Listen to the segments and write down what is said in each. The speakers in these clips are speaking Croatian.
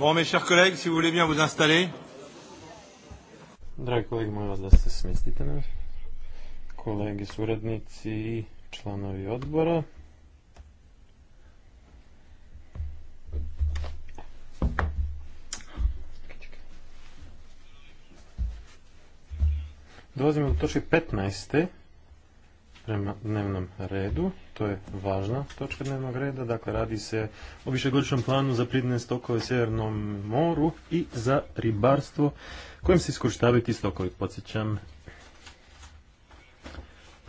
Bon, mes chers collègues, si vous voulez bien vous installer. Dragi kolegi, molim vas da se smestite na kolege, suradnici i članovi odbora. Dolazimo do točke 15 prema dnevnom redu. To je važna točka dnevnog reda. Dakle, radi se o višegodišnjem planu za pridne stokove u Sjevernom moru i za ribarstvo kojim se iskoristavaju ti stokovi. Podsjećam,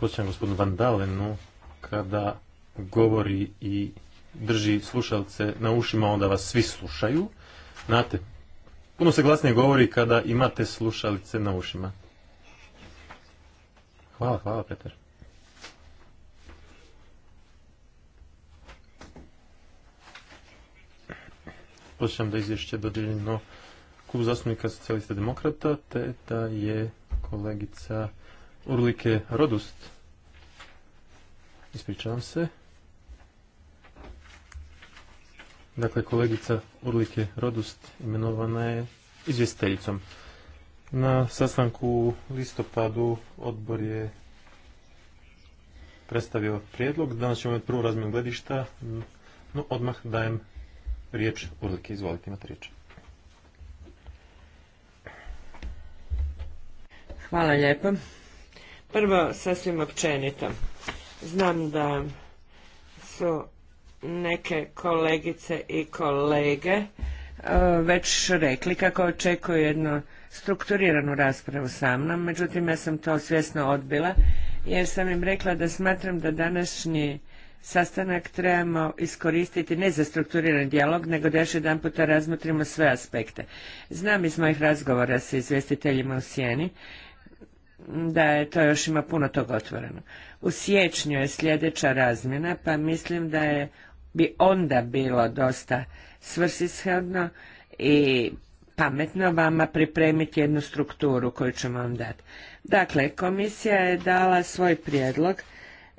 podsjećam gospodinu Vandalenu kada govori i drži slušalce na ušima, onda vas svi slušaju. Znate, puno se glasnije govori kada imate slušalice na ušima. Hvala, hvala Petar. Posjećam da izvješće dodijeljeno klubu zastupnika socijalista demokrata, te da je kolegica Urlike Rodust. Ispričavam se. Dakle, kolegica Urlike Rodust imenovana je izvjestiteljicom. Na sastanku u listopadu odbor je predstavio prijedlog. Danas ćemo imati prvu razmjenu gledišta, no odmah dajem riječ. izvolite, imate riječ. Hvala lijepo. Prvo, sasvim općenito. Znam da su neke kolegice i kolege e, već rekli kako očekuju jednu strukturiranu raspravu sa mnom, međutim ja sam to svjesno odbila jer sam im rekla da smatram da današnji sastanak trebamo iskoristiti ne za strukturiran dijalog, nego da još jedan puta razmotrimo sve aspekte. Znam iz mojih razgovora sa izvjestiteljima u Sjeni da je to još ima puno toga otvoreno. U siječnju je sljedeća razmjena, pa mislim da je bi onda bilo dosta svrsishodno i pametno vama pripremiti jednu strukturu koju ćemo vam dati. Dakle, komisija je dala svoj prijedlog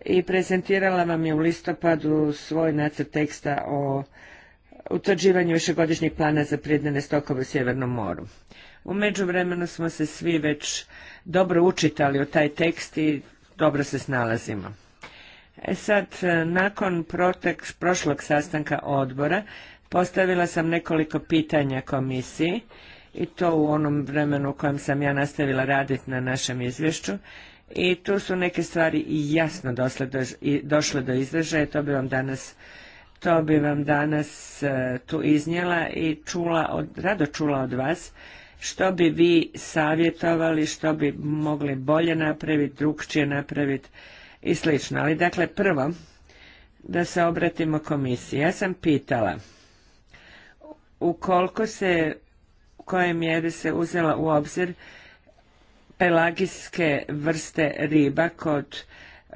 i prezentirala vam je u listopadu svoj nacrt teksta o utvrđivanju višegodišnjeg plana za prirodne stokove u Sjevernom moru. U međuvremenu smo se svi već dobro učitali u taj tekst i dobro se snalazimo. E sad, e, nakon protek prošlog sastanka odbora, postavila sam nekoliko pitanja komisiji i to u onom vremenu u kojem sam ja nastavila raditi na našem izvješću i tu su neke stvari jasno došle do, izražaja, to bi vam danas to bi vam danas e, tu iznijela i čula od, rado čula od vas što bi vi savjetovali, što bi mogli bolje napraviti, drugčije napraviti i slično. Ali dakle prvo da se obratimo komisiji. Ja sam pitala u koliko se, u kojoj mjeri se uzela u obzir pelagijske vrste riba kod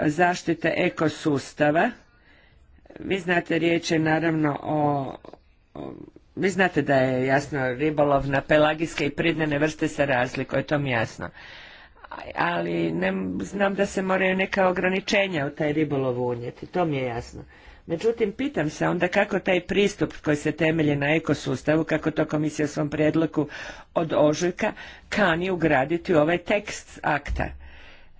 zaštite ekosustava. Vi znate, riječ je naravno o, vi znate da je jasno ribolov na pelagijske i pridnene vrste se razlikuje, to mi jasno. Ali znam da se moraju neka ograničenja u taj ribolov unijeti, to mi je jasno. Međutim, pitam se onda kako taj pristup koji se temelji na ekosustavu, kako to komisija u svom prijedlogu od ožujka, kani ugraditi u ovaj tekst akta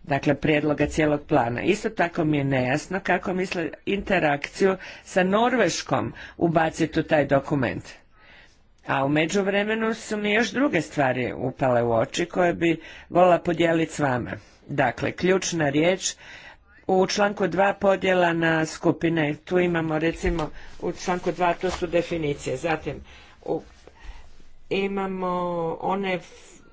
dakle prijedloga cijelog plana. Isto tako mi je nejasno kako misle interakciju sa Norveškom ubaciti u taj dokument. A u međuvremenu su mi još druge stvari upale u oči koje bi vola podijeliti s vama. Dakle, ključna riječ u članku dva podjela na skupine. Tu imamo recimo u članku 2 to su definicije. Zatim imamo one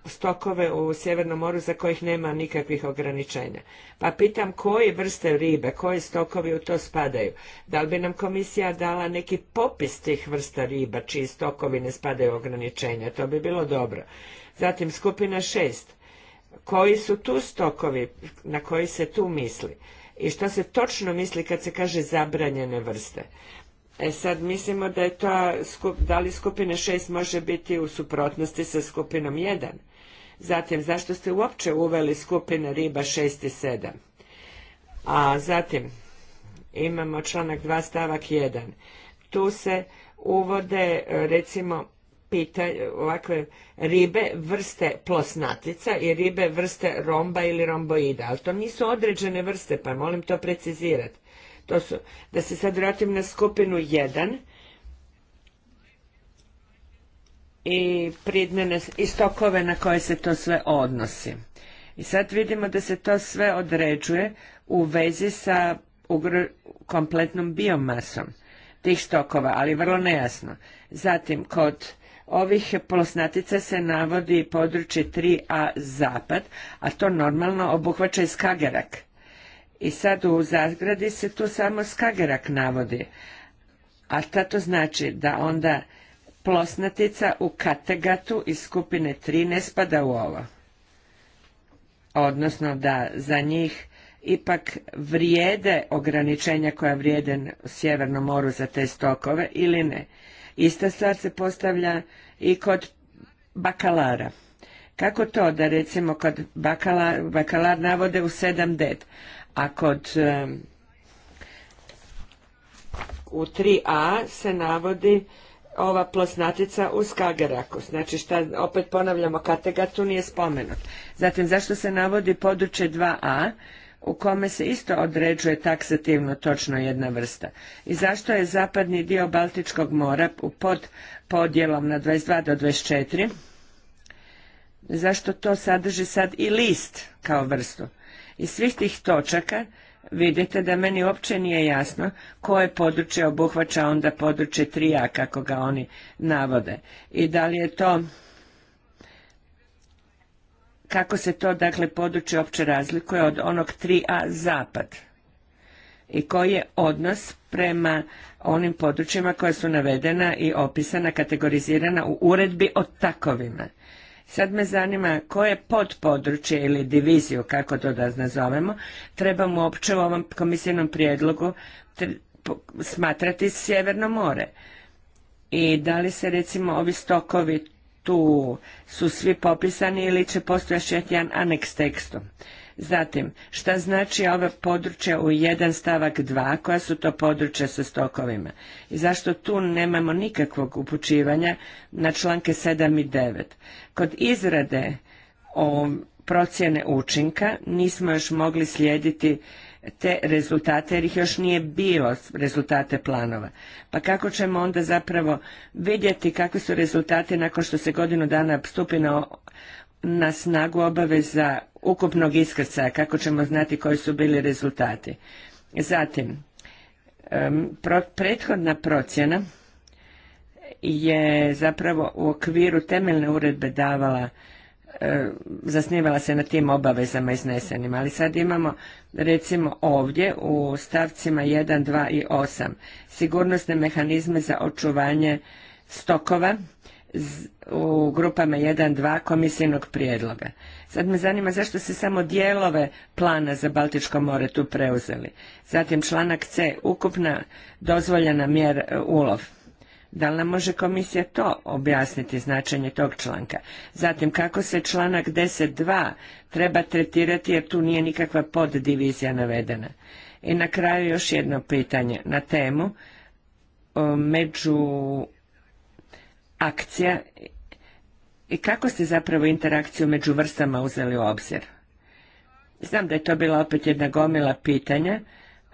stokove u Sjevernom moru za kojih nema nikakvih ograničenja. Pa pitam koje vrste ribe, koji stokovi u to spadaju? Da li bi nam komisija dala neki popis tih vrsta riba čiji stokovi ne spadaju u ograničenja? To bi bilo dobro. Zatim skupina šest. Koji su tu stokovi na koji se tu misli? i što se točno misli kad se kaže zabranjene vrste. E sad mislimo da je to, da li skupina 6 može biti u suprotnosti sa skupinom 1. Zatim, zašto ste uopće uveli skupine riba 6 i 7? A zatim, imamo članak 2 stavak 1. Tu se uvode recimo pitanje, ovakve ribe vrste plosnatica i ribe vrste romba ili romboida, ali to nisu određene vrste, pa molim to precizirati. To su, da se sad vratim na skupinu 1 i pridnene i stokove na koje se to sve odnosi. I sad vidimo da se to sve određuje u vezi sa kompletnom biomasom tih stokova, ali vrlo nejasno. Zatim, kod ovih plosnatica se navodi područje 3A zapad, a to normalno obuhvaća i Skagerak. I sad u zagradi se tu samo Skagerak navodi. A šta to znači? Da onda plosnatica u Kategatu iz skupine 3 ne spada u ovo. Odnosno da za njih ipak vrijede ograničenja koja vrijede u Sjevernom moru za te stokove ili ne. Ista stvar se postavlja i kod bakalara. Kako to da recimo kod bakalar, bakalar navode u sedam ded, a kod u 3a se navodi ova plosnatica u kagerakus. Znači šta, opet ponavljamo, katega tu nije spomenut. Zatim zašto se navodi područje 2a u kome se isto određuje taksativno točno jedna vrsta. I zašto je zapadni dio Baltičkog mora pod podjelom na 22 do 24? Zašto to sadrži sad i list kao vrstu? Iz svih tih točaka vidite da meni uopće nije jasno koje područje obuhvaća onda područje trija kako ga oni navode. I da li je to kako se to dakle područje opće razlikuje od onog 3A zapad i koji je odnos prema onim područjima koja su navedena i opisana, kategorizirana u uredbi o takovima. Sad me zanima koje podpodručje ili diviziju, kako to da nazovemo, trebamo uopće u ovom komisijnom prijedlogu smatrati Sjeverno more. I da li se recimo ovi stokovi tu su svi popisani ili će postojati jedan aneks tekstu. Zatim, šta znači ove područje u 1 stavak 2, koja su to područje sa stokovima? I zašto tu nemamo nikakvog upućivanja na članke 7 i 9? Kod izrade o procjene učinka nismo još mogli slijediti te rezultate jer ih još nije bilo rezultate planova. Pa kako ćemo onda zapravo vidjeti kakvi su rezultati nakon što se godinu dana stupi na, snagu obaveza ukupnog iskrcaja, kako ćemo znati koji su bili rezultati. Zatim, prethodna procjena je zapravo u okviru temeljne uredbe davala E, zasnivala se na tim obavezama iznesenim, ali sad imamo recimo ovdje u stavcima 1, 2 i 8 sigurnosne mehanizme za očuvanje stokova u grupama 1, 2 komisijnog prijedloga. Sad me zanima zašto se samo dijelove plana za Baltičko more tu preuzeli. Zatim članak C, ukupna dozvoljena mjer e, ulov da li nam može komisija to objasniti, značenje tog članka? Zatim, kako se članak 10.2 treba tretirati jer tu nije nikakva poddivizija navedena? I na kraju još jedno pitanje na temu među akcija i kako ste zapravo interakciju među vrstama uzeli u obzir? Znam da je to bila opet jedna gomila pitanja,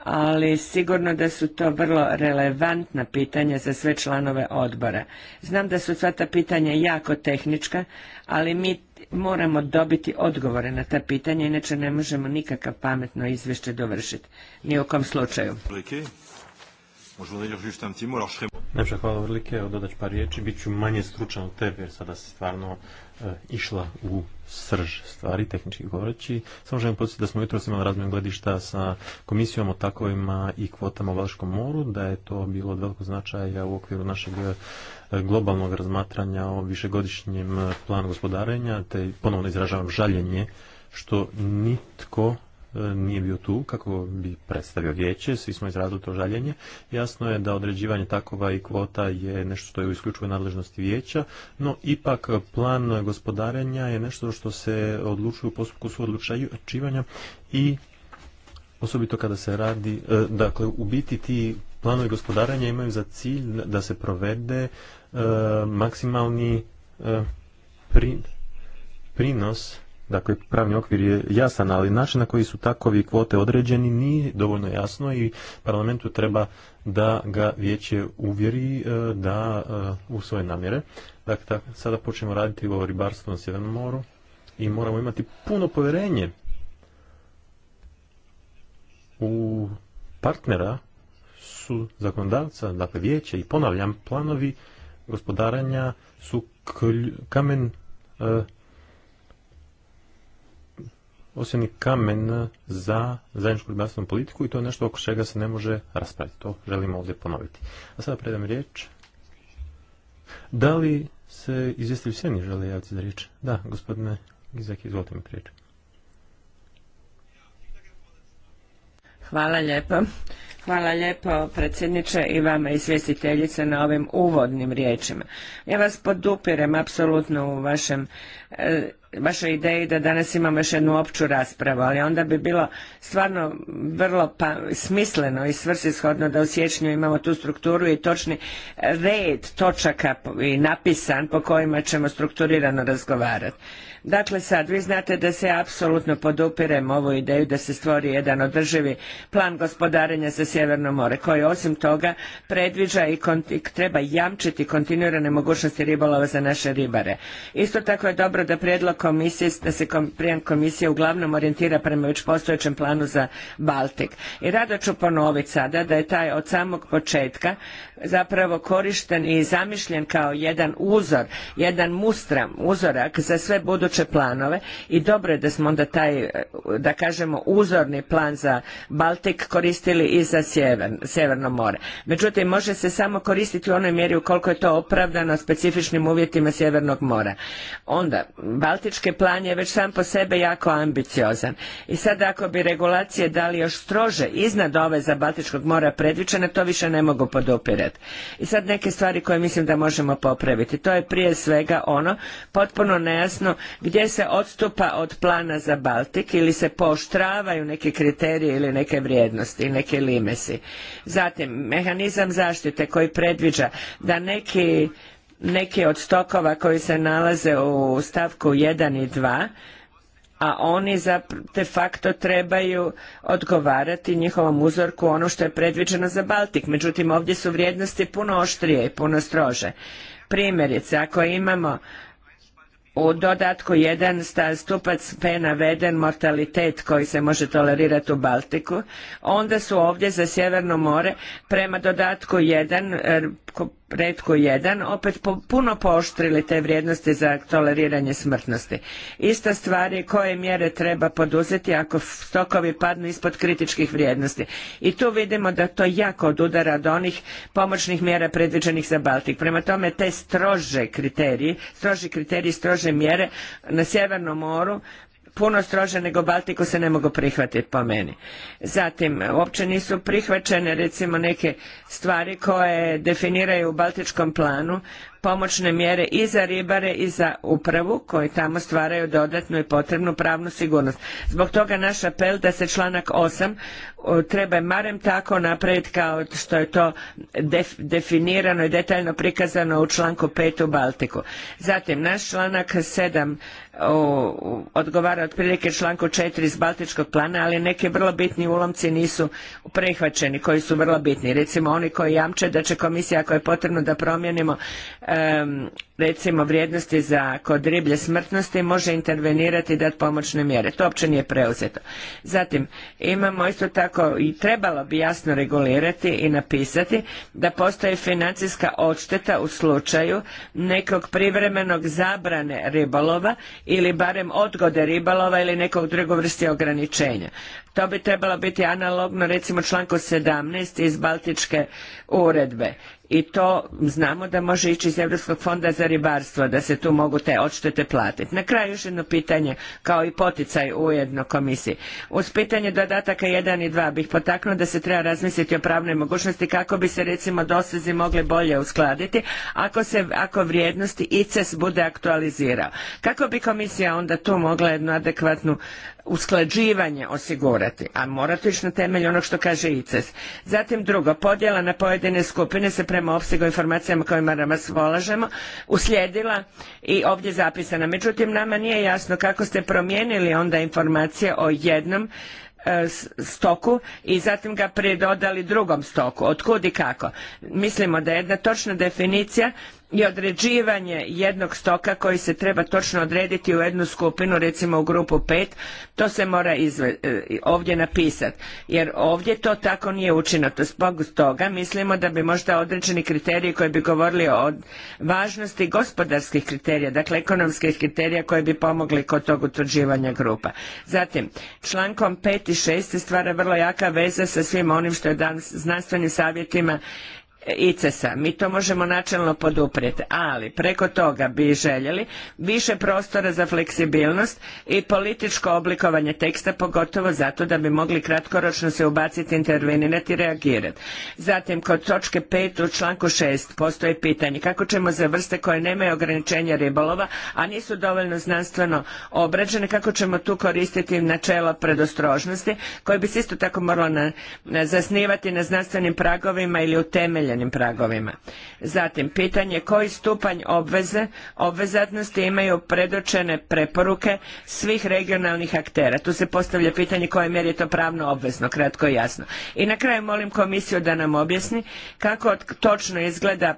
ali sigurno da su to vrlo relevantna pitanja za sve članove odbora. Znam da su sva ta pitanja jako tehnička, ali mi moramo dobiti odgovore na ta pitanja, inače ne možemo nikakav pametno izvješće dovršiti. Ni u kom slučaju. Najpša hvala Vrlike, par riječi, manje stručan od tebe jer sada si stvarno e, išla u srž stvari, tehnički govoreći. Samo želim podsjetiti da smo jutros imali razmjenu gledišta sa komisijom o takovima i kvotama u Valškom moru, da je to bilo od velikog značaja u okviru našeg e, globalnog razmatranja o višegodišnjem planu gospodarenja, te ponovno izražavam žaljenje što nitko nije bio tu kako bi predstavio vijeće, svi smo izrazili to žaljenje. Jasno je da određivanje takova i kvota je nešto što je u isključivoj nadležnosti vijeća, no ipak plan gospodarenja je nešto što se odlučuje u postupku suodlučivanja i osobito kada se radi, e, dakle u biti ti planovi gospodarenja imaju za cilj da se provede e, maksimalni e, prinos Dakle, pravni okvir je jasan, ali način na koji su takovi kvote određeni nije dovoljno jasno i parlamentu treba da ga vijeće uvjeri e, da e, u svoje namjere. Dakle, sada počnemo raditi o ribarstvu na Sjevernom moru i moramo imati puno povjerenje u partnera su zakonodavca, dakle vijeće i ponavljam, planovi gospodaranja su kamen e, i kamen za zajedničku ribarstvenu politiku i to je nešto oko čega se ne može raspraviti. To želimo ovdje ponoviti. A sada predam riječ. Da li se izvjestitelj ni žele javiti za riječ? Da, gospodine Gizaki, izvolite mi priječ. Hvala lijepo. Hvala lijepo predsjedniče i vama izvjestiteljice na ovim uvodnim riječima. Ja vas podupirem apsolutno u vašem e, vašoj ideji da danas imamo još jednu opću raspravu, ali onda bi bilo stvarno vrlo pa, smisleno i svrsishodno da u siječnju imamo tu strukturu i točni red točaka i napisan po kojima ćemo strukturirano razgovarati. Dakle, sad vi znate da se apsolutno podupirem ovu ideju da se stvori jedan održivi plan gospodarenja za Sjeverno more, koji osim toga predviđa i treba jamčiti kontinuirane mogućnosti ribolova za naše ribare. Isto tako je dobro da prijedlog komisije, da se prijem komisije uglavnom orijentira prema već postojećem planu za Baltik. I rado ću ponoviti sada da je taj od samog početka zapravo korišten i zamišljen kao jedan uzor, jedan mustram, uzorak za sve buduće buduće planove i dobro je da smo onda taj, da kažemo, uzorni plan za Baltik koristili i za Sjeverno more. Međutim, može se samo koristiti u onoj mjeri ukoliko je to opravdano specifičnim uvjetima Sjevernog mora. Onda, Baltički plan je već sam po sebe jako ambiciozan. I sad ako bi regulacije dali još strože iznad ove za Baltičkog mora predviđene, to više ne mogu podupirati. I sad neke stvari koje mislim da možemo popraviti. To je prije svega ono potpuno nejasno gdje se odstupa od plana za Baltik ili se pooštravaju neke kriterije ili neke vrijednosti, neke limesi. Zatim, mehanizam zaštite koji predviđa da neki, od stokova koji se nalaze u stavku 1 i 2 a oni za de facto trebaju odgovarati njihovom uzorku ono što je predviđeno za Baltik. Međutim, ovdje su vrijednosti puno oštrije i puno strože. Primjerice, ako imamo u dodatku jedan stupac P naveden mortalitet koji se može tolerirati u Baltiku, onda su ovdje za Sjeverno more prema dodatku jedan e, pretko jedan, opet puno pooštrili te vrijednosti za toleriranje smrtnosti. Ista stvar je koje mjere treba poduzeti ako stokovi padnu ispod kritičkih vrijednosti. I tu vidimo da to jako odudara od onih pomoćnih mjera predviđenih za Baltik. Prema tome te strože kriteriji, stroži kriteriji, strože mjere na Sjevernom moru puno strože nego Baltiku se ne mogu prihvatiti po meni. Zatim, uopće nisu prihvaćene recimo neke stvari koje definiraju u Baltičkom planu pomoćne mjere i za ribare i za upravu koji tamo stvaraju dodatnu i potrebnu pravnu sigurnost. Zbog toga naš apel da se članak 8 treba barem tako napraviti kao što je to definirano i detaljno prikazano u članku 5 u Baltiku. Zatim, naš članak 7 odgovara otprilike članku 4 iz Baltičkog plana, ali neki vrlo bitni ulomci nisu prihvaćeni, koji su vrlo bitni. Recimo, oni koji jamče da će komisija, ako je potrebno da promijenimo recimo vrijednosti za kod riblje smrtnosti može intervenirati i dati pomoćne mjere. To uopće nije preuzeto. Zatim, imamo isto tako i trebalo bi jasno regulirati i napisati da postoji financijska odšteta u slučaju nekog privremenog zabrane ribolova ili barem odgode ribolova ili nekog drugog vrsti ograničenja. To bi trebalo biti analogno recimo članku 17 iz Baltičke uredbe. I to znamo da može ići iz Europskog fonda za ribarstvo, da se tu mogu te odštete platiti. Na kraju još jedno pitanje, kao i poticaj ujedno komisiji. Uz pitanje dodataka 1 i 2 bih potaknuo da se treba razmisliti o pravnoj mogućnosti kako bi se recimo dosezi mogli bolje uskladiti ako, se, ako vrijednosti ICES bude aktualizirao. Kako bi komisija onda tu mogla jednu adekvatnu usklađivanje osigurati, a morate ići na temelju onog što kaže ICES. Zatim drugo, podjela na pojedine skupine se prema opsegu informacijama kojima raspolažemo uslijedila i ovdje zapisana. Međutim, nama nije jasno kako ste promijenili onda informacije o jednom e, stoku i zatim ga pridodali drugom stoku. Otkud i kako? Mislimo da je jedna točna definicija i određivanje jednog stoka koji se treba točno odrediti u jednu skupinu, recimo u grupu 5, to se mora e, ovdje napisati. Jer ovdje to tako nije učinato. Zbog toga mislimo da bi možda određeni kriteriji koji bi govorili o važnosti gospodarskih kriterija, dakle ekonomskih kriterija koji bi pomogli kod tog utvrđivanja grupa. Zatim, člankom 5 i 6 stvara vrlo jaka veza sa svim onim što je dan znanstvenim savjetima ices Mi to možemo načelno poduprijeti, ali preko toga bi željeli više prostora za fleksibilnost i političko oblikovanje teksta, pogotovo zato da bi mogli kratkoročno se ubaciti, intervenirati i reagirati. Zatim, kod točke 5 u članku 6 postoji pitanje kako ćemo za vrste koje nemaju ograničenja ribolova, a nisu dovoljno znanstveno obrađene, kako ćemo tu koristiti načelo predostrožnosti, koje bi se isto tako moralo zasnivati na znanstvenim pragovima ili utemeljen pragovima. Zatim, pitanje koji stupanj obveze, obvezatnosti imaju predočene preporuke svih regionalnih aktera. Tu se postavlja pitanje koje mjeri je to pravno obvezno, kratko i jasno. I na kraju molim komisiju da nam objasni kako točno izgleda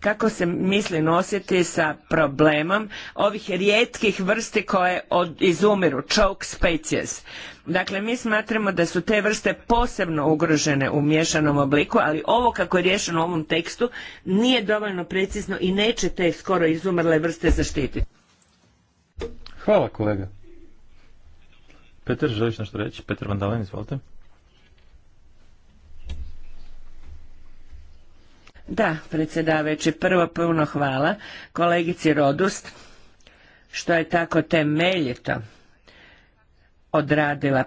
kako se misli nositi sa problemom ovih rijetkih vrsti koje izumiru, choke species. Dakle, mi smatramo da su te vrste posebno ugrožene u miješanom obliku, ali ovo kako je riješeno u ovom tekstu nije dovoljno precizno i neće te skoro izumrle vrste zaštititi. Hvala kolega. nešto reći? Da, predsjedavajući, prvo puno hvala kolegici Rodust, što je tako temeljito odradila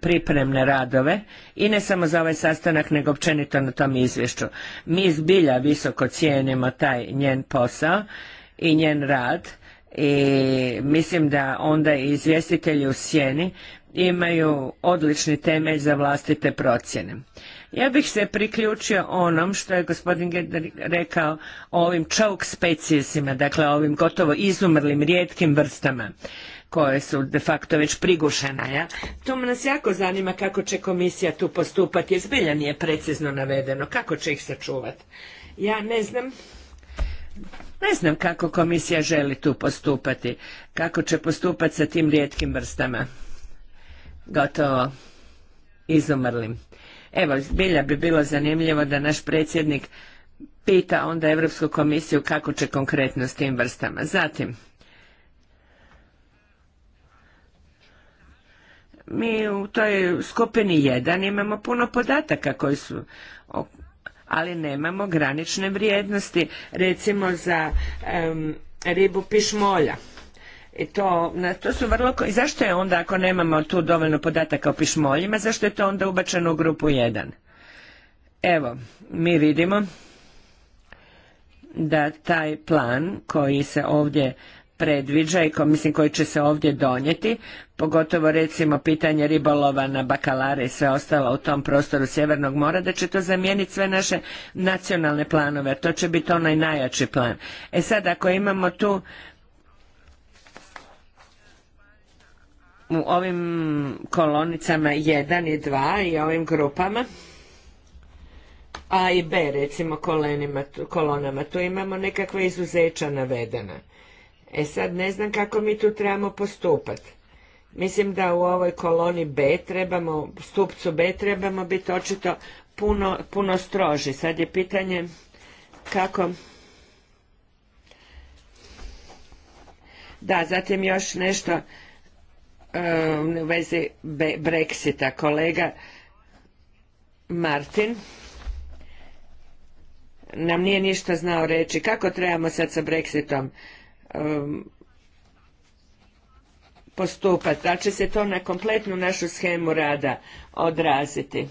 pripremne, radove i ne samo za ovaj sastanak nego općenito na tom izvješću. Mi zbilja visoko cijenimo taj njen posao i njen rad i mislim da onda i izvjestitelji u sjeni imaju odlični temelj za vlastite procjene. Ja bih se priključio onom što je gospodin rekao o ovim choke speciesima, dakle ovim gotovo izumrlim rijetkim vrstama koje su de facto već prigušena. Ja? To nas jako zanima kako će komisija tu postupati, jer zbilja nije precizno navedeno, kako će ih sačuvati. Ja ne znam, ne znam kako komisija želi tu postupati, kako će postupati sa tim rijetkim vrstama, gotovo izumrlim. Evo, zbilja bi bilo zanimljivo da naš predsjednik pita onda Europsku komisiju kako će konkretno s tim vrstama. Zatim, Mi u toj skupini 1 imamo puno podataka koji su ali nemamo granične vrijednosti, recimo za ribu pišmolja. I to, to su vrlo, i zašto je onda ako nemamo tu dovoljno podataka o pišmoljima, zašto je to onda ubačeno u grupu 1? Evo, mi vidimo da taj plan koji se ovdje predviđa i mislim koji će se ovdje donijeti, pogotovo recimo pitanje ribolova na bakalare i sve ostalo u tom prostoru Sjevernog mora, da će to zamijeniti sve naše nacionalne planove, to će biti onaj najjači plan. E sad, ako imamo tu u ovim kolonicama 1 i 2 i ovim grupama, a i B recimo kolonama. Tu imamo nekakva izuzeća navedena. E sad ne znam kako mi tu trebamo postupati. Mislim da u ovoj koloni B trebamo, stupcu B trebamo biti očito puno, puno stroži. Sad je pitanje kako... Da, zatim još nešto um, u vezi Brexita. Kolega Martin nam nije ništa znao reći kako trebamo sad sa Brexitom Um, postupati. Da će se to na kompletnu našu schemu rada odraziti?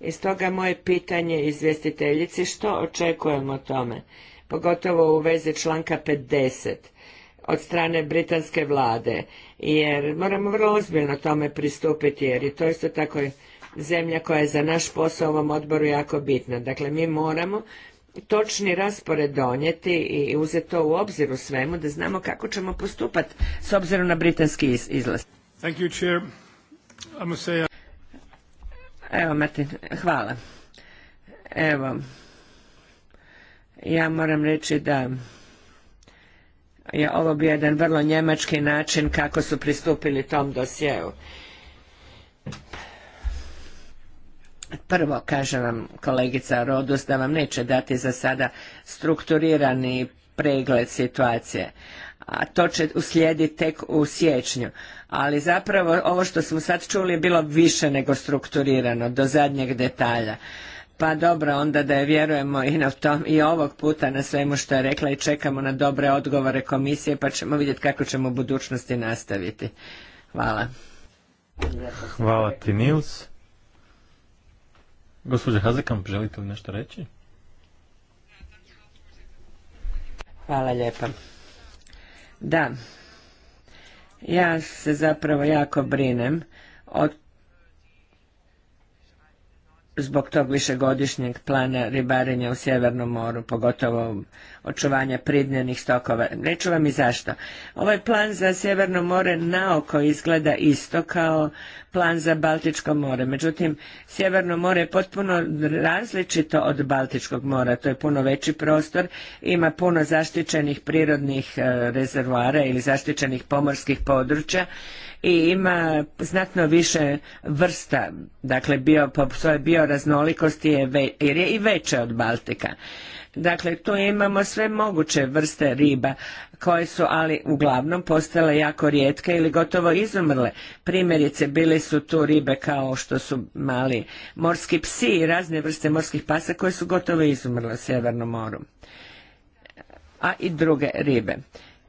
I stoga moje pitanje izvjestiteljici što očekujemo tome, pogotovo u vezi članka 50 od strane britanske vlade, jer moramo vrlo ozbiljno tome pristupiti, jer je to isto tako zemlja koja je za naš posao u ovom odboru jako bitna. Dakle, mi moramo točni raspored donijeti i uzeti to u obzir u svemu da znamo kako ćemo postupati s obzirom na britanski izlaz. Thank uh, Evo, Martin, hvala. Evo, ja moram reći da je ovo bio jedan vrlo njemački način kako su pristupili tom dosjeu. Prvo, kaže vam, kolegica Rodus, da vam neće dati za sada strukturirani pregled situacije, a to će uslijediti tek u siječnju. Ali zapravo ovo što smo sad čuli je bilo više nego strukturirano, do zadnjeg detalja. Pa dobro, onda da je vjerujemo i, na tom, i ovog puta na svemu što je rekla i čekamo na dobre odgovore komisije pa ćemo vidjeti kako ćemo u budućnosti nastaviti. Hvala. Hvala ti Nils. Gospođa Hazekamp, želite li nešto reći? Hvala lijepa. Da, ja se zapravo jako brinem od zbog tog višegodišnjeg plana ribarenja u Sjevernom moru, pogotovo očuvanja pridnjenih stokova. Neću vam i zašto. Ovaj plan za Sjeverno more naoko izgleda isto kao plan za Baltičko more. Međutim, Sjeverno more je potpuno različito od Baltičkog mora. To je puno veći prostor, ima puno zaštićenih prirodnih e, rezervoara ili zaštićenih pomorskih područja i ima znatno više vrsta, dakle bio, po svojoj bioraznolikosti je jer je i veće od Baltika. Dakle, tu imamo sve moguće vrste riba koje su ali uglavnom postale jako rijetke ili gotovo izumrle. Primjerice bili su tu ribe kao što su mali morski psi i razne vrste morskih pasa koje su gotovo izumrle u Sjevernom moru. A i druge ribe.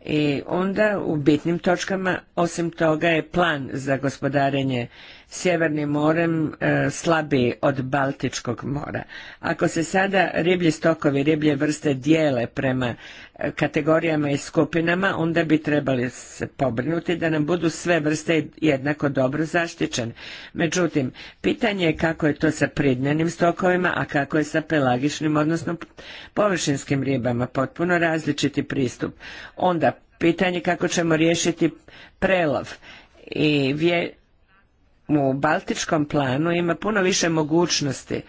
I onda u bitnim točkama osim toga je plan za gospodarenje Sjevernim morem e, slabiji od Baltičkog mora. Ako se sada riblji stokovi, riblje vrste dijele prema e, kategorijama i skupinama, onda bi trebali se pobrinuti da nam budu sve vrste jednako dobro zaštićene. Međutim, pitanje je kako je to sa pridnenim stokovima, a kako je sa pelagičnim, odnosno površinskim ribama, potpuno različiti pristup. Onda, pitanje kako ćemo riješiti prelov i vje, u baltičkom planu ima puno više mogućnosti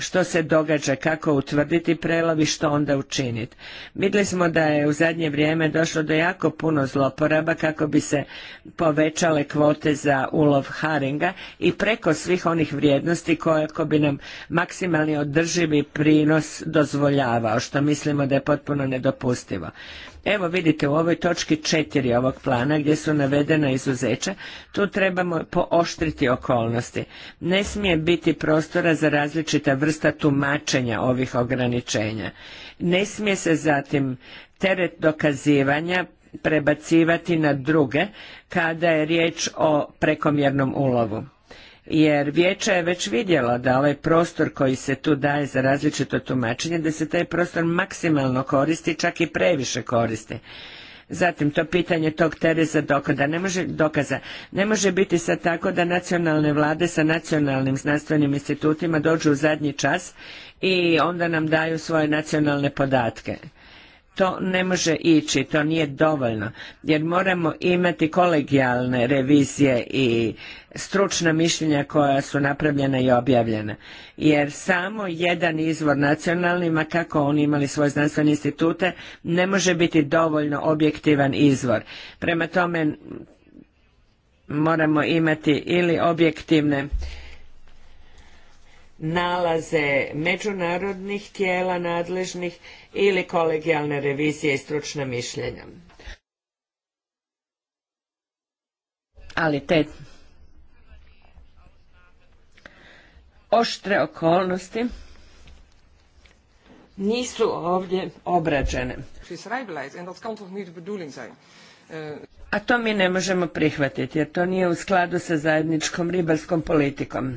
što se događa, kako utvrditi prelovi, što onda učiniti. Vidjeli smo da je u zadnje vrijeme došlo do jako puno zloporaba kako bi se povećale kvote za ulov haringa i preko svih onih vrijednosti koje bi nam maksimalni održivi prinos dozvoljavao, što mislimo da je potpuno nedopustivo. Evo vidite u ovoj točki četiri ovog plana gdje su navedena izuzeća, tu trebamo pooštriti okolnosti. Ne smije biti prostora za različita vrsta tumačenja ovih ograničenja. Ne smije se zatim teret dokazivanja prebacivati na druge kada je riječ o prekomjernom ulovu jer vijeće je već vidjelo da ovaj prostor koji se tu daje za različito tumačenje, da se taj prostor maksimalno koristi, čak i previše koristi. Zatim to pitanje tog tereza dokada ne može, dokaza, ne može biti sad tako da nacionalne vlade sa nacionalnim znanstvenim institutima dođu u zadnji čas i onda nam daju svoje nacionalne podatke to ne može ići, to nije dovoljno, jer moramo imati kolegijalne revizije i stručna mišljenja koja su napravljena i objavljena. Jer samo jedan izvor nacionalni, ma kako oni imali svoje znanstvene institute, ne može biti dovoljno objektivan izvor. Prema tome moramo imati ili objektivne nalaze međunarodnih tijela nadležnih ili kolegijalne revizije i stručna mišljenja. Ali te oštre okolnosti nisu ovdje obrađene a to mi ne možemo prihvatiti jer to nije u skladu sa zajedničkom ribarskom politikom. Eh,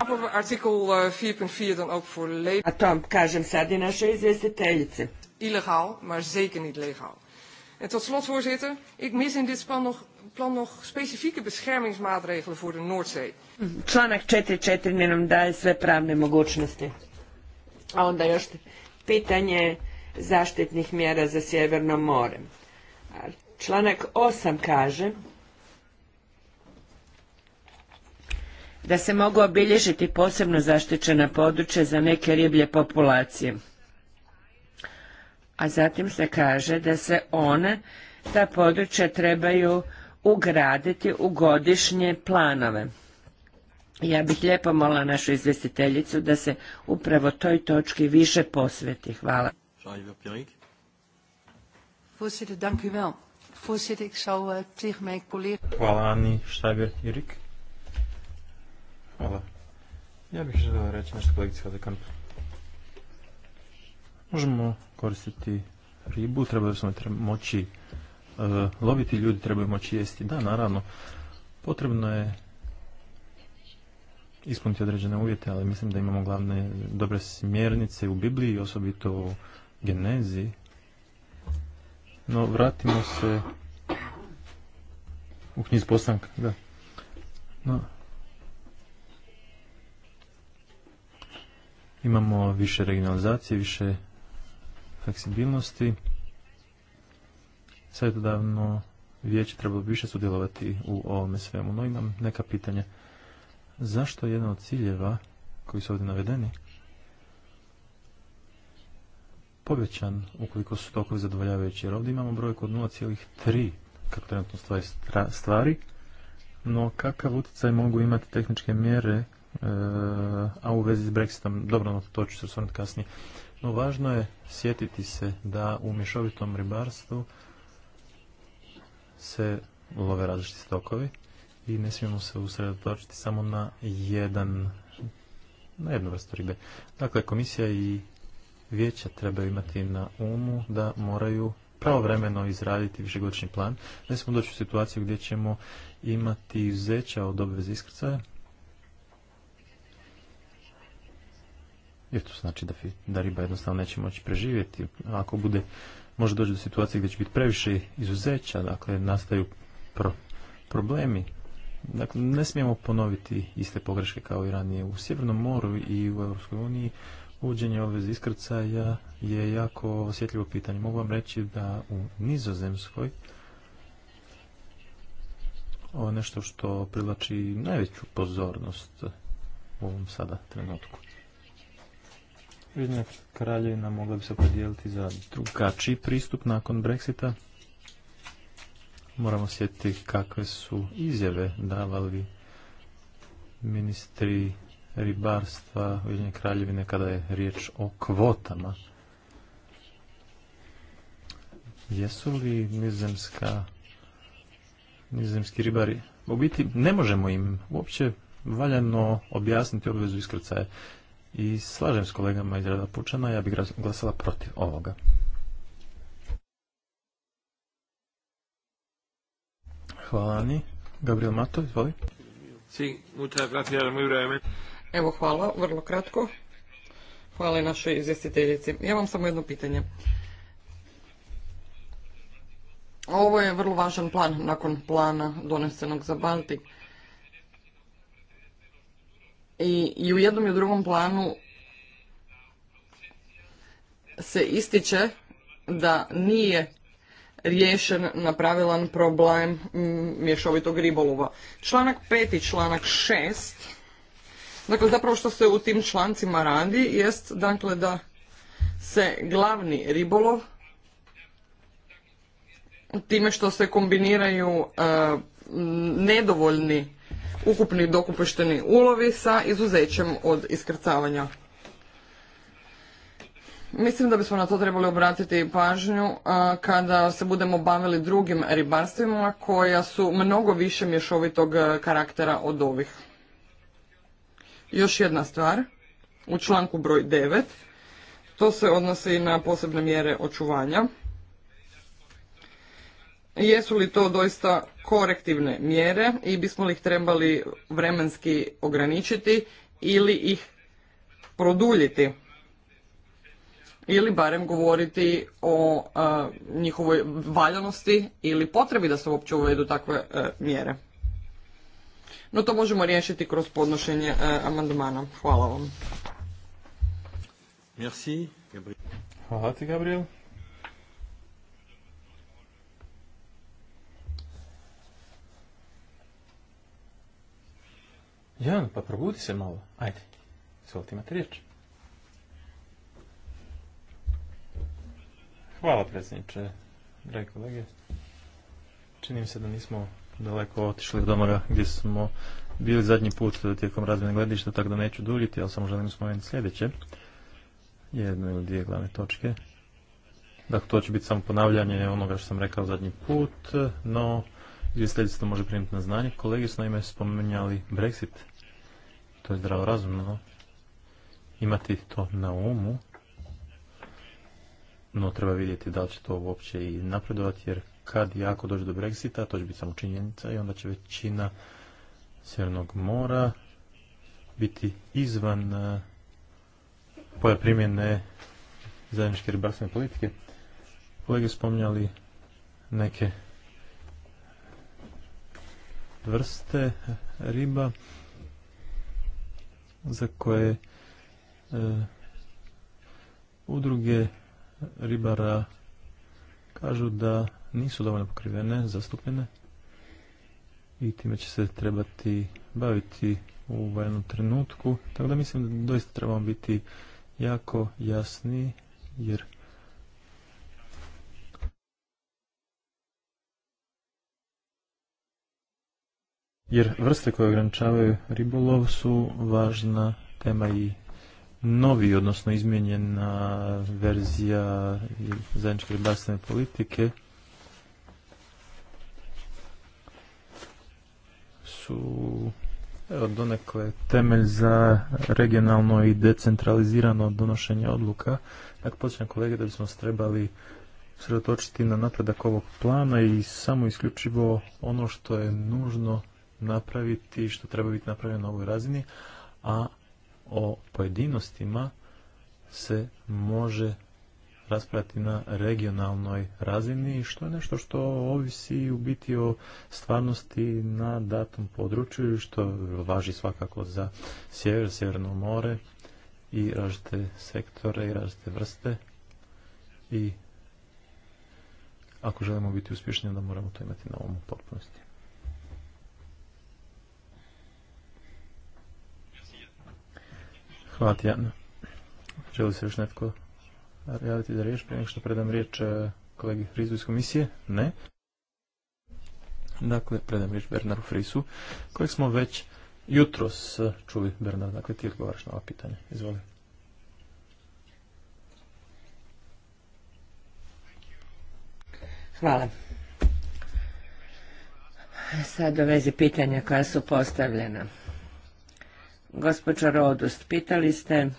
a to kažem sad i našoj izvjestiteljici. Ilegal, maar zeker niet legal. En tot slot, voorzitter, ik mis in dit plan nog, plan nog specifieke beschermingsmaatregelen voor de Noordzee. Članak 4.4 ne nam daje sve pravne mogućnosti. A onda još pitanje zaštitnih mjera za Sjeverno more Članak 8 kaže da se mogu obilježiti posebno zaštićena područja za neke riblje populacije. A zatim se kaže da se one, ta područja trebaju ugraditi u godišnje planove. Ja bih lijepo molila našu izvjestiteljicu da se upravo toj točki više posveti. Hvala voorzitter. Ik zou eh, tegen mijn collega... Hvala Ani Štajber-Jurik. Hvala. Ja bih želeo reći nešto kolegici Možemo koristiti ribu, trebaju smo moći eh, loviti, ljudi trebaju moći jesti. Da, naravno, potrebno je ispuniti određene uvjete, ali mislim da imamo glavne dobre smjernice u Bibliji, osobito u genezi, no, vratimo se u knjiz postanka, da. No. Imamo više regionalizacije, više fleksibilnosti. Savjetodavno vijeće trebalo više sudjelovati u ovome svemu. No imam neka pitanja. Zašto je jedan od ciljeva koji su ovdje navedeni povećan ukoliko su tokovi zadovoljavajući, jer ovdje imamo broj od 0,3 kako trenutno stvari, no kakav utjecaj mogu imati tehničke mjere, e, a u vezi s Brexitom, dobro, no to ću se osvrnuti kasnije, no važno je sjetiti se da u mješovitom ribarstvu se love različiti stokovi i ne smijemo se usredotočiti samo na jedan na jednu vrstu ribe. Dakle, komisija i vijeća trebaju imati na umu da moraju pravovremeno izraditi višegodišnji plan. Ne smo doći u situaciju gdje ćemo imati izuzeća od obveze iskrcaja. Jer to znači da, da riba jednostavno neće moći preživjeti. ako bude, može doći do situacije gdje će biti previše izuzeća, dakle nastaju pro, problemi. Dakle, ne smijemo ponoviti iste pogreške kao i ranije u Sjevernom moru i u Europskoj uniji Uđenje obveze iskrcaja je jako osjetljivo pitanje. Mogu vam reći da u Nizozemskoj ovo je nešto što privlači najveću pozornost u ovom sada trenutku. Ujedinjena kraljevina mogla bi se podijeliti za drugačiji pristup nakon Brexita. Moramo sjetiti kakve su izjave davali ministri ribarstva Ujedinjene kraljevine kada je riječ o kvotama. Jesu li nizemska, nizemski ribari? U biti ne možemo im uopće valjano objasniti obvezu iskrcaja. I slažem s kolegama iz Rada Pučana, ja bih glasala protiv ovoga. Hvala Ani. Gabriel Mato, izvoli. Sí, muchas gracias, muy brevemente. Evo, hvala, vrlo kratko. Hvala i našoj izvjestiteljici. Ja vam samo jedno pitanje. Ovo je vrlo važan plan nakon plana donesenog za Baltik. I, u jednom i u drugom planu se ističe da nije riješen na pravilan problem mm, mješovitog ribolova. Članak 5 i članak Dakle, zapravo što se u tim člancima radi jest dakle, da se glavni ribolov time što se kombiniraju e, nedovoljni ukupni dokupešteni ulovi sa izuzećem od iskrcavanja. Mislim da bismo na to trebali obratiti pažnju e, kada se budemo bavili drugim ribarstvima koja su mnogo više mješovitog e, karaktera od ovih. Još jedna stvar, u članku broj 9, to se odnosi na posebne mjere očuvanja. Jesu li to doista korektivne mjere i bismo li ih trebali vremenski ograničiti ili ih produljiti ili barem govoriti o njihovoj valjanosti ili potrebi da se uopće uvedu takve e, mjere no to možemo riješiti kroz podnošenje e, amandmana. Hvala vam. Merci, Gabriel. Hvala ti, Gabriel. Jan, pa probudi se malo. Ajde, izvolite, imate riječ. Hvala predsjedniče, dragi kolege. Činim se da nismo daleko otišli od onoga gdje smo bili zadnji put tijekom razmjene gledišta, tako da neću duljiti, ali samo želim spomenuti sljedeće. Jednu ili dvije glavne točke. Dakle, to će biti samo ponavljanje onoga što sam rekao zadnji put, no izvjestiteljica to može primiti na znanje. Kolege su naime spominjali Brexit. To je zdravo razumno. Imati to na umu, no treba vidjeti da li će to uopće i napredovati, jer kad jako dođe do Brexita, to će biti samo činjenica i onda će većina Sjevernog mora biti izvan e, poja primjene zajedničke ribarstvene politike. Kolege spominjali neke vrste riba za koje e, udruge ribara kažu da nisu dovoljno pokrivene, zastupljene i time će se trebati baviti u jednom trenutku. Tako da mislim da doista trebamo biti jako jasni jer jer vrste koje ograničavaju ribolov su važna tema i novi, odnosno izmijenjena verzija zajedničke ribarstvene politike su donekle temelj za regionalno i decentralizirano donošenje odluka. Dakle, počinjem kolege da bismo se trebali sredotočiti na napredak ovog plana i samo isključivo ono što je nužno napraviti, što treba biti napravljeno na ovoj razini, a o pojedinostima se može raspravljati na regionalnoj razini, što je nešto što ovisi u biti o stvarnosti na datom području, što važi svakako za sjever, sjeverno more i različite sektore i različite vrste i ako želimo biti uspješni, onda moramo to imati na ovom potpunosti. Hvala ti, Jana. Želi se još netko javiti da riječ prije nego predam riječ e, kolegi Frizu iz komisije? Ne. Dakle, predam riječ Bernardu Frisu, kojeg smo već jutros e, čuli. Bernard, dakle, ti odgovaraš na ova pitanja. Izvoli. Hvala. Sad u vezi pitanja koja su postavljena. Gospođo Rodust, pitali ste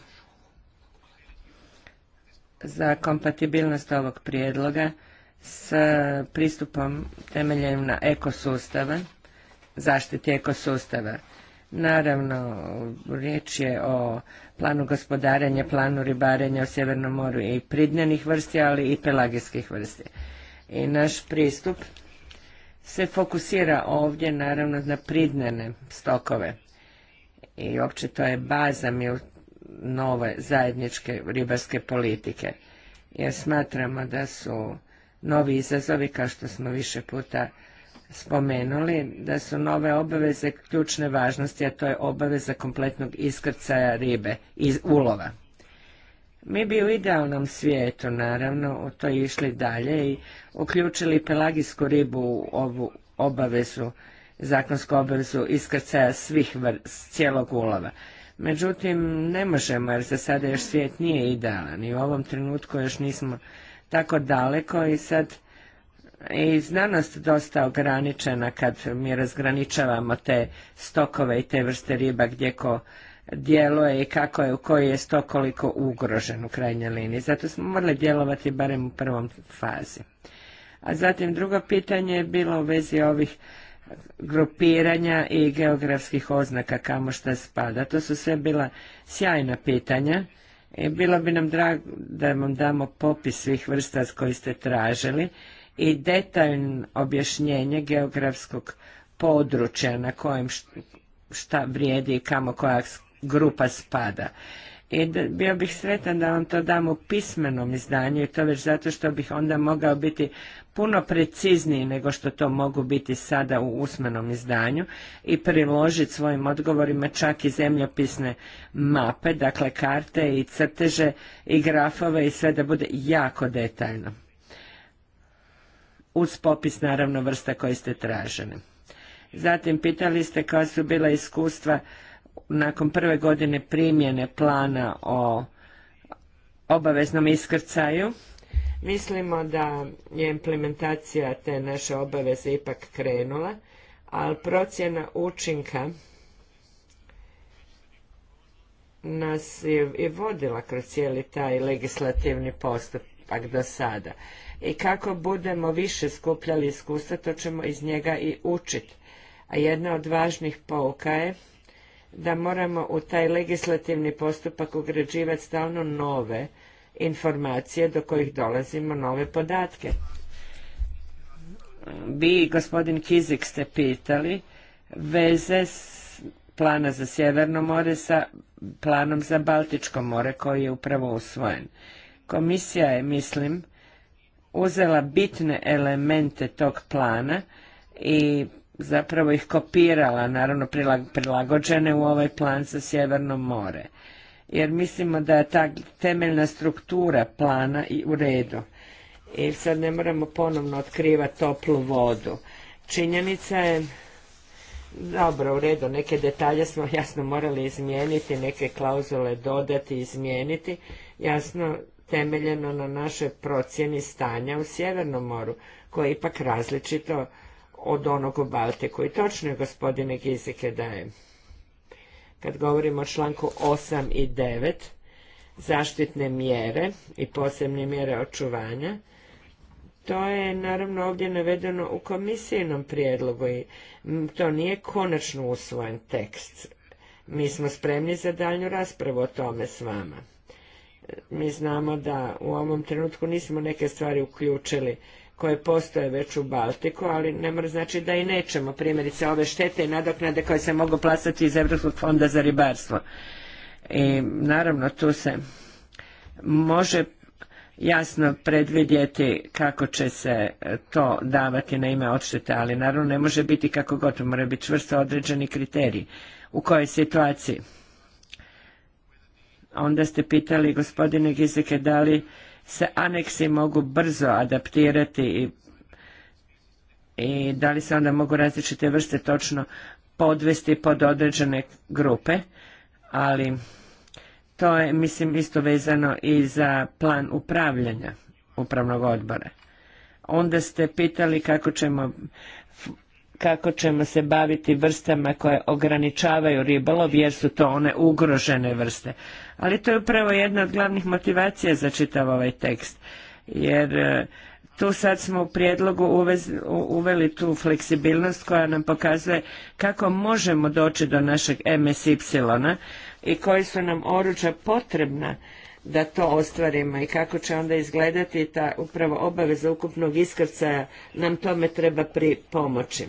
za kompatibilnost ovog prijedloga s pristupom temeljem na ekosustava, zaštiti ekosustava. Naravno, riječ je o planu gospodarenja, planu ribarenja u Sjevernom moru i pridnenih vrsti, ali i pelagijskih vrsti. I naš pristup se fokusira ovdje naravno na pridnene stokove. I opće to je baza, mi nove zajedničke ribarske politike. Jer smatramo da su novi izazovi, kao što smo više puta spomenuli, da su nove obaveze ključne važnosti, a to je obaveza kompletnog iskrcaja ribe iz ulova. Mi bi u idealnom svijetu, naravno, u to išli dalje i uključili pelagijsku ribu u ovu obavezu, zakonsku obavezu iskrcaja svih vrst, cijelog ulova. Međutim, ne možemo jer za sada još svijet nije idealan i u ovom trenutku još nismo tako daleko i sad i znanost dosta ograničena kad mi razgraničavamo te stokove i te vrste riba gdje ko djeluje i kako je, u koji je stok koliko ugrožen u krajnjoj liniji. Zato smo morali djelovati barem u prvom fazi. A zatim drugo pitanje je bilo u vezi ovih grupiranja i geografskih oznaka kamo šta spada. To su sve bila sjajna pitanja i bilo bi nam drago da vam damo popis svih vrsta koji ste tražili i detaljno objašnjenje geografskog područja na kojem šta vrijedi i kamo koja grupa spada. I bio bih sretan da vam to damo u pismenom izdanju i to već zato što bih onda mogao biti puno precizniji nego što to mogu biti sada u usmenom izdanju i priložiti svojim odgovorima čak i zemljopisne mape, dakle karte i crteže i grafove i sve da bude jako detaljno. Uz popis naravno vrsta koje ste tražene. Zatim pitali ste koja su bila iskustva nakon prve godine primjene plana o obaveznom iskrcaju Mislimo da je implementacija te naše obaveze ipak krenula, ali procjena učinka nas je i vodila kroz cijeli taj legislativni postupak do sada. I kako budemo više skupljali iskustva, to ćemo iz njega i učiti. A jedna od važnih pouka je da moramo u taj legislativni postupak ugrađivati stalno nove informacije do kojih dolazimo, nove podatke. Vi, gospodin Kizik, ste pitali veze plana za Sjeverno more sa planom za Baltičko more koji je upravo usvojen. Komisija je, mislim, uzela bitne elemente tog plana i zapravo ih kopirala, naravno prilagođene u ovaj plan za Sjeverno more jer mislimo da je ta temeljna struktura plana i u redu. I sad ne moramo ponovno otkrivati toplu vodu. Činjenica je, dobro, u redu, neke detalje smo jasno morali izmijeniti, neke klauzule dodati, izmijeniti, jasno temeljeno na našoj procjeni stanja u Sjevernom moru, koje je ipak različito od onog u Baltiku. I točno je, gospodine Gizike, da je kad govorimo o članku 8 i 9, zaštitne mjere i posebne mjere očuvanja, to je naravno ovdje navedeno u komisijenom prijedlogu i to nije konačno usvojen tekst. Mi smo spremni za daljnju raspravu o tome s vama. Mi znamo da u ovom trenutku nismo neke stvari uključili koje postoje već u Baltiku, ali ne mora znači da i nećemo primjerice ove štete i nadoknade koje se mogu plasati iz Europskog fonda za ribarstvo. I naravno tu se može jasno predvidjeti kako će se to davati na ime odštete, ali naravno ne može biti kako gotovo, mora biti čvrsto određeni kriterij u kojoj situaciji. Onda ste pitali gospodine Gizike da li se aneksi mogu brzo adaptirati i, da li se onda mogu različite vrste točno podvesti pod određene grupe, ali to je mislim isto vezano i za plan upravljanja upravnog odbora. Onda ste pitali kako ćemo kako ćemo se baviti vrstama koje ograničavaju ribolov jer su to one ugrožene vrste. Ali to je upravo jedna od glavnih motivacija za čitav ovaj tekst. Jer e, tu sad smo u prijedlogu uveli tu fleksibilnost koja nam pokazuje kako možemo doći do našeg MSY i koji su nam oruđa potrebna da to ostvarimo i kako će onda izgledati ta upravo obaveza ukupnog iskrcaja nam tome treba pri pomoći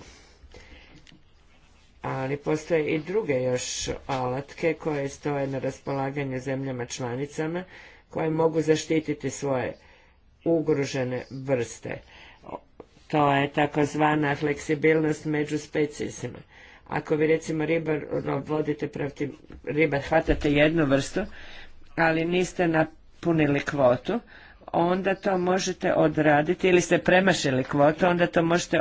ali postoje i druge još alatke koje stoje na raspolaganju zemljama članicama koje mogu zaštititi svoje ugrožene vrste. To je takozvana fleksibilnost među specijsima. Ako vi recimo ribar ono, vodite protiv ribar, hvatate jednu vrstu, ali niste napunili kvotu, onda to možete odraditi ili ste premašili kvotu, onda to možete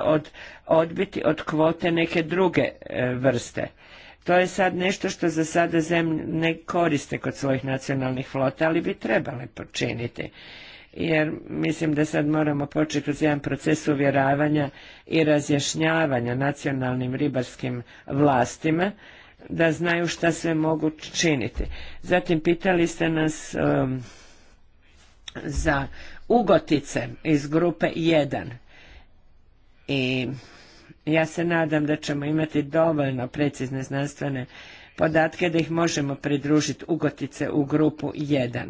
odbiti od kvote neke druge e, vrste. To je sad nešto što za sada zemlje ne koriste kod svojih nacionalnih flota, ali bi trebale počiniti. Jer mislim da sad moramo početi uz jedan proces uvjeravanja i razjašnjavanja nacionalnim ribarskim vlastima da znaju šta sve mogu činiti. Zatim pitali ste nas um, za ugotice iz grupe 1 i ja se nadam da ćemo imati dovoljno precizne znanstvene podatke da ih možemo pridružiti ugotice u grupu 1.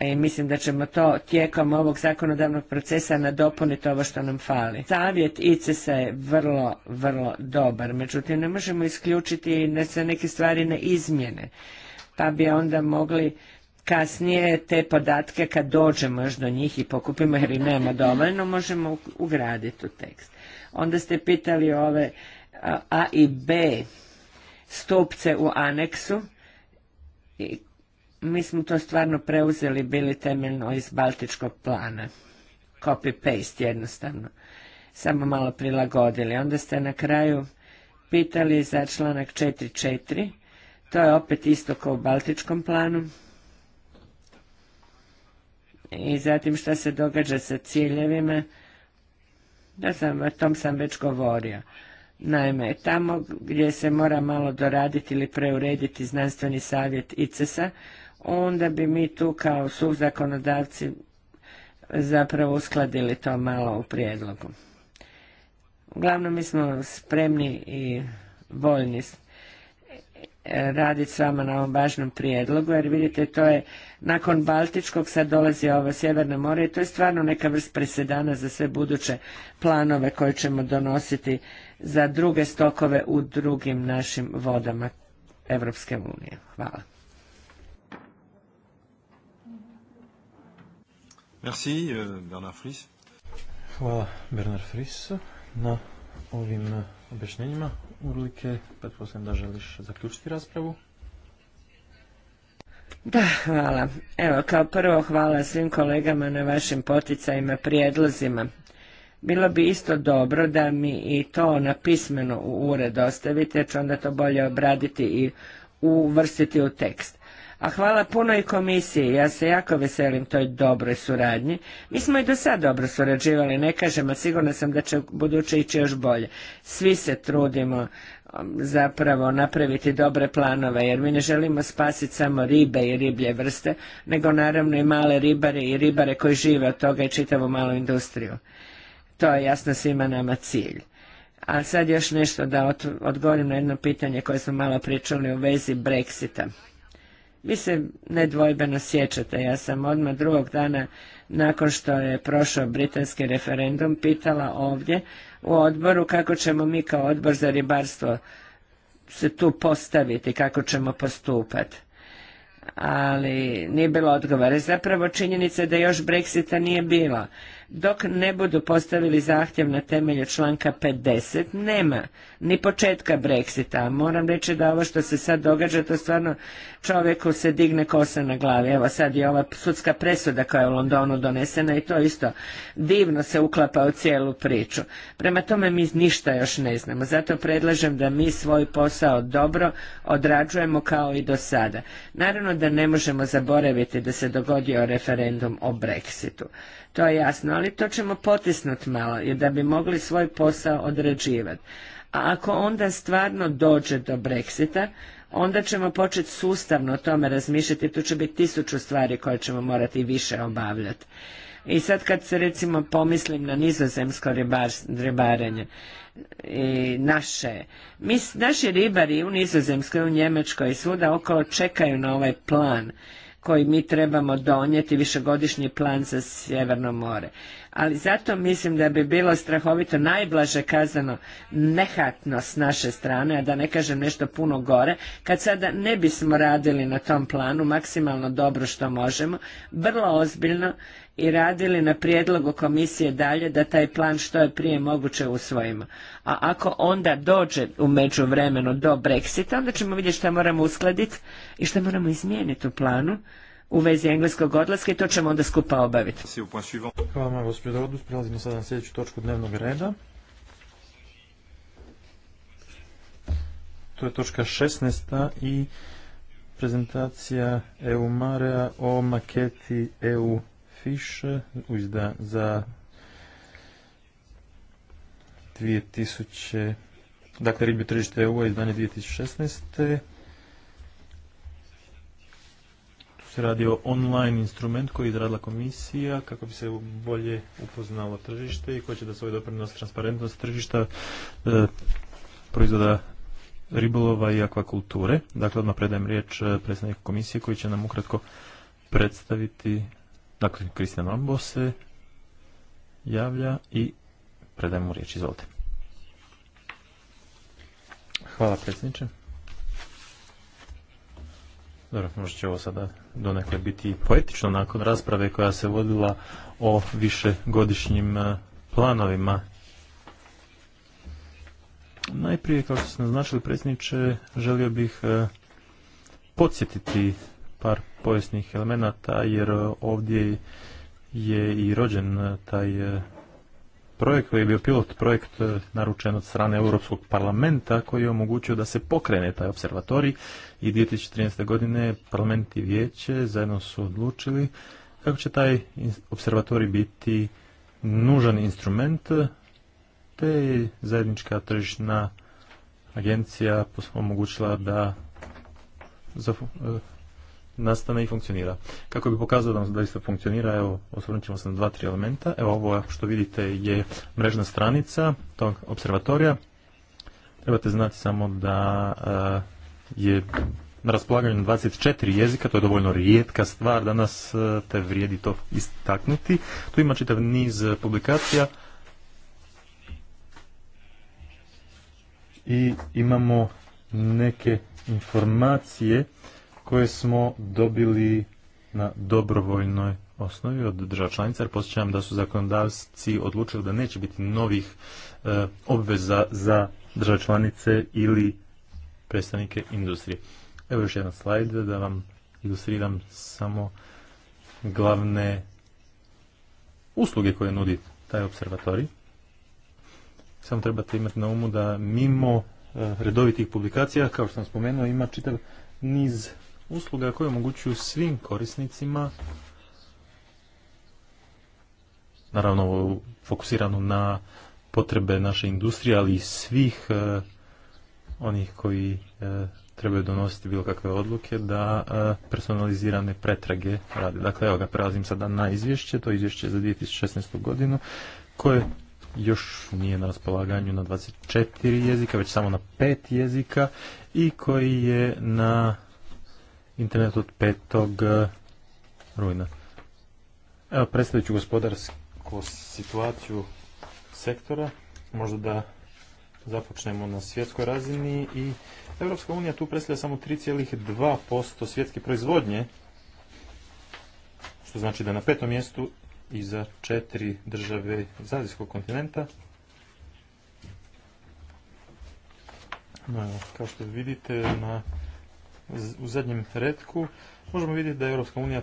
I e, mislim da ćemo to tijekom ovog zakonodavnog procesa nadopuniti ovo što nam fali. Savjet ICSA je vrlo, vrlo dobar, međutim ne možemo isključiti da se neke stvari ne izmjene, pa bi onda mogli kasnije te podatke kad dođemo još do njih i pokupimo jer i nema dovoljno možemo ugraditi u tekst. Onda ste pitali ove A i B stupce u aneksu i mi smo to stvarno preuzeli bili temeljno iz baltičkog plana. Copy paste jednostavno. Samo malo prilagodili. Onda ste na kraju pitali za članak 4.4. To je opet isto kao u baltičkom planu i zatim šta se događa sa ciljevima, da o tom sam već govorio. Naime, tamo gdje se mora malo doraditi ili preurediti znanstveni savjet ICES-a, onda bi mi tu kao suzakonodavci zapravo uskladili to malo u prijedlogu. Uglavnom, mi smo spremni i voljni E, raditi s vama na ovom važnom prijedlogu, jer vidite to je nakon Baltičkog sad dolazi ovo Sjeverno more i to je stvarno neka vrst presedana za sve buduće planove koje ćemo donositi za druge stokove u drugim našim vodama Evropske unije. Hvala. Merci euh, Bernard Fris Hvala Bernard Fris na ovim objašnjenjima. Urlike, pretpostavljam da želiš zaključiti raspravu. Da, hvala. Evo, kao prvo hvala svim kolegama na vašim poticajima, prijedlozima. Bilo bi isto dobro da mi i to na pismeno u ured ostavite, jer ću onda to bolje obraditi i uvrstiti u tekst. A hvala puno i komisiji, ja se jako veselim toj dobroj suradnji. Mi smo i do sad dobro surađivali, ne kažem, a sigurno sam da će buduće ići još bolje. Svi se trudimo um, zapravo napraviti dobre planove, jer mi ne želimo spasiti samo ribe i riblje vrste, nego naravno i male ribare i ribare koji žive od toga i čitavu malu industriju. To je jasno svima nama cilj. A sad još nešto da odgovorim na jedno pitanje koje smo malo pričali u vezi Brexita. Vi se nedvojbeno sjećate, ja sam odmah drugog dana nakon što je prošao britanski referendum pitala ovdje u odboru kako ćemo mi kao odbor za ribarstvo se tu postaviti, kako ćemo postupati. Ali nije bilo odgovora. Zapravo činjenica je da još Brexita nije bilo dok ne budu postavili zahtjev na temelju članka 50 nema ni početka Brexita. Moram reći da ovo što se sad događa to stvarno čovjeku se digne kosa na glavi. Evo sad je ova sudska presuda koja je u Londonu donesena i to isto divno se uklapa u cijelu priču. Prema tome mi ništa još ne znamo. Zato predlažem da mi svoj posao dobro odrađujemo kao i do sada. Naravno da ne možemo zaboraviti da se dogodio referendum o Brexitu to je jasno, ali to ćemo potisnuti malo jer da bi mogli svoj posao odrađivati. A ako onda stvarno dođe do Brexita, onda ćemo početi sustavno o tome razmišljati, tu će biti tisuću stvari koje ćemo morati više obavljati. I sad kad se recimo pomislim na nizozemsko ribarenje i naše, mi, naši ribari u Nizozemskoj, u Njemačkoj i svuda okolo čekaju na ovaj plan koji mi trebamo donijeti, višegodišnji plan za Sjeverno more. Ali zato mislim da bi bilo strahovito najblaže kazano nehatno s naše strane, a da ne kažem nešto puno gore, kad sada ne bismo radili na tom planu maksimalno dobro što možemo, vrlo ozbiljno i radili na prijedlogu komisije dalje da taj plan što je prije moguće usvojimo. A ako onda dođe u međuvremenu do Brexita, onda ćemo vidjeti što moramo uskladiti i što moramo izmijeniti u planu u vezi engleskog odlaska i to ćemo onda skupa obaviti. Hvala vam, Rodus. Prelazimo sada na sljedeću točku dnevnog reda. To je točka 16. i prezentacija EU-Marea o maketi EU Fish uzda za 2000 dakle ribi tržište EU izdanje 2016. Tu se radi o online instrument koji je izradila komisija kako bi se bolje upoznalo tržište i koji će da svoj doprinos transparentnost tržišta e, proizvoda ribolova i akvakulture. Dakle, odmah predajem riječ e, predstavniku komisije koji će nam ukratko predstaviti Dakle, Kristijan Ambo se javlja i predajem mu riječ. Izvolite. Hvala predsjedniče. Dobro, možda će ovo sada donekle biti poetično nakon rasprave koja se vodila o višegodišnjim e, planovima. Najprije, kao što ste naznačili predsjedniče, želio bih e, podsjetiti par povijesnih elemenata jer ovdje je i rođen taj e, projekt koji je bio pilot projekt e, naručen od strane Europskog parlamenta koji je omogućio da se pokrene taj observatorij i 2013. godine parlament i vijeće zajedno su odlučili kako će taj observatorij biti nužan instrument te zajednička tržišna agencija omogućila da e, nastane i funkcionira. Kako bi pokazao da vam funkcionira, evo, osvrnut ćemo se na dva, tri elementa. Evo, ovo što vidite je mrežna stranica tog observatorija. Trebate znati samo da eh, je na raspolaganju 24 jezika, to je dovoljno rijetka stvar, danas eh, te vrijedi to istaknuti. Tu ima čitav niz publikacija i imamo neke informacije koje smo dobili na dobrovoljnoj osnovi od država članica, jer posjećam da su zakonodavci odlučili da neće biti novih e, obveza za države članice ili predstavnike industrije. Evo još jedan slajd da vam ilustriram samo glavne usluge koje nudi taj observatorij. Samo trebate imati na umu da mimo e, redovitih publikacija, kao što sam spomenuo, ima čitav niz usluga koje omogućuju svim korisnicima naravno fokusiranu na potrebe naše industrije, ali i svih e, onih koji e, trebaju donositi bilo kakve odluke da e, personalizirane pretrage rade. Dakle, evo ga, prelazim sada na izvješće, to je izvješće za 2016. godinu, koje još nije na raspolaganju na 24 jezika, već samo na pet jezika i koji je na internet od 5. Eh, rujna. Evo, predstavit ću gospodarsku situaciju sektora. Možda da započnemo na svjetskoj razini i Europska unija tu predstavlja samo 3,2% svjetske proizvodnje, što znači da na petom mjestu i za četiri države iz Azijskog kontinenta. kao što vidite, na u zadnjem redku, možemo vidjeti da je Europska unija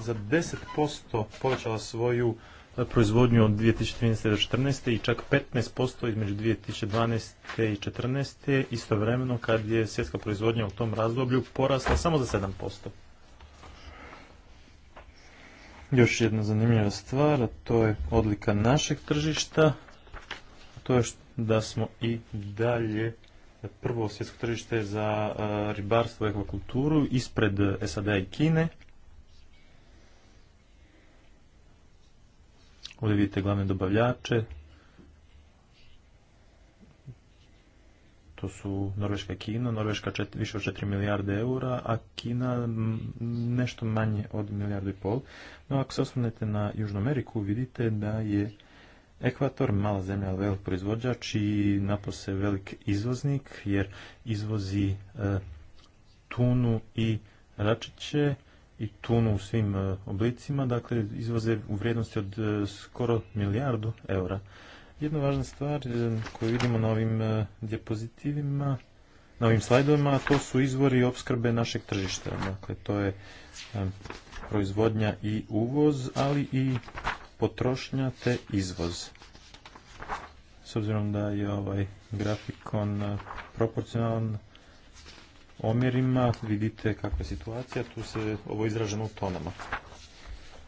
za 10% povećala svoju e, proizvodnju od 2013. do 2014. i čak 15% između 2012. i 2014. istovremeno kad je svjetska proizvodnja u tom razdoblju porasla samo za 7%. Još jedna zanimljiva stvar, a to je odlika našeg tržišta, to je da smo i dalje prvo svjetsko tržište za e, ribarstvo i akvakulturu ispred sad i Kine. Ovdje vidite glavne dobavljače. To su Norveška i Kina. Norveška više od 4 milijarde eura, a Kina nešto manje od milijardu i pol. No ako se osvrnete na Južnu Ameriku, vidite da je Ekvator, mala zemlja, ali velik proizvođač i napose velik izvoznik jer izvozi e, tunu i račiće i tunu u svim e, oblicima, dakle izvoze u vrijednosti od e, skoro milijardu eura. Jedna važna stvar koju vidimo na ovim diapozitivima, na ovim slajdovima, to su izvori opskrbe našeg tržišta. Dakle, to je proizvodnja i uvoz, ali i potrošnja te izvoz. S obzirom da je ovaj grafikon eh, proporcionalan omjerima, vidite kakva je situacija, tu se ovo izraženo u tonama.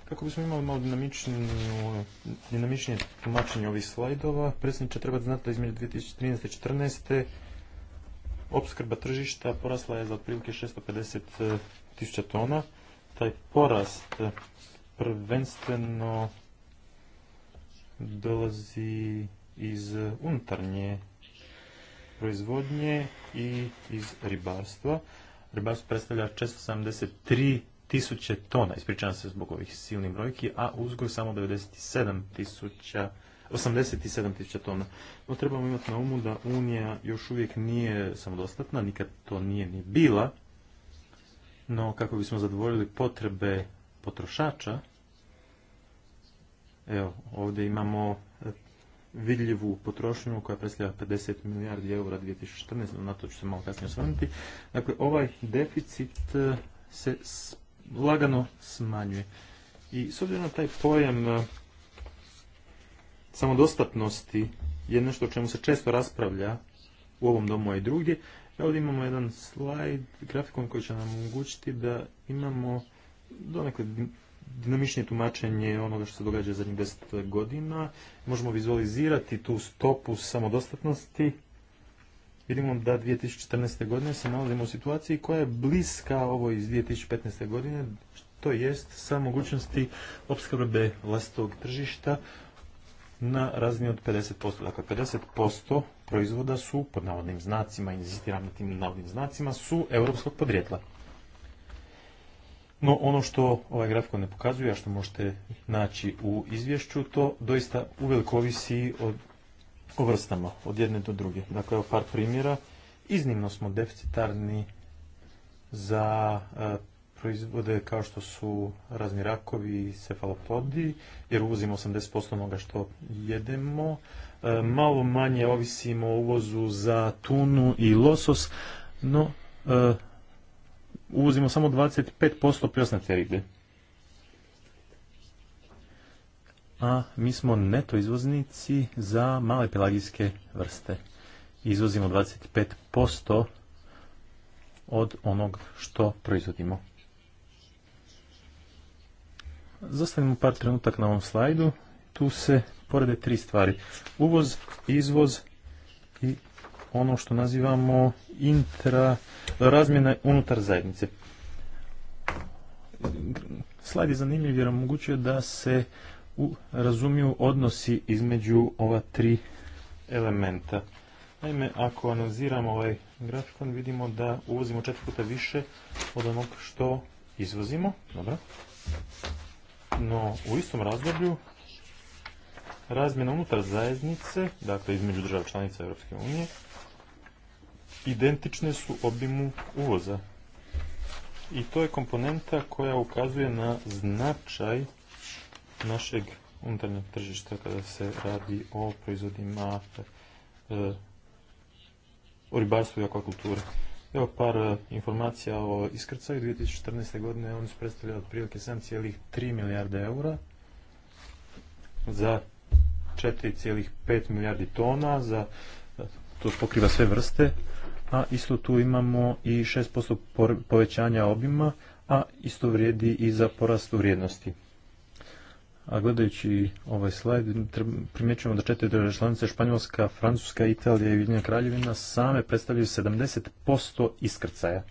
Kako bismo imali malo dinamičnije tumačenje ovih slajdova, predsjedniče treba znati da između 2013. i 2014. opskrba tržišta porasla je za otprilike 650 eh, tisuća tona. Taj porast eh, prvenstveno dolazi iz unutarnje proizvodnje i iz ribarstva. Ribarstvo predstavlja 673 tisuće tona, ispričavam se zbog ovih silnih brojki, a uzgoj samo 97 tisuća 87 tisuća tona. No trebamo imati na umu da Unija još uvijek nije samodostatna, nikad to nije ni bila, no kako bismo zadovoljili potrebe potrošača, Evo, ovdje imamo e, vidljivu potrošnju koja predstavlja 50 milijardi eura 2014. Na to ću se malo kasnije osvrnuti. Dakle, ovaj deficit e, se lagano smanjuje. I s obzirom na taj pojam e, samodostatnosti je nešto o čemu se često raspravlja u ovom domu, i drugdje. Ovdje imamo jedan slajd, grafikom koji će nam omogućiti da imamo donekle dinamičnije tumačenje onoga što se događa zadnjih deset godina. Možemo vizualizirati tu stopu samodostatnosti. Vidimo da 2014. godine se nalazimo u situaciji koja je bliska ovoj iz 2015. godine, to jest sa mogućnosti opskrbe vlastitog tržišta na razini od 50%. Dakle, 50% proizvoda su, pod navodnim znacima, inzistiram na tim navodnim znacima, su europskog podrijetla. No ono što ovaj grafikon ne pokazuje, a što možete naći u izvješću, to doista u ovisi od, o vrstama, od jedne do druge. Dakle, evo par primjera. Iznimno smo deficitarni za e, proizvode kao što su razni rakovi i cefalopodi, jer uvozimo 80% onoga što jedemo. E, malo manje ovisimo o uvozu za tunu i losos, no e, uvozimo samo 25% pljosnate ribe. A mi smo neto izvoznici za male pelagijske vrste. Izvozimo 25% od onog što proizvodimo. Zastavimo par trenutak na ovom slajdu. Tu se porede tri stvari. Uvoz, izvoz i ono što nazivamo intra, razmjene unutar zajednice. Slajd je zanimljiv jer omogućuje da se u, razumiju odnosi između ova tri elementa. Naime, ako analiziramo ovaj grafikon, vidimo da uvozimo četiri puta više od onog što izvozimo. Dobro. No, u istom razdoblju razmjena unutar zajednice, dakle između država članica Europske unije, identične su obimu uvoza. I to je komponenta koja ukazuje na značaj našeg unutarnjeg tržišta kada se radi o proizvodima e, o ribarstvu i akvakulturi. Evo par e, informacija o iskrcaju. 2014. godine oni su predstavljali otprilike 7,3 milijarde eura za 4,5 milijardi tona za to pokriva sve vrste, a isto tu imamo i 6% povećanja obima, a isto vrijedi i za porast vrijednosti. A gledajući ovaj slajd, primjećujemo da četiri države članice, Španjolska, Francuska, Italija i Vidnja kraljevina, same predstavljaju 70% iskrcaja.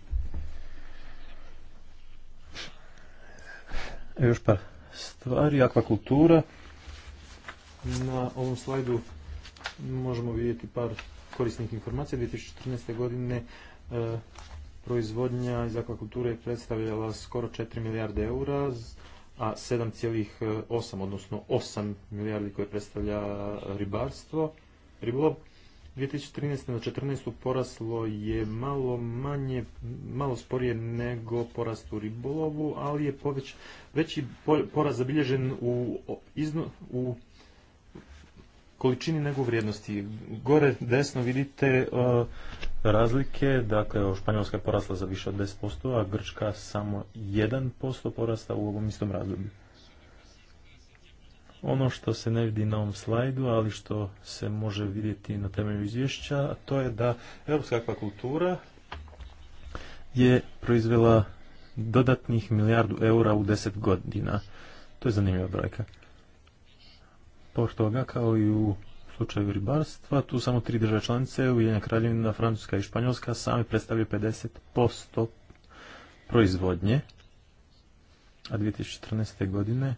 Još par stvari, akvakultura. Na ovom slajdu možemo vidjeti par korisnih informacija. 2014. godine e, proizvodnja iz akvakulture je predstavljala skoro 4 milijarde eura, a 7,8, e, odnosno 8 milijardi koje predstavlja ribarstvo, ribolov. 2013. na 2014. poraslo je malo manje, malo sporije nego porast u ribolovu, ali je poveć, veći porast zabilježen u, u količini nego vrijednosti. Gore desno vidite e, razlike, dakle Španjolska je porasla za više od 10%, a Grčka samo 1% porasta u ovom istom razdoblju. Ono što se ne vidi na ovom slajdu, ali što se može vidjeti na temelju izvješća, to je da europska akvakultura je proizvela dodatnih milijardu eura u deset godina. To je zanimljiva brojka. Pored toga, kao i u slučaju ribarstva, tu samo tri države članice, Ujedinjena kraljevina, Francuska i Španjolska, same predstavljaju 50% proizvodnje, a 2014. godine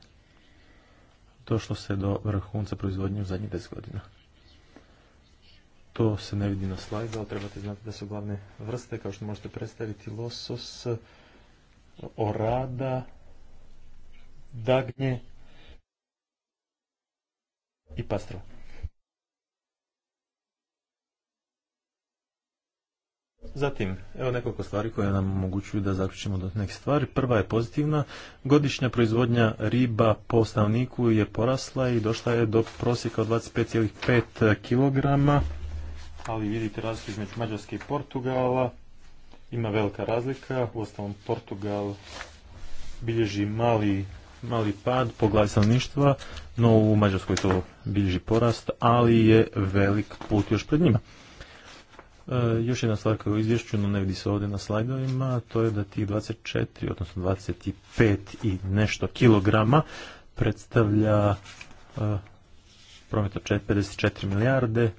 došlo se do vrhunca proizvodnje u zadnjih 10 godina. To se ne vidi na slajdu, ali trebate znati da su glavne vrste, kao što možete predstaviti, losos, orada, dagnje, i Zatim, evo nekoliko stvari koje nam omogućuju da zaključimo do nekih stvari. Prva je pozitivna. Godišnja proizvodnja riba po stanovniku je porasla i došla je do prosjeka od 25,5 kg. Ali vidite razliku između Mađarske i Portugala. Ima velika razlika. Uostalom, Portugal bilježi mali mali pad po glavi stanovništva, no u Mađarskoj to bilježi porast, ali je velik put još pred njima. E, još jedna stvar u izvješću, no ne vidi se ovdje na slajdovima, to je da tih 24, odnosno 25 i nešto kilograma predstavlja e, promet od 54 milijarde,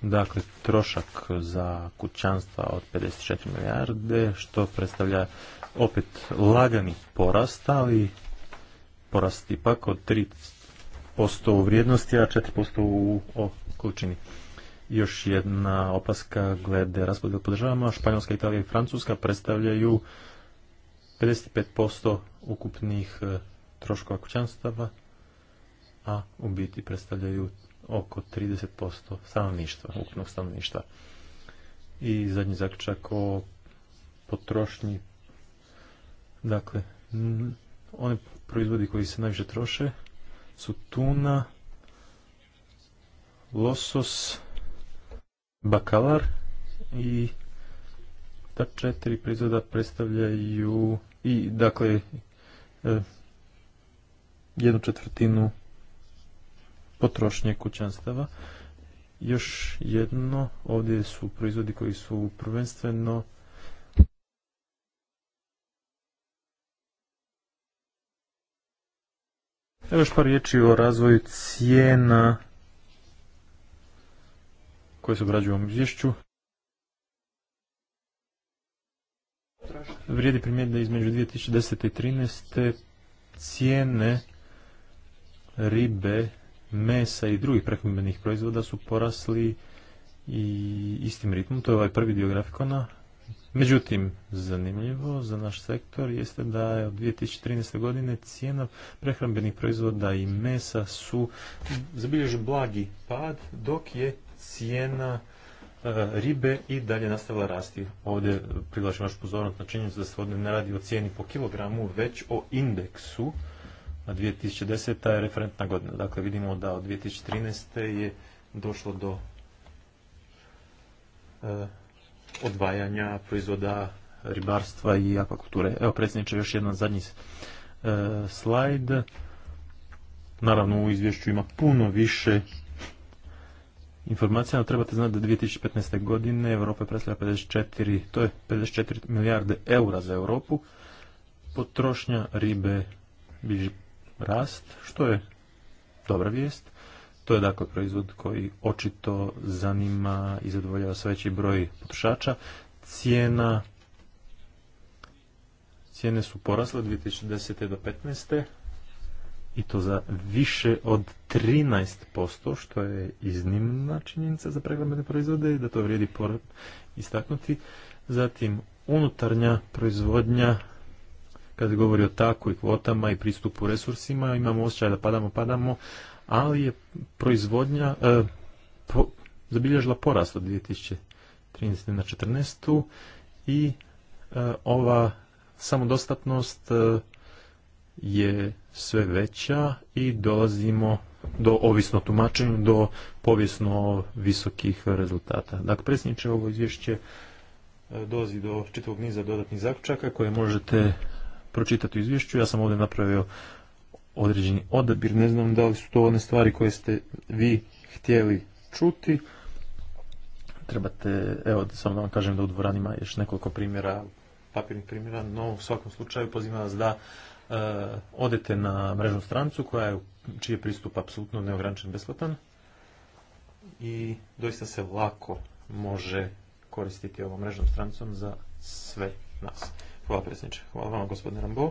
dakle trošak za kućanstva od 54 milijarde, što predstavlja opet lagani porast, ali porast ipak od 3% u vrijednosti, a 4% u količini. Još jedna opaska glede raspodjele po državama. Španjolska, Italija i Francuska predstavljaju 55% ukupnih e, troškova kućanstava, a u biti predstavljaju oko 30% stanovništva, ukupnog stanovništva. I zadnji zaključak o potrošnji Dakle, oni proizvodi koji se najviše troše su tuna, losos, bakalar i ta četiri proizvoda predstavljaju i dakle e, jednu četvrtinu potrošnje kućanstava. Još jedno, ovdje su proizvodi koji su prvenstveno Evo još par riječi o razvoju cijena koje se obrađuju u ovom izvješću. Vrijedi primjer da između 2010. i 2013. cijene ribe, mesa i drugih prehrambenih proizvoda su porasli i istim ritmom. To je ovaj prvi dio grafikona. Međutim, zanimljivo za naš sektor jeste da je od 2013. godine cijena prehrambenih proizvoda i mesa su zabilježen blagi pad, dok je cijena e, ribe i dalje nastavila rasti. Ovdje privlačim vašu pozornost na činjenicu da se ovdje ne radi o cijeni po kilogramu, već o indeksu. A 2010. je referentna godina. Dakle, vidimo da od 2013. je došlo do e, odvajanja proizvoda ribarstva i akvakulture. Evo predsjedniče, još jedan zadnji e, slajd. Naravno u izvješću ima puno više informacija, ali trebate znati da 2015. godine Europa predstavlja 54, to je 54 milijarde eura za Europu. Potrošnja ribe bilježi rast, što je dobra vijest. To je dakle proizvod koji očito zanima i zadovoljava sve broj potrošača. Cijena cijene su porasle 2010. do 15. i to za više od 13%, što je iznimna činjenica za prehrambene proizvode i da to vrijedi istaknuti. Zatim, unutarnja proizvodnja, kad govori o taku i kvotama i pristupu resursima, imamo osjećaj da padamo, padamo, ali je proizvodnja e, zabilježila porast od 2013. na 2014. i e, ova samodostatnost e, je sve veća i dolazimo do ovisno tumačenju, do povijesno visokih rezultata. Dakle, predsjedniče, ovo izvješće dolazi do čitavog niza dodatnih zaključaka koje možete pročitati u izvješću. Ja sam ovdje napravio određeni odabir. Ne znam da li su to one stvari koje ste vi htjeli čuti. Trebate, evo, samo da vam kažem da u dvoranima još nekoliko primjera, papirnih primjera, no u svakom slučaju pozivam vas da eh, odete na mrežnu strancu koja je, čiji je pristup apsolutno neograničen besplatan i doista se lako može koristiti ovom mrežnom strancom za sve nas. Hvala predsjedniče. Hvala vam, gospodine Rambo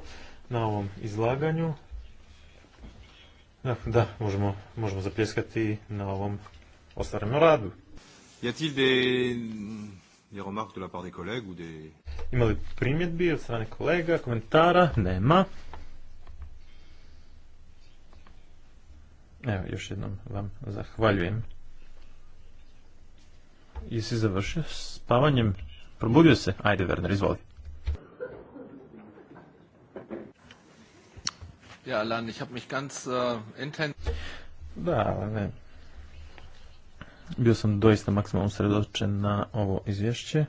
na ovom izlaganju. Da, možemo, možemo zapljeskati na ovom ostvarenom radu. Y a t des, des remarques de li primjedbi od strane kolega, komentara? Nema. Evo, još jednom vam zahvaljujem. Jesi završio spavanjem? Probudio se? Ajde, Werner, izvoli. Ja, Alan, ich habe mich ganz äh, intensiv... Da, ne. Bio sam doista maksimalno sredočen na ovo izvješće.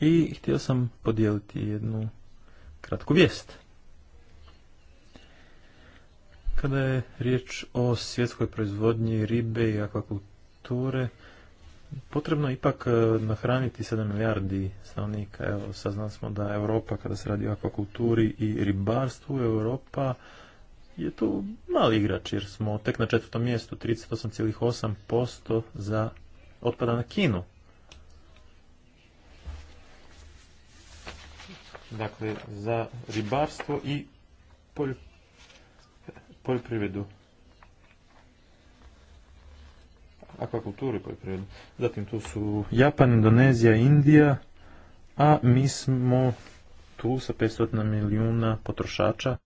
I htio sam podijeliti jednu kratku vijest. Kada je riječ o svjetskoj proizvodnji ribe i akvakulture, potrebno ipak e, nahraniti 7 milijardi stanovnika. Evo, saznali smo da Europa, kada se radi o akvakulturi i ribarstvu, Europa je tu mali igrač, jer smo tek na četvrtom mjestu, 38,8% za otpada na Kinu. Dakle, za ribarstvo i poljoprivredu. akvakulturu i poljoprivredu. Zatim tu su Japan, Indonezija, Indija, a mi smo tu sa 500 milijuna potrošača.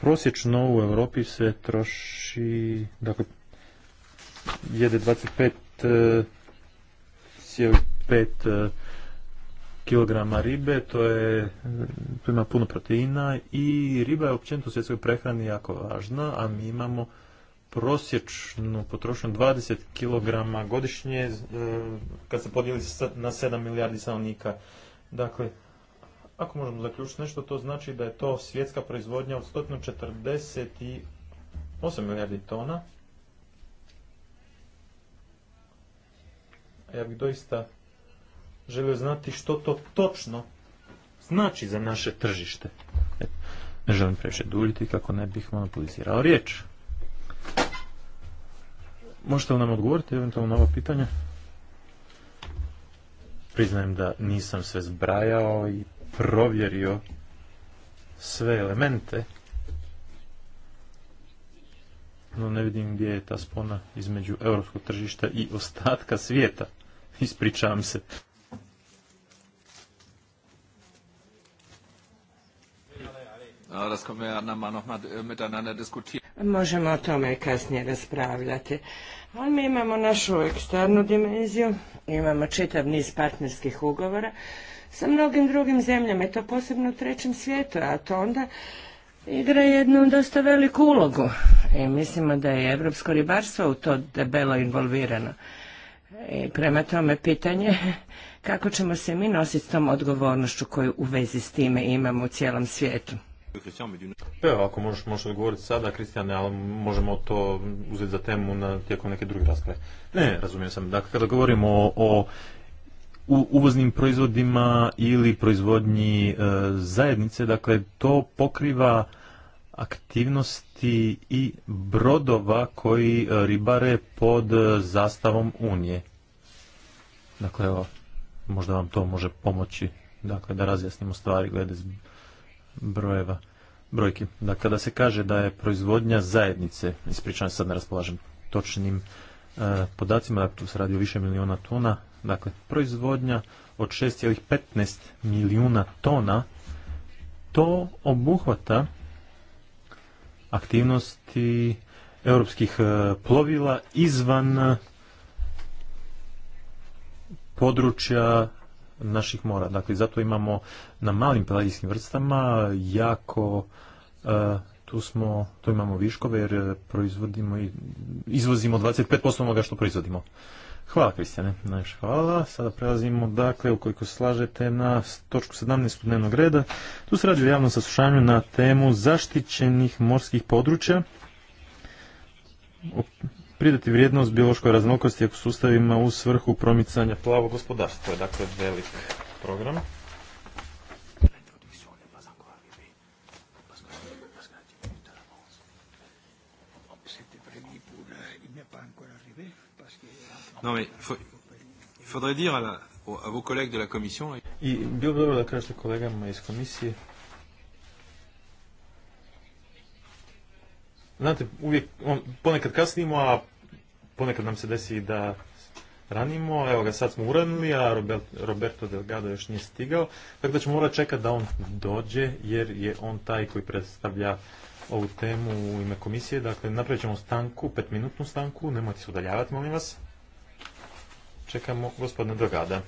Prosječno u Europi se troši, dakle, jede 25,5 kilograma ribe, to je ima puno proteina i riba je općenito u svjetskoj prehrani jako važna, a mi imamo prosječnu potrošnju 20 kilograma godišnje e, kad se podijeli na 7 milijardi stanovnika. Dakle, ako možemo zaključiti nešto, to znači da je to svjetska proizvodnja od 148 milijardi tona. Ja bih doista želio znati što to točno znači za naše tržište. Ne želim previše duljiti kako ne bih monopolizirao riječ. Možete li nam odgovoriti eventualno na ovo pitanje? Priznajem da nisam sve zbrajao i provjerio sve elemente. No ne vidim gdje je ta spona između europskog tržišta i ostatka svijeta. Ispričavam se. Äh, Možemo o tome kasnije raspravljati. Ali mi imamo našu eksternu dimenziju, imamo čitav niz partnerskih ugovora sa mnogim drugim zemljama i to posebno u trećem svijetu, a to onda igra jednu dosta veliku ulogu. I e, mislimo da je evropsko ribarstvo u to debelo involvirano. I e, prema tome pitanje kako ćemo se mi nositi s tom odgovornošću koju u vezi s time imamo u cijelom svijetu. Pa evo, ako možeš, možeš odgovoriti sada, Kristijane, ali možemo to uzeti za temu na, tijekom neke druge rasprave. Ne, razumijem sam. Dakle, kada govorimo o, o uvoznim proizvodima ili proizvodnji e, zajednice, dakle, to pokriva aktivnosti i brodova koji e, ribare pod e, zastavom Unije. Dakle, evo, možda vam to može pomoći, dakle, da razjasnimo stvari glede brojeva, brojki. Dakle, kada se kaže da je proizvodnja zajednice, ispričavam sad ne raspolažem točnim e, podacima, dakle tu se radi o više milijuna tona, dakle proizvodnja od 6,15 milijuna tona, to obuhvata aktivnosti europskih e, plovila izvan područja naših mora. Dakle, zato imamo na malim pelagijskim vrstama jako e, tu smo, tu imamo viškove jer proizvodimo i izvozimo 25% onoga što proizvodimo. Hvala Kristjane, najviše hvala. Sada prelazimo, dakle, ukoliko slažete na točku 17. dnevnog reda. Tu se radi o javnom saslušanju na temu zaštićenih morskih područja pridati vrijednost biološkoj raznolikosti ako sustavima u svrhu promicanja plavog gospodarstva. je dakle velik program. I bilo bi dobro da kažete kolegama iz komisije Znate, uvijek, on, ponekad kasnimo, a ponekad nam se desi da ranimo. Evo ga, sad smo uranili, a Roberto Delgado još nije stigao. Tako da ćemo morati čekati da on dođe, jer je on taj koji predstavlja ovu temu u ime komisije. Dakle, napravit ćemo stanku, petminutnu stanku, nemojte se udaljavati, molim vas. Čekamo gospodina Delgada.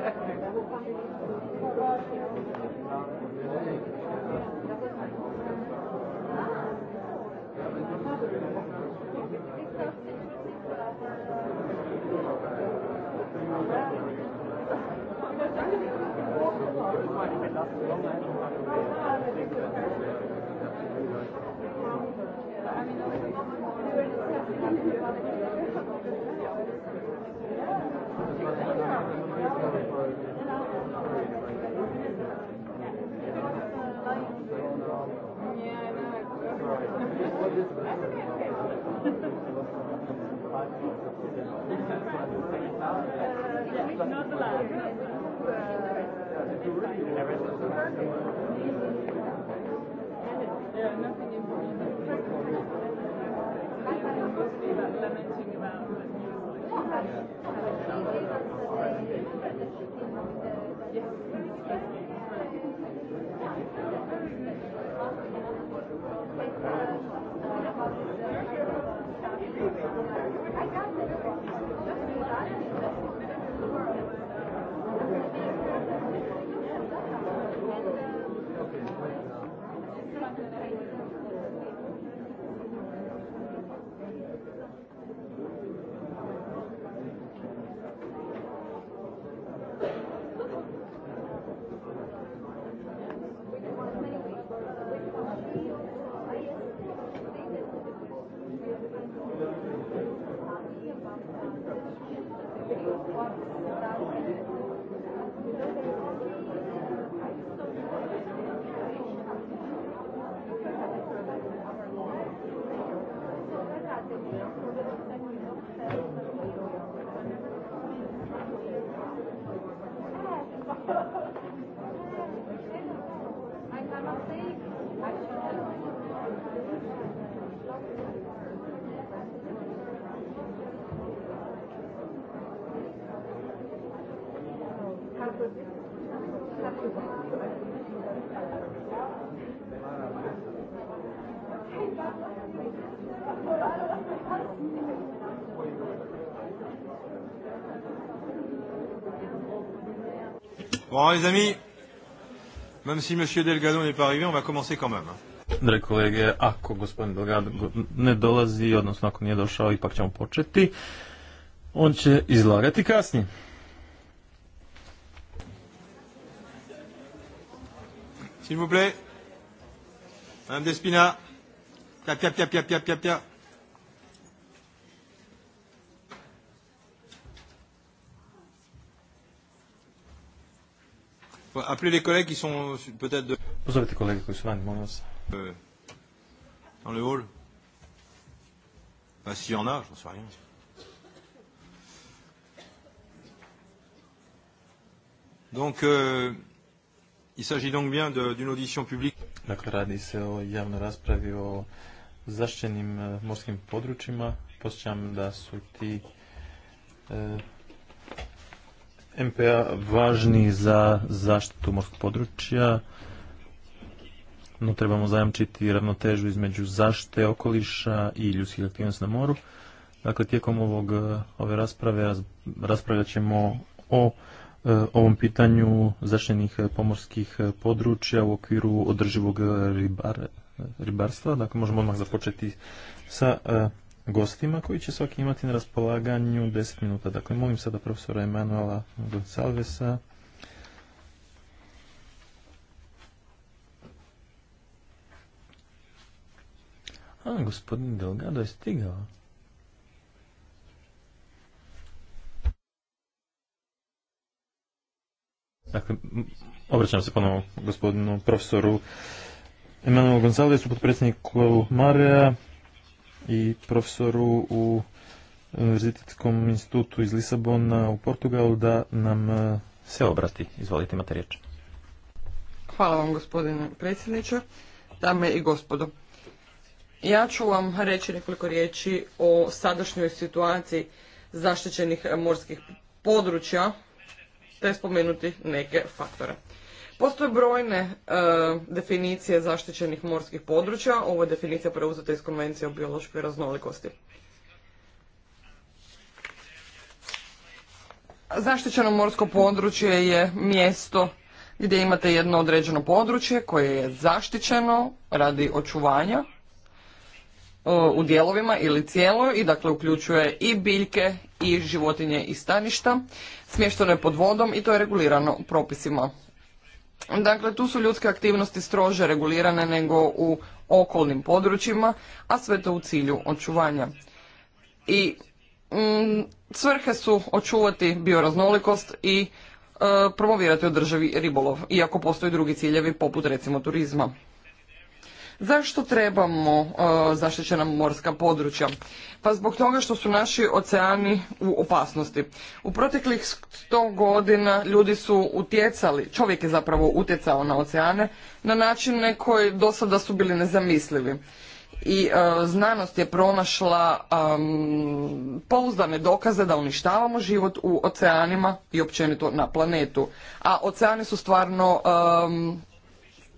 zahvaljujem Bon, les amis, même si Monsieur Delgado n'est pas arrivé, on va commencer quand même. Drage kolege, ako gospodin Delgado ne dolazi, odnosno ako nije došao, ipak ćemo početi. On će izlagati kasnije. S'il vous plaît. Madame Despina. Pia, pia, pia, pia, pia, pia, pia. Appelez les collègues qui sont peut-être de... Pozovite kolege koji su vani, molim vas. Euh, dans le hall Bah, s'il y en a, j'en sais rien. Donc, euh, il s'agit donc bien d'une audition publique. Dakle, radi se o javnoj raspravi o zaštićenim eh, morskim područjima. Posjećam da su ti e, MPA važni za zaštitu morskog područja, no trebamo zajamčiti ravnotežu između zaštite okoliša i ljudskih aktivnosti na moru. Dakle, tijekom ovog, eh, ove rasprave raspravljat ćemo o eh, ovom pitanju zaštenih pomorskih eh, područja u okviru održivog ribarstva. Dakle, možemo odmah započeti sa gostima koji će svaki imati na raspolaganju 10 minuta. Dakle, molim sada profesora Emanuela Gonsalvesa A, gospodin Delgado je stigao. Dakle, obraćam se ponovno gospodinu profesoru Emanuelu Gonzalesu, potpredsjedniku Marija i profesoru u Univerzitetskom e, institutu iz Lisabona u Portugalu da nam e, se obrati. Izvolite, imate riječ. Hvala vam gospodine predsjedniče, dame i gospodo. Ja ću vam reći nekoliko riječi o sadašnjoj situaciji zaštićenih morskih područja te spomenuti neke faktore. Postoje brojne e, definicije zaštićenih morskih područja. Ovo je definicija preuzeta iz Konvencije o biološkoj raznolikosti. Zaštićeno morsko područje je mjesto gdje imate jedno određeno područje koje je zaštićeno radi očuvanja e, u dijelovima ili cijeloj. i dakle uključuje i biljke i životinje i staništa. Smješteno je pod vodom i to je regulirano propisima. Dakle, tu su ljudske aktivnosti strože regulirane nego u okolnim područjima, a sve to u cilju očuvanja. I mm, svrhe su očuvati bioraznolikost i e, promovirati održivi ribolov, iako postoje drugi ciljevi poput recimo turizma. Zašto trebamo e, zaštićena morska područja? Pa zbog toga što su naši oceani u opasnosti. U proteklih sto godina ljudi su utjecali, čovjek je zapravo utjecao na oceane, na način koji do sada su bili nezamislivi i e, znanost je pronašla pouzdane dokaze da uništavamo život u oceanima i općenito na planetu a oceani su stvarno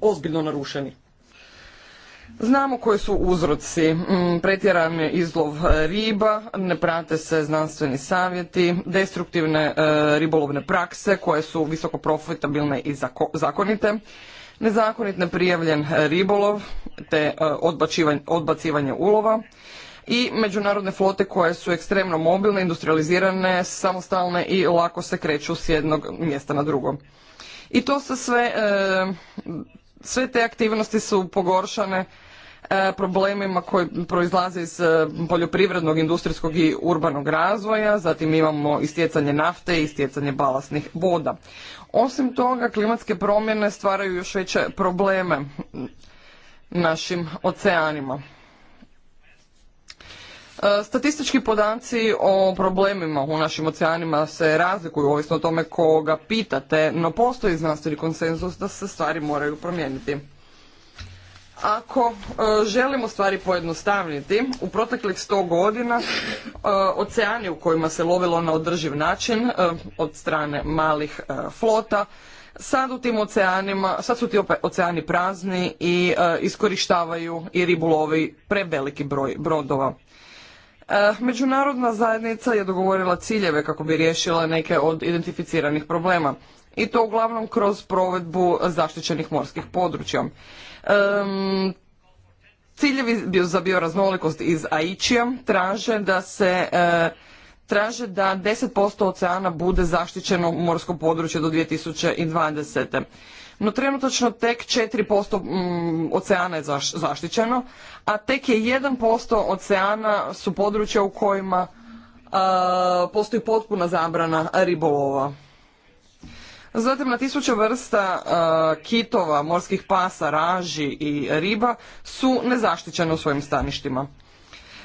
ozbiljno narušeni Znamo koji su uzroci, mm, pretjeran je izlov e, riba, ne prate se znanstveni savjeti, destruktivne e, ribolovne prakse koje su visoko profitabilne i zakonite, nezakonit neprijavljen e, ribolov te odbacivanje ulova i međunarodne flote koje su ekstremno mobilne, industrializirane, samostalne i lako se kreću s jednog mjesta na drugo. I to sve, sve te aktivnosti su pogoršane E, problemima koji proizlaze iz e, poljoprivrednog, industrijskog i urbanog razvoja, zatim imamo istjecanje nafte i istjecanje balastnih voda. Osim toga, klimatske promjene stvaraju još veće probleme našim oceanima. E, statistički podaci o problemima u našim oceanima se razlikuju ovisno o tome koga pitate, no postoji znanstveni konsenzus da se stvari moraju promijeniti. Ako e, želimo stvari pojednostavniti, u proteklih sto godina e, oceani u kojima se lovilo na održiv način e, od strane malih flota, sad u tim oceanima, sad su ti oceani prazni i iskorištavaju i ribulovi preveliki broj brodova. Međunarodna zajednica je dogovorila ciljeve kako bi riješila neke od identificiranih problema i to uglavnom kroz provedbu zaštićenih morskih područja. Um, ciljevi za bioraznolikost iz Aichija traže da se e, traže da 10% oceana bude zaštićeno morskom području do 2020. No trenutačno tek 4% mm, oceana je zaštićeno, a tek je 1% oceana su područja u kojima e, postoji potpuna zabrana ribolova. Zatim na tisuće vrsta e, kitova, morskih pasa, raži i riba su nezaštićene u svojim staništima.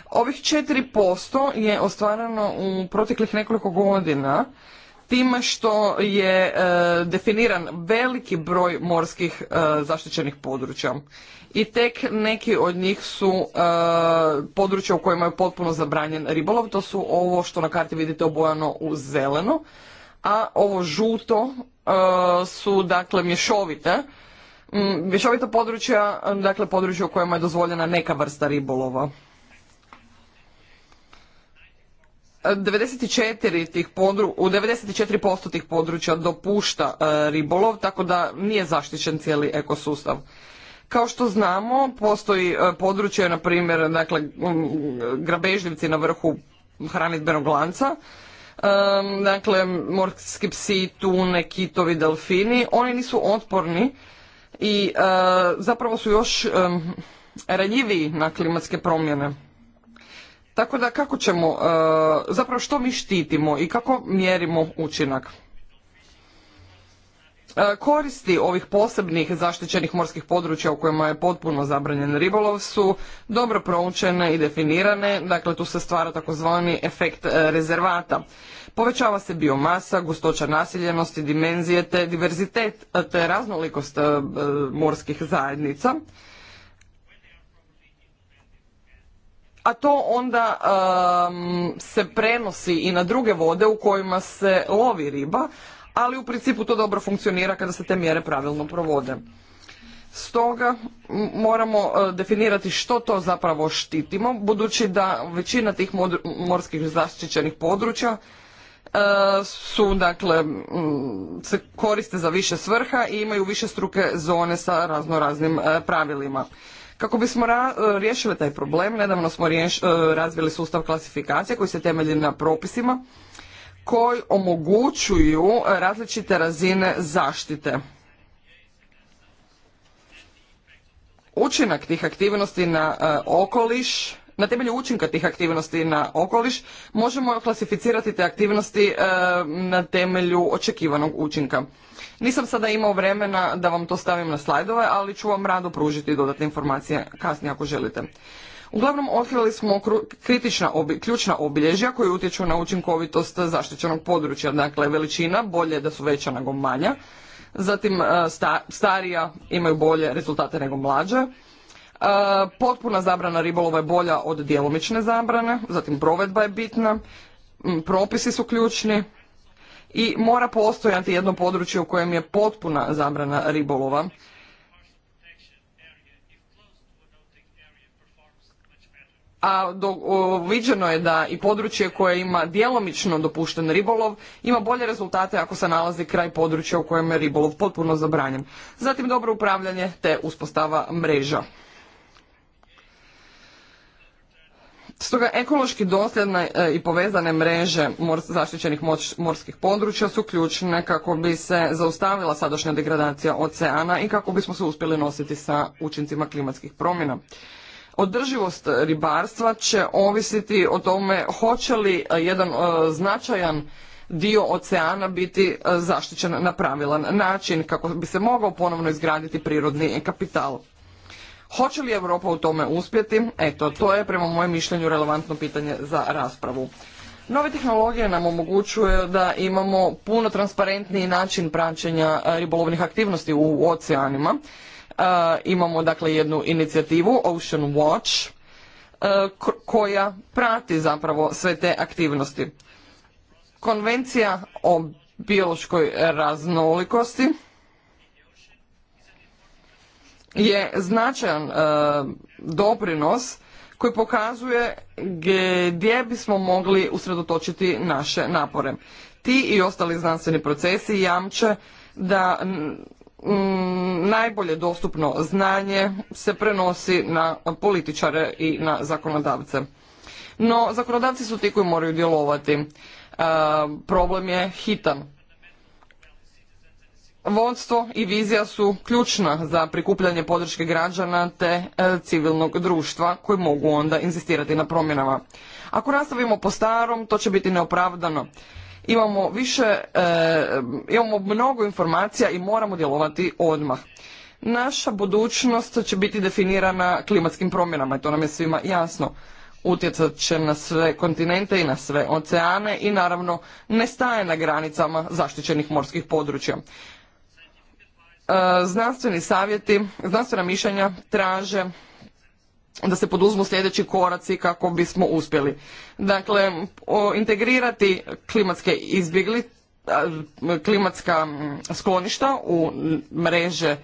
Ovih 4% je ostvarano u proteklih nekoliko godina time što je e, definiran veliki broj morskih e, zaštićenih područja. I tek neki od njih su područja u kojima je potpuno zabranjen ribolov. To su ovo što na karti vidite obojano u zeleno, a ovo žuto E, su dakle mješovite, mm, mješovita područja, dakle područja u kojima je dozvoljena neka vrsta ribolova. 94 tih podru, u 94% tih područja dopušta e, ribolov, tako da nije zaštićen cijeli ekosustav. Kao što znamo, postoji e, područje, na primjer, dakle, grabežljivci na vrhu hranitbenog lanca, dakle morski psi, tune, kitovi, delfini, oni nisu otporni i e, zapravo su još ranjiviji na klimatske promjene. Tako da kako ćemo, e, zapravo što mi štitimo i kako mjerimo učinak? E, koristi ovih posebnih zaštićenih morskih područja u kojima je potpuno zabranjen ribolov su dobro proučene i definirane, dakle tu se stvara takozvani efekt e, rezervata. Povećava se biomasa, gustoća nasiljenosti, dimenzije te diverzitet e, te raznolikost morskih zajednica. a to onda se prenosi i na druge vode u kojima se lovi riba, ali u principu to dobro funkcionira kada se te mjere pravilno provode. Stoga moramo e, definirati što to zapravo štitimo, budući da većina tih morskih zaštićenih područja e, su dakle se koriste za više svrha i imaju više struke zone sa razno raznim e, pravilima. Kako bismo riješili taj problem, nedavno smo razvili sustav klasifikacije koji se temelji na propisima koji omogućuju različite razine zaštite. Učinak tih aktivnosti na e, okoliš na temelju učinka tih aktivnosti na okoliš možemo klasificirati te aktivnosti e, na temelju očekivanog učinka. Nisam sada imao vremena da vam to stavim na slajdove, ali ću vam rado pružiti dodatne informacije kasnije ako želite. Uglavnom, otkrili smo kritična, ključna obilježja koje utječu na učinkovitost zaštićenog područja, dakle veličina, bolje da su veća nego manja, zatim e, starija imaju bolje rezultate nego mlađe, potpuna zabrana ribolova je bolja od djelomične zabrane, zatim provedba je bitna, propisi su ključni, i mora postojati jedno područje u kojem je potpuna zabrana ribolova a do, je da i područje koje ima djelomično dopušten ribolov ima bolje rezultate ako se nalazi kraj područja u kojem je ribolov potpuno zabranjen. Zatim dobro upravljanje te uspostava mreža. Stoga ekološki dosljedne e, i povezane mreže zaštićenih morskih područja su ključne kako bi se zaustavila sadašnja degradacija oceana i kako bismo se uspjeli nositi sa učincima klimatskih promjena. Održivost ribarstva će ovisiti o tome hoće li e, jedan e, značajan dio oceana biti e, zaštićen na pravilan način kako bi se mogao ponovno izgraditi prirodni kapital. Hoće li Europa u tome uspjeti? Eto, to je prema mojem mišljenju relevantno pitanje za raspravu. Nove tehnologije nam omogućuju da imamo puno transparentniji način praćenja ribolovnih aktivnosti u oceanima E, imamo dakle jednu inicijativu Ocean Watch e, koja prati zapravo sve te aktivnosti. Konvencija o biološkoj raznolikosti je značajan e, doprinos koji pokazuje gdje bismo mogli usredotočiti naše napore. Ti i ostali znanstveni procesi jamče da Mm, najbolje dostupno znanje se prenosi na političare i na zakonodavce. No, zakonodavci su ti koji moraju djelovati. E, problem je hitan. Vodstvo i vizija su ključna za prikupljanje podrške građana te e, civilnog društva koji mogu onda inzistirati na promjenama. Ako nastavimo po starom, to će biti neopravdano imamo više, e, imamo mnogo informacija i moramo djelovati odmah. Naša budućnost će biti definirana klimatskim promjenama i to nam je svima jasno. Utjecat će na sve kontinente i na sve oceane i naravno ne staje na granicama zaštićenih morskih područja. E, znanstveni savjeti, znanstvena mišljenja traže da se poduzmu sljedeći koraci kako bismo uspjeli. Dakle, integrirati klimatske izbjegli, klimatska skloništa u mreže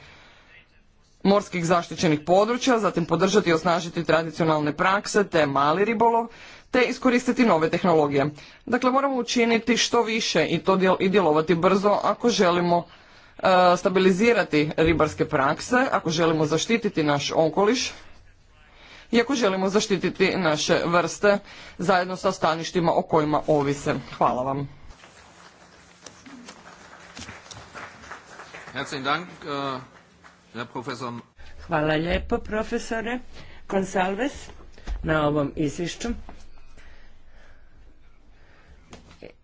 morskih zaštićenih područja, zatim podržati i osnažiti tradicionalne prakse te mali ribolov, te iskoristiti nove tehnologije. Dakle, moramo učiniti što više i to djelovati brzo ako želimo e, stabilizirati ribarske prakse, ako želimo zaštititi naš okoliš, iako želimo zaštititi naše vrste zajedno sa staništima o kojima ovise. Hvala vam. Äh, Hvala lijepo profesore Konsalves na ovom izvišću.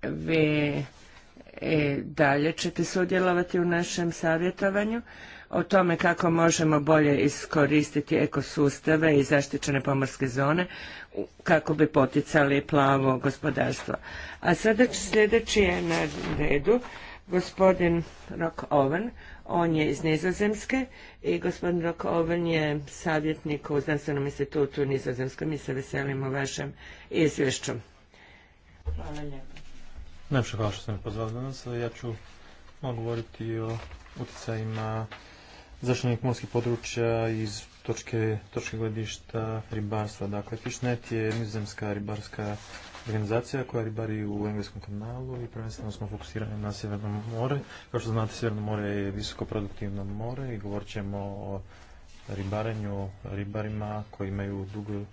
Vi i e, dalje ćete sudjelovati u našem savjetovanju, o tome kako možemo bolje iskoristiti ekosustave i zaštićene pomorske zone kako bi poticali plavo gospodarstvo. A sada sljedeći je na redu gospodin Rock Owen, on je iz Nizozemske i gospodin Rock je savjetnik u Znanstvenom institutu Nizozemske. Mi se veselimo vašem izvješću. Hvala lijepo. Najpše hvala što ste me pozvali danas. Ja ću govoriti o utjecajima zaštitnih morskih područja iz točke, točke gledišta ribarstva. Dakle, Fishnet je nizemska ribarska organizacija koja ribari u Engleskom kanalu i prvenstveno smo fokusirani na Sjeverno more. Kao što znate, Sjeverno more je visoko produktivno more i govorit ćemo o ribarenju, ribarima koji imaju dugu,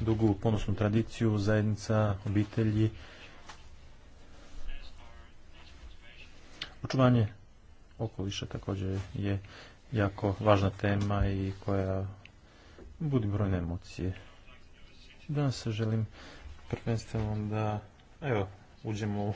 dugu ponosnu tradiciju, zajednica, obitelji. Očuvanje okoliša također je jako važna tema i koja budi brojne emocije. Danas želim prvenstveno da evo, uđemo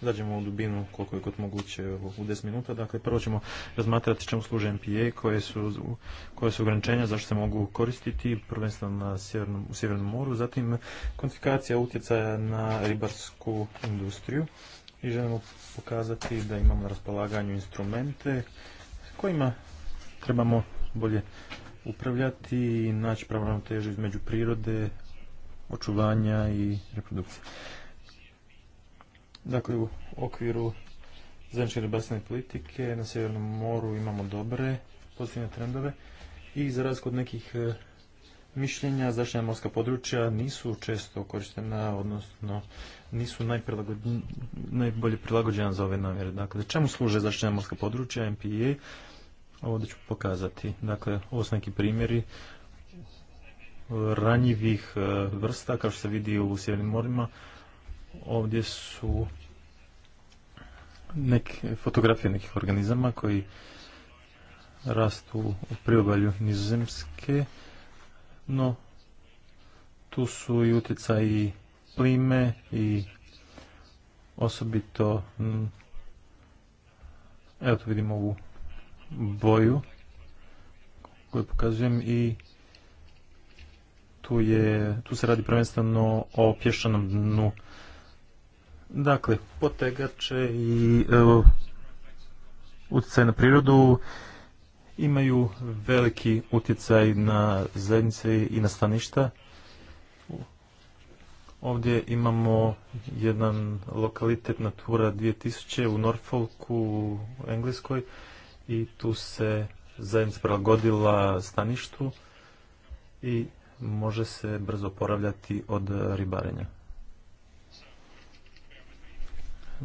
Zađemo u dubinu koliko je god moguće u 10 minuta. Dakle, prvo ćemo razmatrati čemu služe MPA, koje su, koje su ograničenja, zašto se mogu koristiti, prvenstveno na sjevernom, u Sjevernom moru, zatim kvantifikacija utjecaja na ribarsku industriju i želimo pokazati da imamo na raspolaganju instrumente kojima trebamo bolje upravljati i naći pravu ravnotežu između prirode, očuvanja i reprodukcije. Dakle, u okviru zajedničke ribarstvene politike na Sjevernom moru imamo dobre pozitivne trendove i za razliku od nekih e, mišljenja zaštitna morska područja nisu često korištena, odnosno nisu najbolje prilagođena za ove namjere. Dakle, čemu služe zaštitna morska područja, MPA? ovdje ću pokazati. Dakle, ovo su neki primjeri ranjivih e, vrsta, kao što se vidi u Sjevernim morima. Ovdje su neke fotografije nekih organizama koji rastu u priobalju nizozemske, no tu su i utjecaji plime i osobito mm, evo tu vidimo ovu boju koju pokazujem i tu, je, tu se radi prvenstveno o pješčanom dnu. Dakle, potegače i e, utjecaj na prirodu imaju veliki utjecaj na zajednice i na staništa. Ovdje imamo jedan lokalitet Natura 2000 u Norfolku u Engleskoj i tu se zajednica prilagodila staništu i može se brzo poravljati od ribarenja.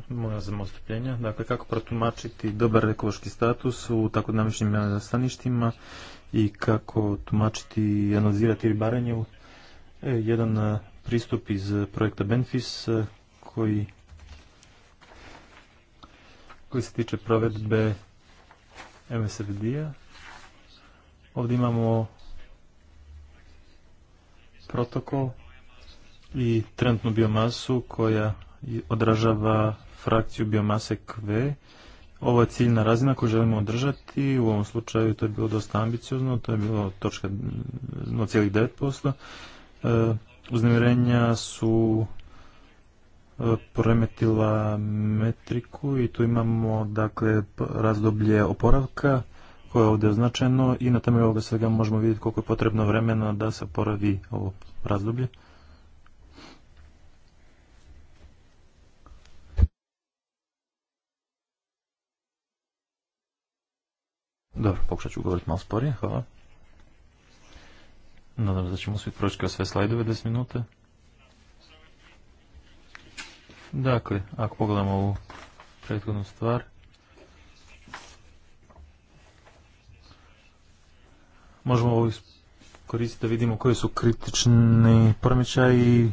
Moja zamostupljenja. Dakle, kako protumačiti dobar ekološki status u tako namišnjim e, staništima i kako tumačiti i analizirati ribarenje u e, jedan e, pristup iz projekta Benfis koji koji se tiče provedbe MSRD-a. Ovdje imamo protokol i trenutnu biomasu koja odražava frakciju biomase KV. Ovo je ciljna razina koju želimo održati, u ovom slučaju to je bilo dosta ambiciozno, to je bilo točka 0,9%. E, uznemirenja su poremetila metriku i tu imamo dakle razdoblje oporavka koje je ovdje označeno i na temelju ovoga svega možemo vidjeti koliko je potrebno vremena da se oporavi ovo razdoblje. Dobro, pokušat ću govoriti malo sporije, hvala. Nadam se da ćemo svi proći sve slajdove 10 minuta. Dakle, ako pogledamo ovu prethodnu stvar, možemo ovo koristiti da vidimo koji su kritični promjećaji.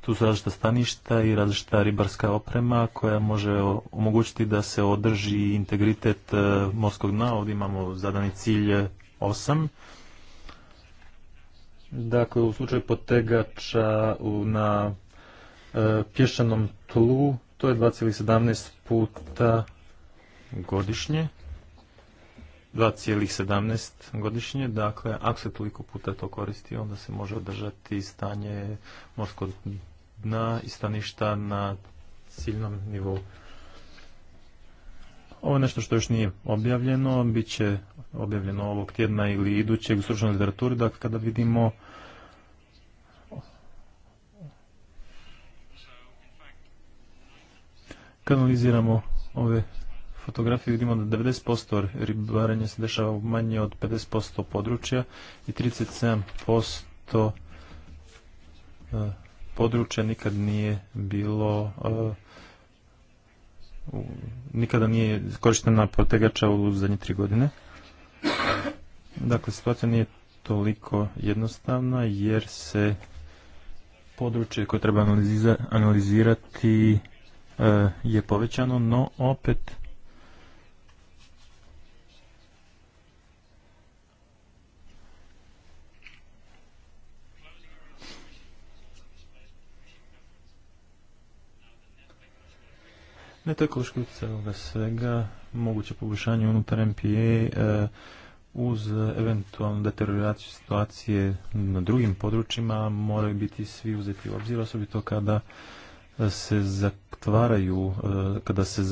tu su različita staništa i različita ribarska oprema koja može omogućiti da se održi integritet e, morskog dna. Ovdje imamo zadani cilj 8. Dakle, u slučaju potegača na E, pješčanom tlu, to je 2,17 puta godišnje. 2,17 godišnje, dakle, ako se toliko puta to koristi, onda se može održati stanje morskog dna i staništa na ciljnom nivou. Ovo je nešto što još nije objavljeno, bit će objavljeno ovog tjedna ili idućeg u stručnoj literaturi, dakle, kada vidimo analiziramo ove fotografije vidimo da 90% ribarenja se dešava u manje od 50% područja i 37% e, područja nikad nije bilo e, nikada nije korištena protegača u zadnje tri godine. Dakle, situacija nije toliko jednostavna jer se područje koje treba analizirati E, je povećano, no opet ne ekološki utjecaj ovoga svega, moguće poboljšanje unutar MPA e, uz eventualnu deterioraciju situacije na drugim područjima moraju biti svi uzeti u obzir, osobito kada se zatvaraju, e, kada se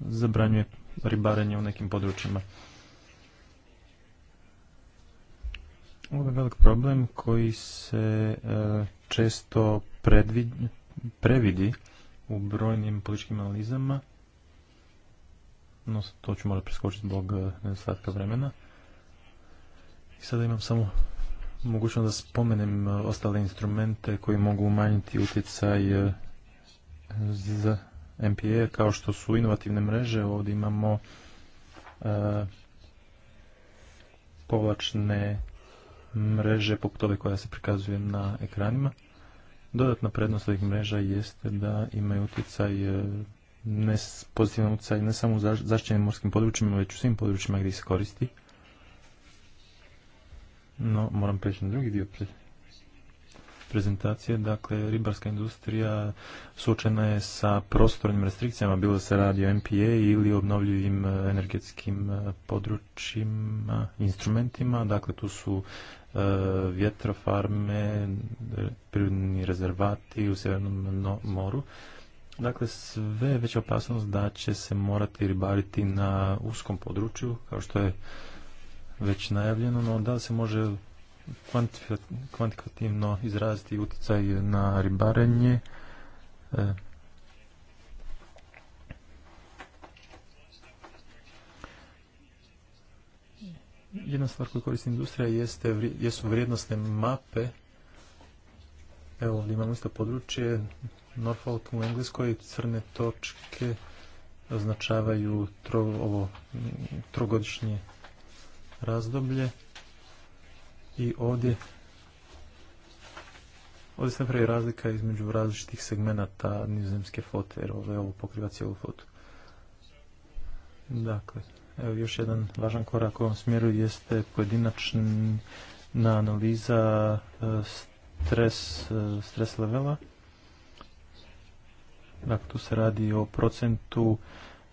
zabranjuje ribarenje u nekim područjima. Ovo je velik problem koji se e, često previdi u brojnim političkim analizama, no to ću morati preskočiti zbog e, nedostatka vremena. I sada imam samo Mogućno da spomenem e, ostale instrumente koji mogu umanjiti utjecaj e, za MPA, kao što su inovativne mreže. Ovdje imamo e, povlačne mreže poput ove koja se prikazuje na ekranima. Dodatna prednost ovih mreža jeste da imaju utjecaj pozitivan utjecaj ne samo u zaštićenim morskim područjima, već u svim područjima gdje se koristi. No, moram preći na drugi dio prezentacije. Dakle, ribarska industrija suočena je sa prostornim restrikcijama, bilo se radi o MPA ili obnovljivim e, energetskim e, područjima, instrumentima. Dakle, tu su e, vjetrofarme, prirodni rezervati u Sjevernom moru. Dakle, sve je veća opasnost da će se morati ribariti na uskom području, kao što je već najavljeno, no da li se može kvantitativno izraziti utjecaj na ribarenje? E, jedna stvar koju koristi industrija jeste, jesu vrijednostne mape. Evo ovdje imamo isto područje, Norfolk u Engleskoj, crne točke označavaju tro, ovo, trogodišnje razdoblje i ovdje ovdje se napravi razlika između različitih segmenata nizozemske fote, jer ovo, ovo pokriva cijelu fotu. Dakle, evo još jedan važan korak u ovom smjeru jeste pojedinačna analiza e, stres, e, stres levela. Dakle, tu se radi o procentu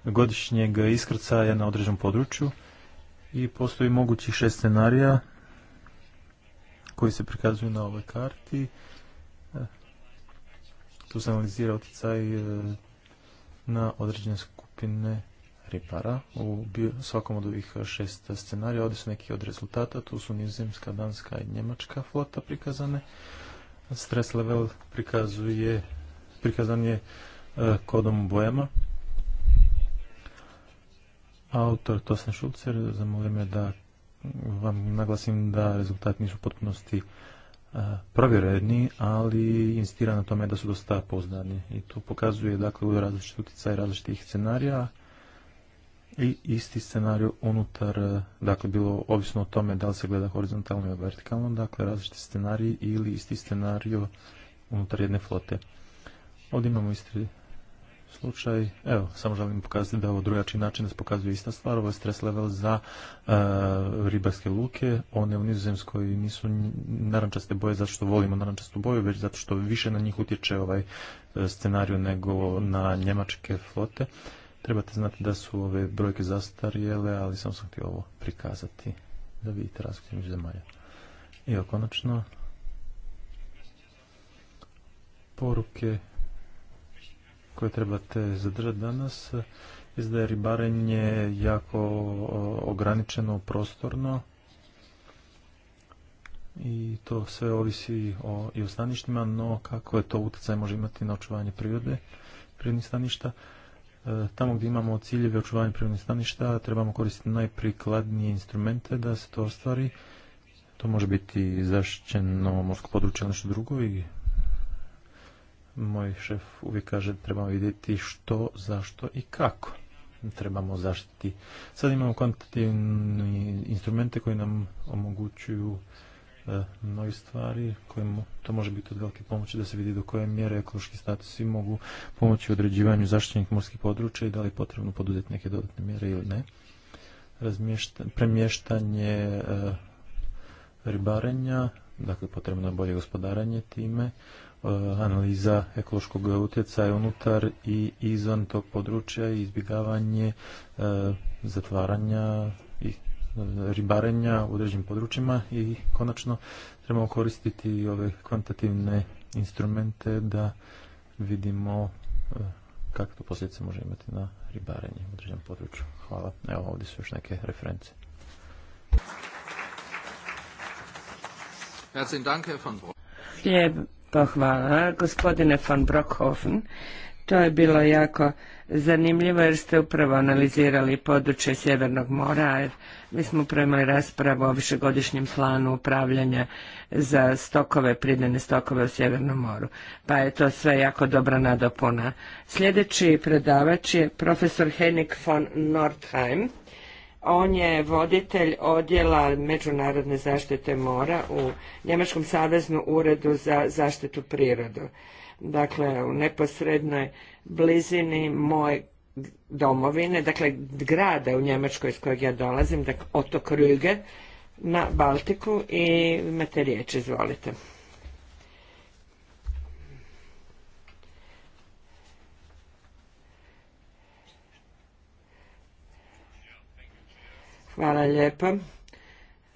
godišnjeg iskrcaja na određenom području i postoji mogući šest scenarija koji se prikazuju na ovoj karti. E, tu se analizira utjecaj e, na određene skupine ribara u svakom od ovih šest scenarija. Ovdje su neki od rezultata, tu su nizemska, danska i njemačka flota prikazane. Stres level prikazuje, prikazan je e, kodom bojama Autor Tosan Šulcer zamolio me da vam naglasim da rezultati nisu u potpunosti e, provjereni, ali instira na tome da su dosta poznani. I to pokazuje dakle u različiti utjecaj različitih scenarija i isti scenarij unutar, e, dakle bilo ovisno o tome da li se gleda horizontalno ili vertikalno, dakle različiti scenariji ili isti scenarij unutar jedne flote. Ovdje imamo isti slučaj, evo, samo želim pokazati da je ovo drugačiji način da se pokazuje ista stvar, ovo je stres level za uh, ribarske luke, one u nizozemskoj nisu narančaste boje zato što volimo narančastu boju, već zato što više na njih utječe ovaj e, scenariju nego na njemačke flote. Trebate znati da su ove brojke zastarjele, ali samo sam htio ovo prikazati da vidite razgledanje među zemalja. I konačno, poruke koje trebate zadržati danas je je ribarenje jako ograničeno prostorno i to sve ovisi o, i o staništima, no kako je to utjecaj može imati na očuvanje prirode, prirodnih staništa. E, tamo gdje imamo ciljeve očuvanja prirodnih staništa, trebamo koristiti najprikladnije instrumente da se to ostvari. To može biti zaštićeno morsko područje ili nešto drugo i moj šef uvijek kaže trebamo vidjeti što, zašto i kako trebamo zaštiti. Sad imamo kvantitativne instrumente koji nam omogućuju e, stvari, to može biti od velike pomoći da se vidi do koje mjere ekološki statusi mogu pomoći u određivanju zaštićenih morskih područja i da li je potrebno poduzeti neke dodatne mjere ili ne. premještanje e, ribarenja, dakle potrebno je bolje gospodaranje time, E, analiza ekološkog utjecaja unutar i izvan tog područja i izbjegavanje e, zatvaranja i e, ribarenja u određenim područjima i konačno trebamo koristiti ove kvantitativne instrumente da vidimo kakve to posljedice može imati na ribarenje u određenom području. Hvala. Evo ovdje su još neke reference hvala. Gospodine von Brockhofen, to je bilo jako zanimljivo jer ste upravo analizirali područje Sjevernog mora mi smo premali raspravu o višegodišnjem planu upravljanja za stokove, pridane stokove u Sjevernom moru. Pa je to sve jako dobra nadopuna. Sljedeći predavač je profesor Henik von Nordheim on je voditelj odjela međunarodne zaštite mora u Njemačkom saveznom uredu za zaštitu prirodu. Dakle, u neposrednoj blizini moje domovine, dakle grada u Njemačkoj iz kojeg ja dolazim, dakle otok Rüge na Baltiku i imate riječ, izvolite. Hvala lijepo.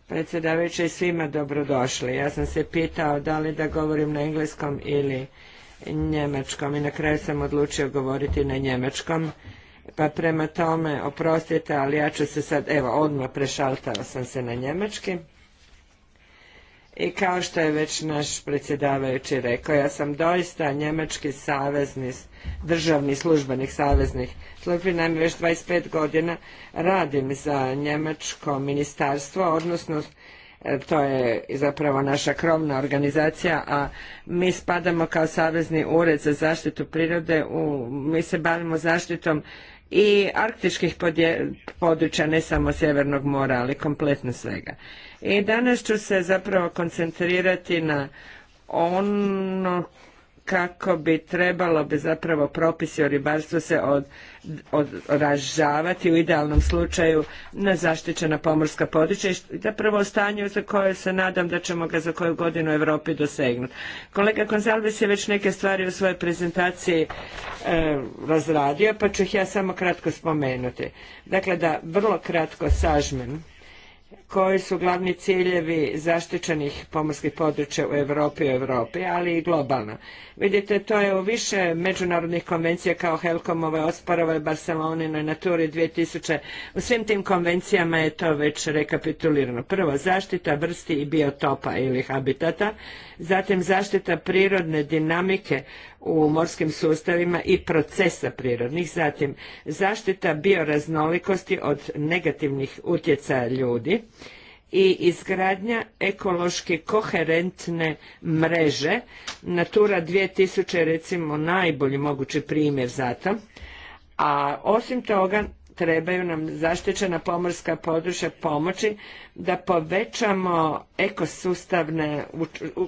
Predsjedavajući svima dobrodošli. Ja sam se pitao da li da govorim na engleskom ili njemačkom i na kraju sam odlučio govoriti na njemačkom. Pa prema tome, oprostite, ali ja ću se sad, evo, odmah prešaltao sam se na njemački i kao što je već naš predsjedavajući rekao, ja sam doista njemački savezni, državni službenik saveznih službi, naime već 25 godina radim za njemačko ministarstvo, odnosno e, to je zapravo naša krovna organizacija, a mi spadamo kao Savezni ured za zaštitu prirode, u, mi se bavimo zaštitom i arktičkih područja, ne samo Sjevernog mora, ali kompletno svega. I danas ću se zapravo koncentrirati na ono kako bi trebalo bi zapravo propisi o ribarstvu se od, odražavati u idealnom slučaju na zaštićena pomorska područja i zapravo stanju za koje se nadam da ćemo ga za koju godinu u Europi dosegnuti. Kolega Konzalvis je već neke stvari u svojoj prezentaciji e, razradio, pa ću ih ja samo kratko spomenuti. Dakle, da vrlo kratko sažmem koji su glavni ciljevi zaštićenih pomorskih područja u Europi i Europi, ali i globalno. Vidite, to je u više međunarodnih konvencija kao Helkomove, Osporove, Barcelonine, Naturi 2000. U svim tim konvencijama je to već rekapitulirano. Prvo, zaštita vrsti i biotopa ili habitata, zatim zaštita prirodne dinamike u morskim sustavima i procesa prirodnih, zatim zaštita bioraznolikosti od negativnih utjecaja ljudi i izgradnja ekološki koherentne mreže. Natura 2000 je recimo najbolji mogući primjer za to, a osim toga trebaju nam zaštićena pomorska područja pomoći da povećamo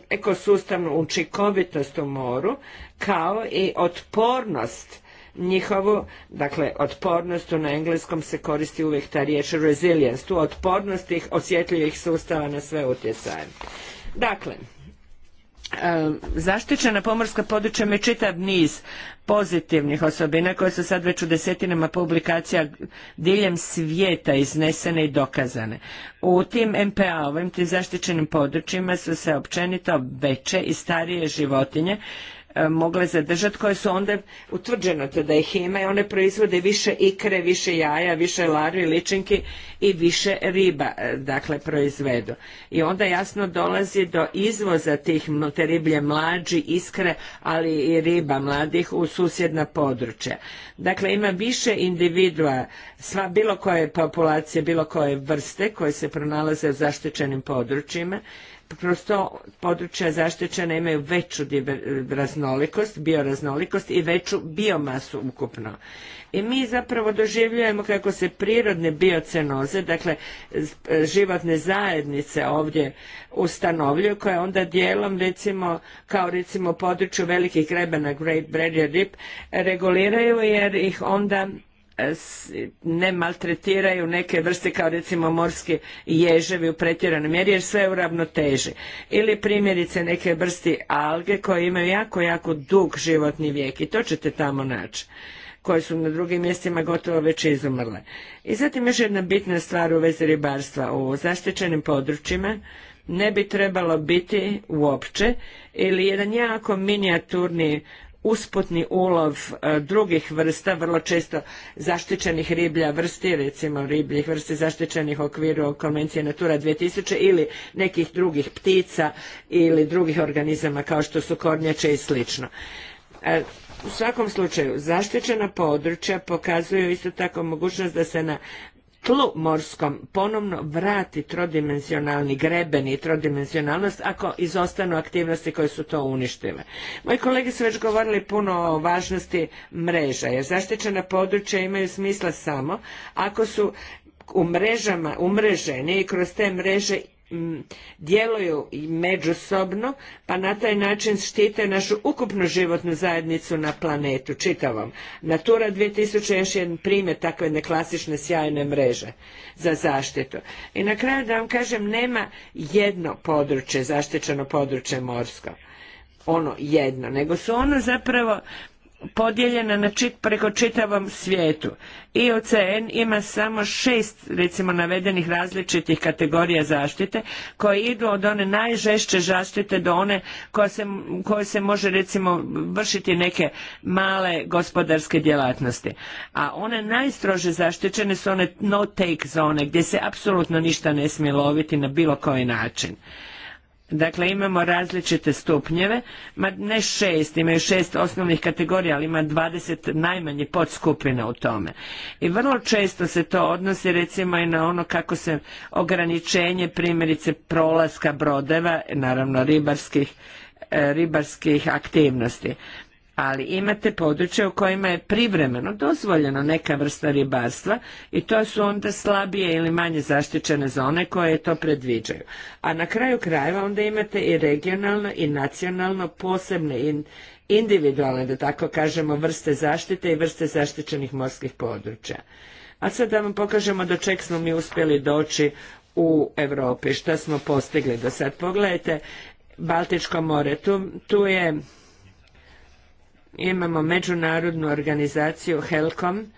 ekosustavnu učinkovitost u moru kao i otpornost njihovu, dakle otpornost, na engleskom se koristi uvijek ta riječ resilience, tu otpornost tih osjetljivih sustava na sve utjecaje. Dakle, zaštićena pomorska područja imaju čitav niz pozitivnih osobina koje su sad već u desetinama publikacija diljem svijeta iznesene i dokazane. U tim MPA-ovim, tim zaštićenim područjima su se općenito veće i starije životinje E, mogle zadržati koje su onda utvrđeno to da ih ima i one proizvode više ikre, više jaja, više larvi, ličinki i više riba e, dakle proizvedu. I onda jasno dolazi do izvoza tih te riblje mlađi, iskre, ali i riba mladih u susjedna područja. Dakle ima više individua, sva bilo koje populacije, bilo koje vrste koje se pronalaze u zaštićenim područjima Prosto područja zaštićena imaju veću raznolikost, bioraznolikost i veću biomasu ukupno. I mi zapravo doživljujemo kako se prirodne biocenoze, dakle životne zajednice ovdje ustanovljuju, koje onda dijelom recimo, kao recimo području velikih grebena Great Barrier Reef reguliraju jer ih onda ne maltretiraju neke vrste kao recimo morski ježevi u pretjeranoj mjeri jer sve je u ravnoteži. Ili primjerice neke vrste alge koje imaju jako, jako dug životni vijek i to ćete tamo naći koje su na drugim mjestima gotovo već izumrle. I zatim još jedna bitna stvar u vezi ribarstva u zaštićenim područjima ne bi trebalo biti uopće ili jedan jako minijaturni usputni ulov e, drugih vrsta, vrlo često zaštićenih riblja vrsti, recimo ribljih vrsti zaštićenih u okviru konvencije Natura 2000 ili nekih drugih ptica ili drugih organizama kao što su kornjače i slično. E, u svakom slučaju, zaštićena područja pokazuju isto tako mogućnost da se na tlu morskom ponovno vrati trodimenzionalni greben i trodimenzionalnost ako izostanu aktivnosti koje su to uništile. Moji kolege su već govorili puno o važnosti mreža jer zaštićena područja imaju smisla samo ako su u mrežama umreženi i kroz te mreže djeluju i međusobno pa na taj način štite našu ukupnu životnu zajednicu na planetu čitavom. Natura 2000 je još jedan primjer takve neklasične sjajne mreže za zaštitu. I na kraju da vam kažem nema jedno područje, zaštićeno područje morsko ono jedno, nego su ono zapravo podijeljena na čit, preko čitavom svijetu. IOCN ima samo šest recimo navedenih različitih kategorija zaštite koje idu od one najžešće zaštite do one koja se, koje se može recimo vršiti neke male gospodarske djelatnosti. A one najstrože zaštićene su one no take zone gdje se apsolutno ništa ne smije loviti na bilo koji način. Dakle, imamo različite stupnjeve, ma ne šest, imaju šest osnovnih kategorija, ali ima 20 najmanje podskupina u tome. I vrlo često se to odnosi recimo i na ono kako se ograničenje primjerice prolaska brodeva, naravno ribarskih e, aktivnosti ali imate područja u kojima je privremeno dozvoljeno neka vrsta ribarstva i to su onda slabije ili manje zaštićene zone koje to predviđaju. A na kraju krajeva onda imate i regionalno i nacionalno posebne i individualne, da tako kažemo, vrste zaštite i vrste zaštićenih morskih područja. A sad da vam pokažemo do čeg smo mi uspjeli doći u Europi, šta smo postigli do sad. Pogledajte Baltičko more, tu je imamo međunarodnu organizaciju HELCOM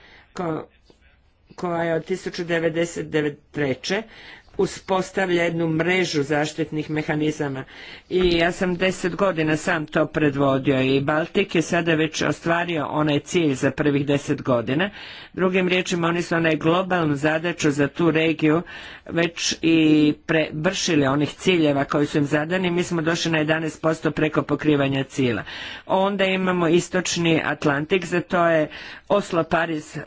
koja je od 1993 uspostavlja jednu mrežu zaštitnih mehanizama. I ja sam deset godina sam to predvodio i Baltik je sada već ostvario onaj cilj za prvih deset godina. Drugim riječima oni su onaj globalnu zadaću za tu regiju već i prevršili onih ciljeva koji su im zadani. Mi smo došli na 11% preko pokrivanja cila. Onda imamo istočni Atlantik, za to je Oslo, Paris, e,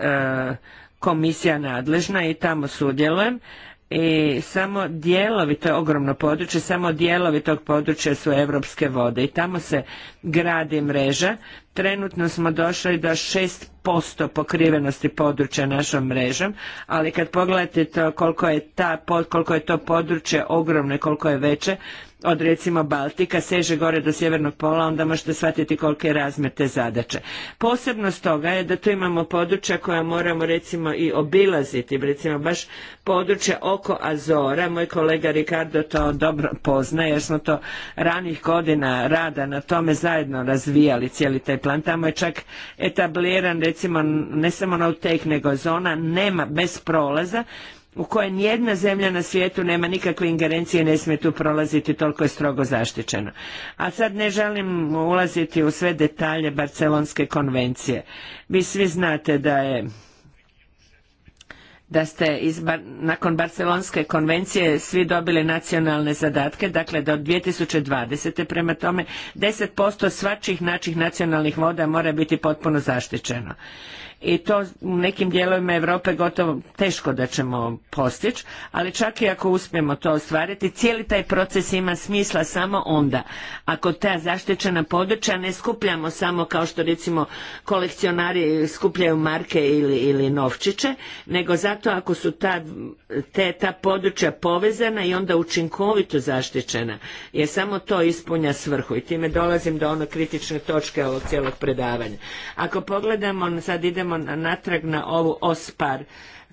komisija nadležna i tamo sudjelujem i samo dijelovi, to je ogromno područje, samo dijelovi tog područja su europske vode i tamo se gradi mreža Trenutno smo došli do 6% pokrivenosti područja našom mrežom, ali kad pogledate to koliko je, ta, koliko je to područje ogromno i koliko je veće, od recimo Baltika seže gore do sjevernog pola, onda možete shvatiti je razmjer te zadaće. Posebnost toga je da tu imamo područja koja moramo recimo i obilaziti, recimo baš područje oko Azora, moj kolega Ricardo to dobro pozna jer smo to ranih godina rada na tome zajedno razvijali cijeli taj plan. Tamo je čak etabliran recimo ne samo no take nego zona nema bez prolaza u kojoj nijedna zemlja na svijetu nema nikakve ingerencije ne smije tu prolaziti, toliko je strogo zaštićeno. A sad ne želim ulaziti u sve detalje Barcelonske konvencije. Vi svi znate da je da ste nakon Barcelonske konvencije svi dobili nacionalne zadatke, dakle do 2020. prema tome 10% svačih naših nacionalnih voda mora biti potpuno zaštićeno i to u nekim dijelovima Europe gotovo teško da ćemo postići, ali čak i ako uspijemo to ostvariti, cijeli taj proces ima smisla samo onda. Ako ta zaštićena područja ne skupljamo samo kao što recimo kolekcionari skupljaju marke ili, ili novčiće, nego zato ako su ta ta područja povezana i onda učinkovito zaštićena jer samo to ispunja svrhu i time dolazim do ono kritične točke ovog cijelog predavanja. Ako pogledamo, sad idemo natrag na ovu OSPAR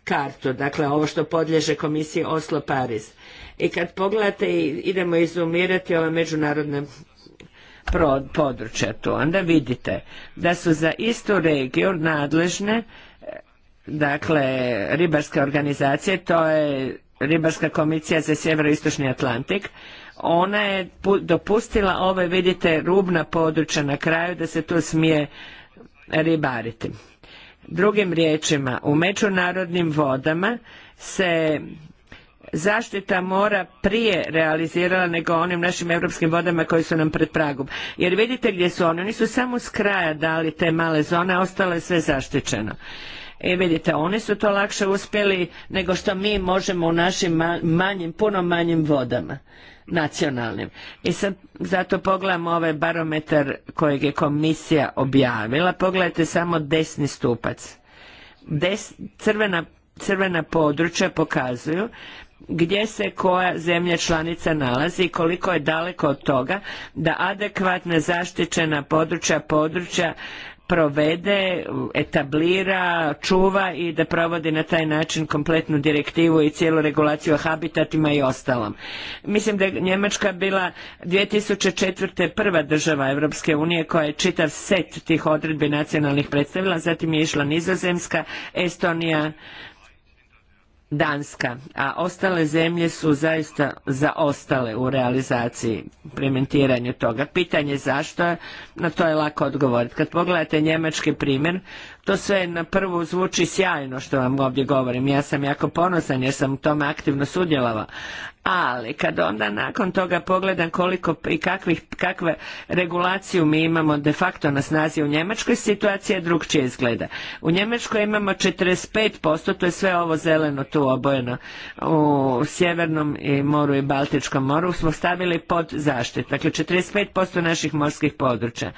kartu, dakle ovo što podlježe komisiji Oslo Paris. I kad pogledate i idemo izumirati ove međunarodne područja tu, onda vidite da su za istu regiju nadležne dakle ribarske organizacije, to je ribarska komisija za sjeveroistočni Atlantik, ona je dopustila ove, vidite, rubna područja na kraju da se tu smije ribariti. Drugim riječima, u međunarodnim vodama se zaštita mora prije realizirala nego onim našim europskim vodama koji su nam pred pragom. Jer vidite gdje su oni, oni su samo s kraja dali te male zone, a ostalo je sve zaštićeno. I e, vidite, oni su to lakše uspjeli nego što mi možemo u našim manjim, puno manjim vodama nacionalnim. I sad zato pogledamo ovaj barometar kojeg je komisija objavila. Pogledajte samo desni stupac. Des, crvena, crvena područja pokazuju gdje se koja zemlja članica nalazi i koliko je daleko od toga da adekvatna zaštićena područja, područja provede, etablira, čuva i da provodi na taj način kompletnu direktivu i cijelu regulaciju o habitatima i ostalom. Mislim da je Njemačka bila 2004. prva država Europske unije koja je čitav set tih odredbi nacionalnih predstavila, zatim je išla Nizozemska, Estonija, Danska, a ostale zemlje su zaista zaostale u realizaciji, implementiranju toga. Pitanje zašto na to je lako odgovoriti. Kad pogledate njemački primjer, to sve na prvu zvuči sjajno što vam ovdje govorim. Ja sam jako ponosan jer sam u tome aktivno sudjelovao. Ali kad onda nakon toga pogledam koliko i kakvih, kakve regulaciju mi imamo de facto na snazi u Njemačkoj, situacija drugčije izgleda. U Njemačkoj imamo 45%, to je sve ovo zeleno tu obojeno, u Sjevernom i moru i Baltičkom moru smo stavili pod zaštitu. Dakle, 45% naših morskih područja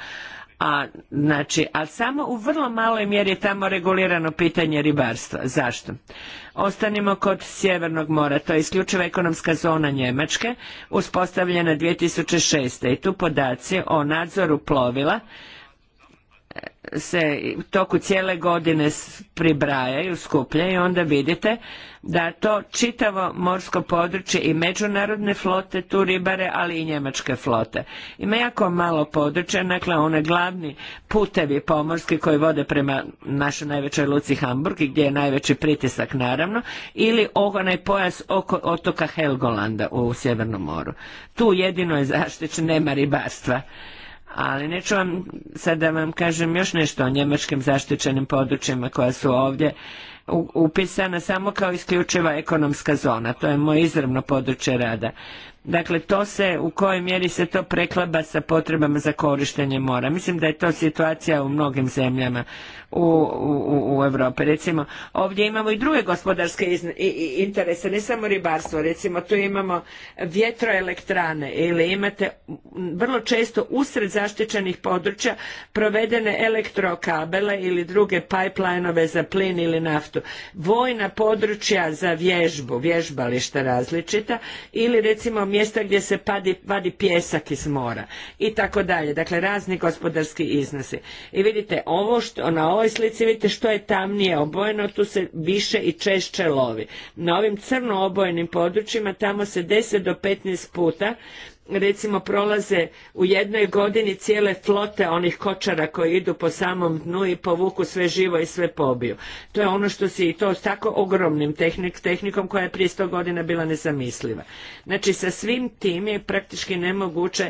a znači, ali samo u vrlo maloj mjeri je tamo regulirano pitanje ribarstva. Zašto? Ostanimo kod Sjevernog mora, to je isključiva ekonomska zona Njemačke, uspostavljena 2006. i tu podaci o nadzoru plovila se u toku cijele godine pribrajaju, skupljaju i onda vidite da to čitavo morsko područje i međunarodne flote tu ribare, ali i njemačke flote. Ima jako malo područja, dakle one glavni putevi pomorski koji vode prema našoj najvećoj luci Hamburg i gdje je najveći pritisak naravno, ili onaj pojas oko otoka Helgolanda u Sjevernom moru. Tu jedino je zaštićen, nema ribarstva. Ali neću vam sad da vam kažem još nešto o njemačkim zaštićenim područjima koja su ovdje upisana samo kao isključiva ekonomska zona. To je moje izravno područje rada. Dakle, to se, u kojoj mjeri se to preklaba sa potrebama za korištenje mora. Mislim da je to situacija u mnogim zemljama u, u, u Europi. Recimo, ovdje imamo i druge gospodarske interese, ne samo ribarstvo. Recimo, tu imamo vjetroelektrane ili imate vrlo često usred zaštićenih područja provedene elektrokabele ili druge pipelineove za plin ili naftu. Vojna područja za vježbu, vježbališta različita ili recimo mjesta gdje se padi, vadi pjesak iz mora i tako dalje. Dakle, razni gospodarski iznosi. I vidite, ovo što, na ovoj slici vidite što je tamnije obojeno, tu se više i češće lovi. Na ovim crno obojenim područjima tamo se 10 do 15 puta recimo prolaze u jednoj godini cijele flote onih kočara koji idu po samom dnu i povuku sve živo i sve pobiju. To je ono što si i to s tako ogromnim tehnik, tehnikom koja je prije sto godina bila nezamisliva. Znači sa svim tim je praktički nemoguće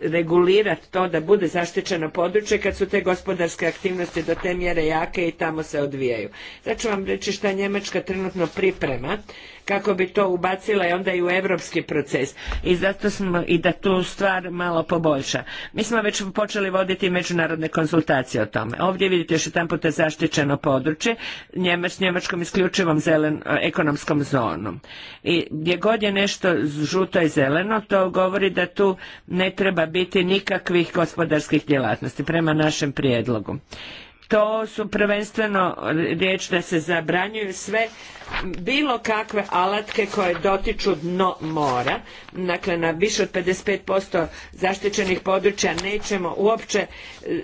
regulirati to da bude zaštićeno područje kad su te gospodarske aktivnosti do te mjere jake i tamo se odvijaju. Sad ću vam reći šta Njemačka trenutno priprema kako bi to ubacila i onda i u europski proces. I zato smo i da tu stvar malo poboljša. Mi smo već počeli voditi međunarodne konzultacije o tome. Ovdje vidite još jedan puta zaštićeno područje s njemačkom isključivom e, ekonomskom zonom. I gdje god je nešto žuto i zeleno, to govori da tu ne treba biti nikakvih gospodarskih djelatnosti prema našem prijedlogu to su prvenstveno riječ da se zabranjuju sve bilo kakve alatke koje dotiču dno mora. Dakle, na više od 55% zaštićenih područja nećemo uopće e,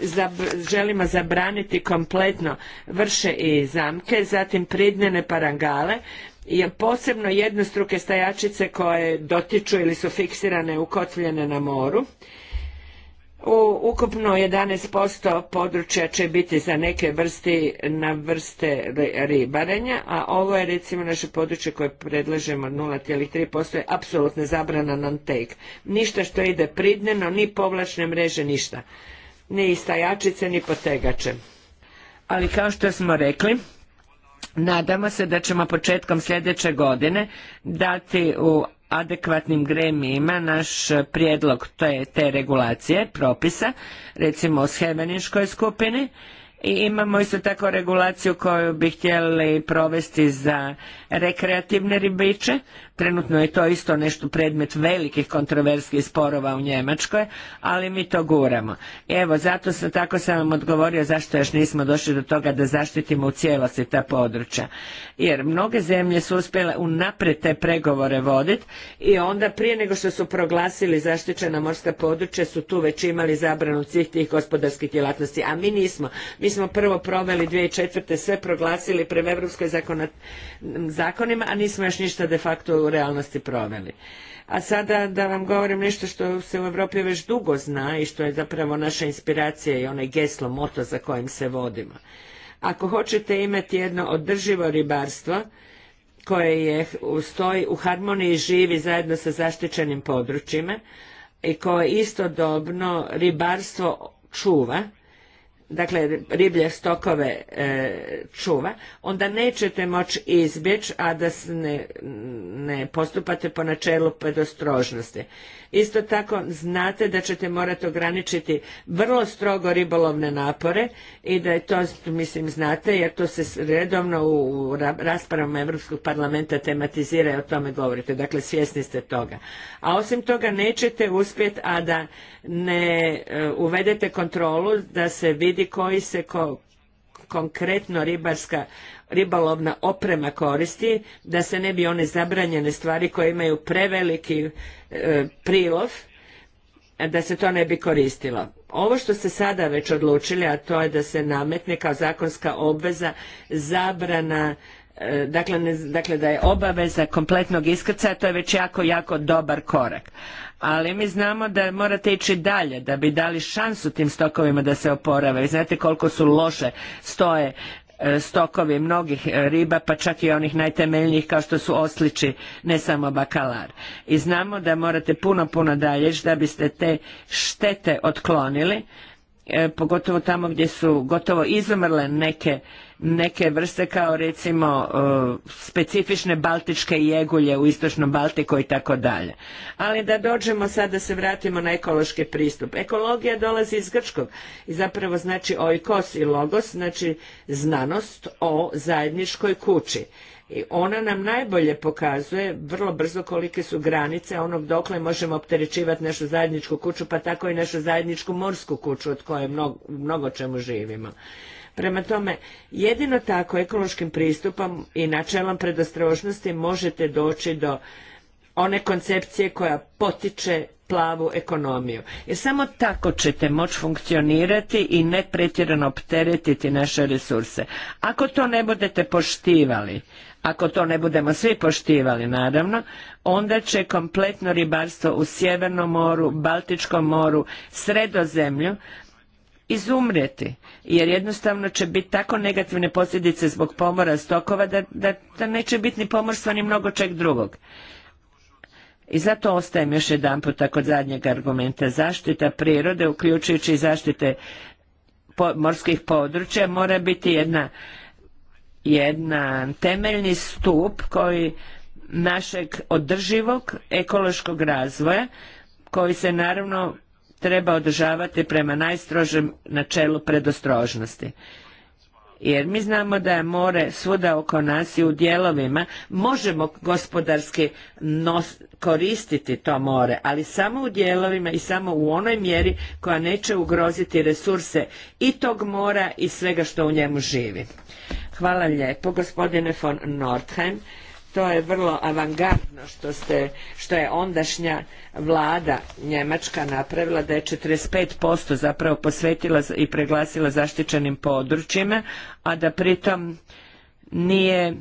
želimo zabraniti kompletno vrše i zamke, zatim pridnene parangale, jer posebno jednostruke stajačice koje dotiču ili su fiksirane, ukotvljene na moru u ukupno 11% područja će biti za neke vrsti na vrste ribarenja, a ovo je recimo naše područje koje predlažemo 0,3% je apsolutna zabrana non take. Ništa što ide pridneno, ni povlačne mreže, ništa. Ni stajačice, ni potegače. Ali kao što smo rekli, nadamo se da ćemo početkom sljedeće godine dati u adekvatnim gremijima naš prijedlog te, te regulacije propisa, recimo s skupini i imamo isto tako regulaciju koju bi htjeli provesti za rekreativne ribiče. Trenutno je to isto nešto predmet velikih kontroverskih sporova u Njemačkoj, ali mi to guramo. evo, zato sam, tako sam vam odgovorio zašto još nismo došli do toga da zaštitimo u cijelosti ta područja. Jer mnoge zemlje su uspjele unaprijed te pregovore voditi i onda prije nego što su proglasili zaštićena morska područja su tu već imali zabranu svih tih gospodarskih djelatnosti, a mi nismo. Mi smo prvo proveli 2004. sve proglasili prema evropskoj zakonodavstvu zakonima, a nismo još ništa de facto u realnosti proveli. A sada da vam govorim nešto što se u Europi već dugo zna i što je zapravo naša inspiracija i onaj geslo, moto za kojim se vodimo. Ako hoćete imati jedno održivo ribarstvo koje je, stoji u harmoniji živi zajedno sa zaštićenim područjima i koje istodobno ribarstvo čuva, dakle riblje stokove e, čuva, onda nećete moći izbjeći, a da se ne, ne postupate po načelu predostrožnosti. Isto tako znate da ćete morati ograničiti vrlo strogo ribolovne napore i da je to, mislim, znate, jer to se redovno u raspravama Europskog parlamenta tematizira i o tome govorite. Dakle, svjesni ste toga. A osim toga nećete uspjeti, a da ne e, uvedete kontrolu da se vidi koji se konkretno ribarska ribolovna oprema koristi, da se ne bi one zabranjene stvari koje imaju preveliki e, prilov, da se to ne bi koristilo. Ovo što ste sada već odlučili, a to je da se nametne kao zakonska obveza zabrana e, Dakle, dakle, da je obaveza kompletnog iskrcaja, to je već jako, jako dobar korak. Ali mi znamo da morate ići dalje da bi dali šansu tim stokovima da se oporave. Znate koliko su loše stoje E, stokovi mnogih e, riba, pa čak i onih najtemeljnijih kao što su osliči, ne samo bakalar. I znamo da morate puno, puno dalje da biste te štete otklonili E, pogotovo tamo gdje su gotovo izumrle neke, neke vrste kao recimo e, specifične baltičke jegulje u istočnom Baltiku i tako dalje. Ali da dođemo sad da se vratimo na ekološki pristup. Ekologija dolazi iz grčkog i zapravo znači oikos i logos, znači znanost o zajedničkoj kući. I ona nam najbolje pokazuje vrlo brzo kolike su granice onog dokle možemo opterećivati našu zajedničku kuću, pa tako i našu zajedničku morsku kuću od koje mnogo, mnogo čemu živimo. Prema tome, jedino tako ekološkim pristupom i načelom predostrožnosti možete doći do one koncepcije koja potiče plavu ekonomiju. Jer samo tako ćete moći funkcionirati i ne pretjerano opteretiti naše resurse. Ako to ne budete poštivali, ako to ne budemo svi poštivali naravno, onda će kompletno ribarstvo u Sjevernom moru, Baltičkom moru, Sredozemlju izumreti, jer jednostavno će biti tako negativne posljedice zbog pomora stokova da, da neće biti ni pomorstva ni mnogo čeg drugog. I zato ostajem još jedan puta kod zadnjeg argumenta. Zaštita prirode, uključujući i zaštite morskih područja, mora biti jedna, jedna temeljni stup koji našeg održivog ekološkog razvoja, koji se naravno treba održavati prema najstrožem načelu predostrožnosti. Jer mi znamo da je more svuda oko nas i u dijelovima možemo gospodarski koristiti to more, ali samo u dijelovima i samo u onoj mjeri koja neće ugroziti resurse i tog mora i svega što u njemu živi. Hvala lijepo gospodine von Nordheim to je vrlo avangardno što, ste, što je ondašnja vlada Njemačka napravila da je 45% zapravo posvetila i preglasila zaštićenim područjima, a da pritom nije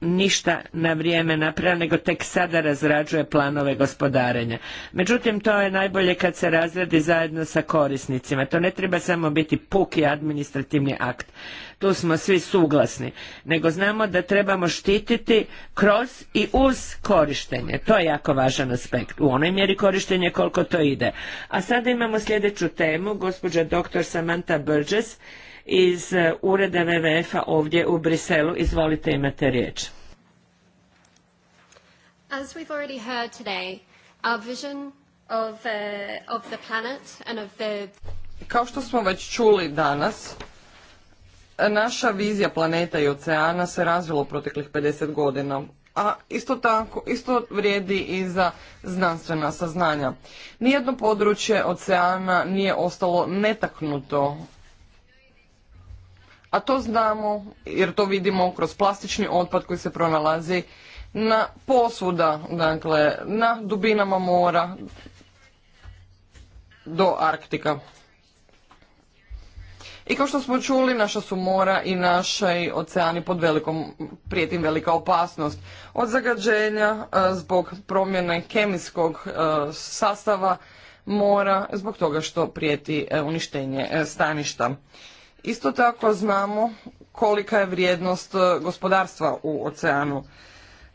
ništa na vrijeme napravila, nego tek sada razrađuje planove gospodarenja. Međutim, to je najbolje kad se razradi zajedno sa korisnicima. To ne treba samo biti puki administrativni akt. Tu smo svi suglasni. Nego znamo da trebamo štititi kroz i uz korištenje. To je jako važan aspekt. U onoj mjeri korištenje koliko to ide. A sada imamo sljedeću temu, gospođa dr. Samantha Burgess, iz e, ureda WWF-a ovdje u Briselu. Izvolite, imate riječ. Kao što smo već čuli danas, naša vizija planeta i oceana se razvila u proteklih 50 godina, a isto tako isto vrijedi i za znanstvena saznanja. Nijedno područje oceana nije ostalo netaknuto a to znamo jer to vidimo kroz plastični otpad koji se pronalazi na posvuda, dakle na dubinama mora do Arktika. I kao što smo čuli, naša su mora i naši oceani pod velikom, prijetim velika opasnost. Od zagađenja e, zbog promjene kemijskog e, sastava mora, zbog toga što prijeti e, uništenje staništa. Isto tako znamo kolika je vrijednost e, gospodarstva u oceanu.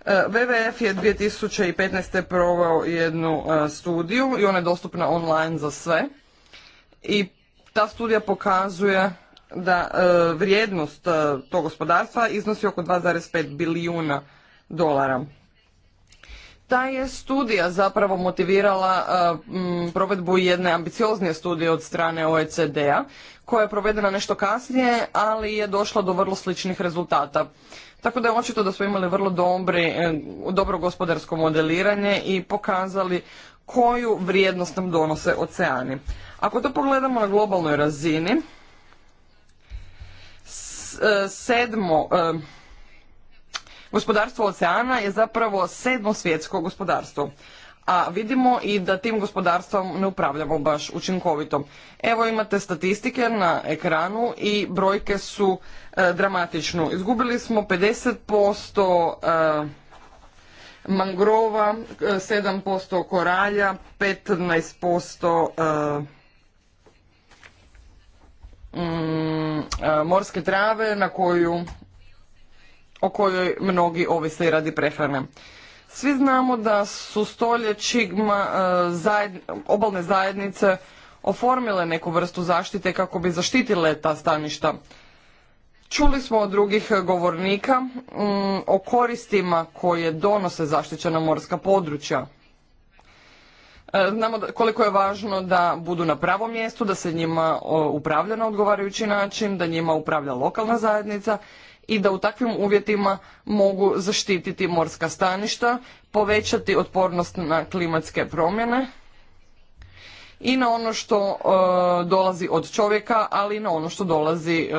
E, WWF je 2015. provao jednu e, studiju i ona je dostupna online za sve. I ta studija pokazuje da vrijednost tog gospodarstva iznosi oko 2,5 bilijuna dolara. Ta je studija zapravo motivirala e, provedbu jedne ambicioznije studije od strane OECD-a koja je provedena nešto kasnije, ali je došla do vrlo sličnih rezultata. Tako da je očito da smo imali vrlo dobri, e, dobro gospodarsko modeliranje i pokazali koju vrijednost nam donose oceani. Ako to pogledamo na globalnoj razini, e, sedmo Gospodarstvo oceana je zapravo sedmo svjetsko gospodarstvo a vidimo i da tim gospodarstvom ne upravljamo baš učinkovito. Evo imate statistike na ekranu i brojke su e, Izgubili smo 50% e, mangrova, 7% e, koralja, 15% e, mm, e, morske trave na koju o kojoj mnogi ovise i radi prehrane. Svi znamo da su stoljećima e, obalne zajednice oformile neku vrstu zaštite kako bi zaštitile ta staništa. Čuli smo od drugih govornika mm, o koristima koje donose zaštićena morska područja. E, znamo koliko je važno da budu na pravom mjestu, da se njima upravlja na odgovarajući način, da njima upravlja lokalna zajednica i da u takvim uvjetima mogu zaštititi morska staništa, povećati otpornost na klimatske promjene i na ono što e, dolazi od čovjeka, ali i na ono što dolazi e,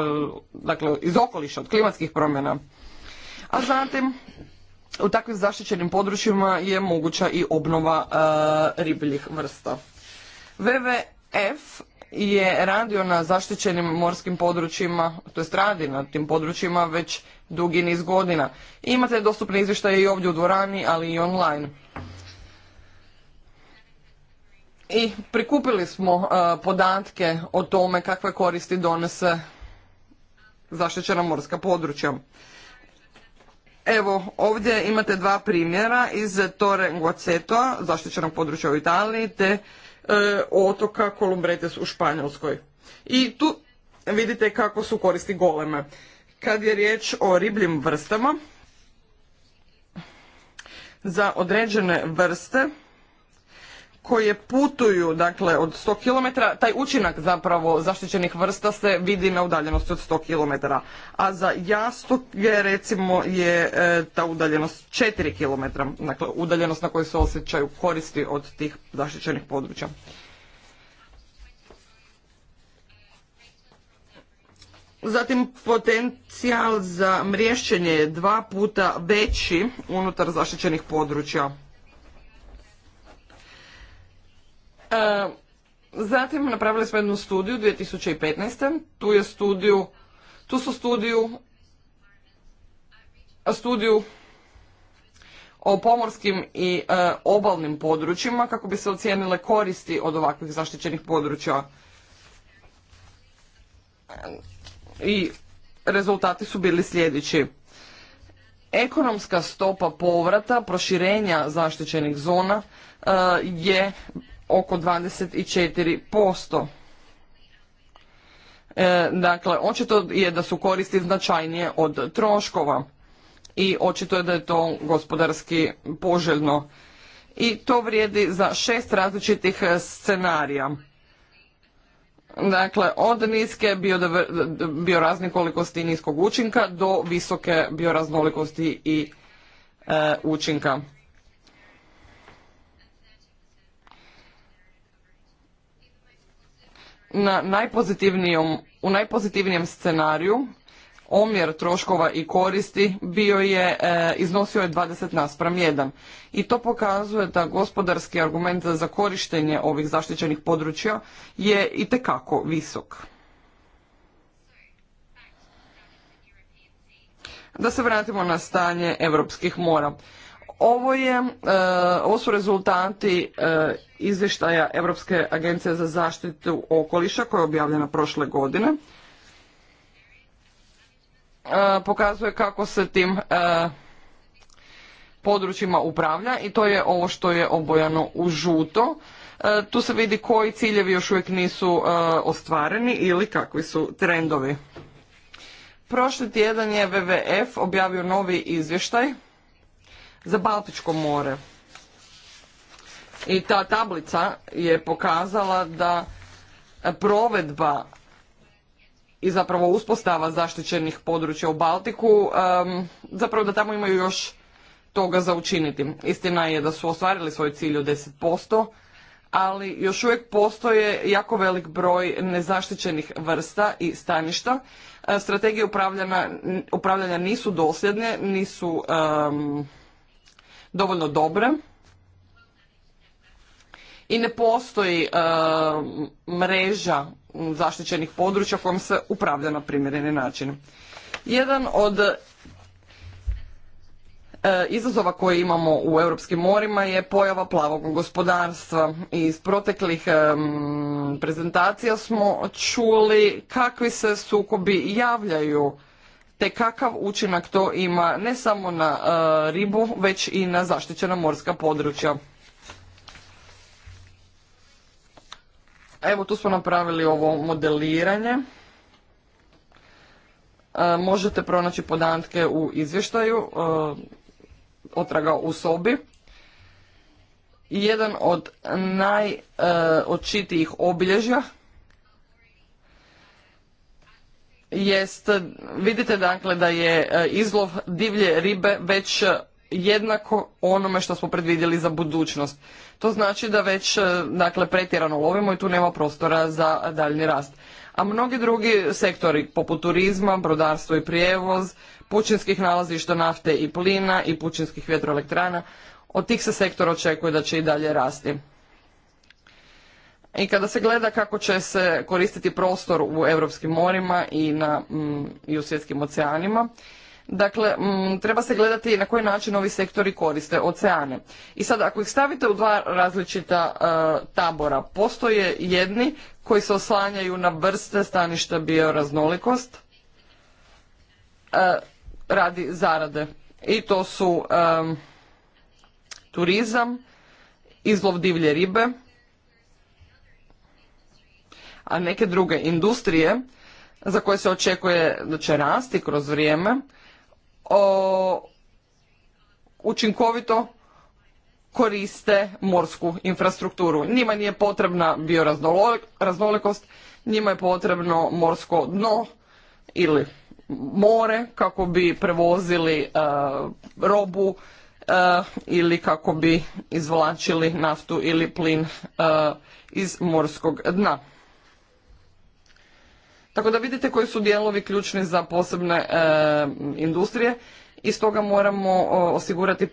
dakle, iz okoliša, od klimatskih promjena. A zatim, u takvim zaštićenim područjima je moguća i obnova e, ribljih vrsta. WWF je radio na zaštićenim morskim područjima, to jest radi na tim područjima već dugi niz godina. imate dostupne izvještaje i ovdje u dvorani, ali i online. I prikupili smo e, podatke o tome kakve koristi donese zaštićena morska područja. Evo, ovdje imate dva primjera iz tore Guacetoa, zaštićenog područja u Italiji, te E, otoka Kolumbretes u Španjolskoj. I tu vidite kako su koristi goleme. Kad je riječ o ribljim vrstama, za određene vrste koje putuju dakle od 100 km, taj učinak zapravo zaštićenih vrsta se vidi na udaljenosti od 100 km. A za je recimo je e, ta udaljenost 4 km, dakle udaljenost na kojoj se osjećaju koristi od tih zaštićenih područja. Zatim potencijal za mriješćenje je dva puta veći unutar zaštićenih područja. E, zatim napravili smo jednu studiju 2015. Tu je studiju, tu su studiju, studiju o pomorskim i e, obalnim područjima kako bi se ocijenile koristi od ovakvih zaštićenih područja. I rezultati su bili sljedeći. Ekonomska stopa povrata, proširenja zaštićenih zona e, je oko 24%. posto e, dakle, očito je da su koristi značajnije od troškova i očito je da je to gospodarski poželjno. I to vrijedi za šest različitih e, scenarija. Dakle, od niske bioraznolikosti i niskog učinka do visoke bioraznolikosti i e, učinka. na najpozitivnijom, u najpozitivnijem scenariju omjer troškova i koristi bio je, e, iznosio je 20 naspram 1. I to pokazuje da gospodarski argument za korištenje ovih zaštićenih područja je i tekako visok. Da se vratimo na stanje europskih mora. Ovo, je, e, ovo su rezultati e, izvještaja Europske agencije za zaštitu okoliša koja je objavljena prošle godine. E, pokazuje kako se tim područjima upravlja i to je ovo što je obojano u žuto. Tu se vidi koji ciljevi još uvijek nisu ostvareni ili kakvi su trendovi. Prošli tjedan je WWF objavio novi izvještaj za Baltičko more. I ta tablica je pokazala da provedba i zapravo uspostava zaštićenih područja u Baltiku, zapravo da tamo imaju još toga za učiniti. Istina je da su ostvarili svoj cilj od 10%, ali još uvijek postoje jako velik broj nezaštićenih vrsta i staništa. Strategije upravljanja nisu dosljedne, nisu dovoljno dobre i ne postoji e, mreža zaštićenih područja kojom se upravlja na primjereni način. Jedan od e, izazova koje imamo u europskim morima je pojava plavog gospodarstva. Iz proteklih e, prezentacija smo čuli kakvi se sukobi javljaju te kakav učinak to ima ne samo na e, ribu, već i na zaštićena morska područja. Evo tu smo napravili ovo modeliranje. E, možete pronaći podatke u izvještaju, e, otraga u sobi. Jedan od najočitijih obilježja jest, vidite dakle da je e, izlov divlje ribe već e, jednako onome što smo predvidjeli za budućnost. To znači da već e, dakle, pretjerano lovimo i tu nema prostora za daljni rast. A mnogi drugi sektori, poput turizma, brodarstvo i prijevoz, pučinskih nalazišta nafte i plina i pučinskih vjetroelektrana, od tih se sektora očekuje da će i dalje rasti. I kada se gleda kako će se koristiti prostor u europskim morima i, na, mm, i u svjetskim oceanima, Dakle, mm, treba se gledati na koji način ovi sektori koriste oceane. I sad, ako ih stavite u dva različita e, tabora, postoje jedni koji se oslanjaju na vrste staništa bioraznolikost e, radi zarade. I to su turizam, izlov divlje ribe, a neke druge industrije za koje se očekuje da će rasti kroz vrijeme, o, učinkovito koriste morsku infrastrukturu. Njima nije potrebna bioraznolikost, njima je potrebno morsko dno ili more kako bi prevozili e, robu e, ili kako bi izvlačili naftu ili plin e, iz morskog dna. Tako da vidite koji su dijelovi ključni za posebne e, industrije i stoga moramo osigurati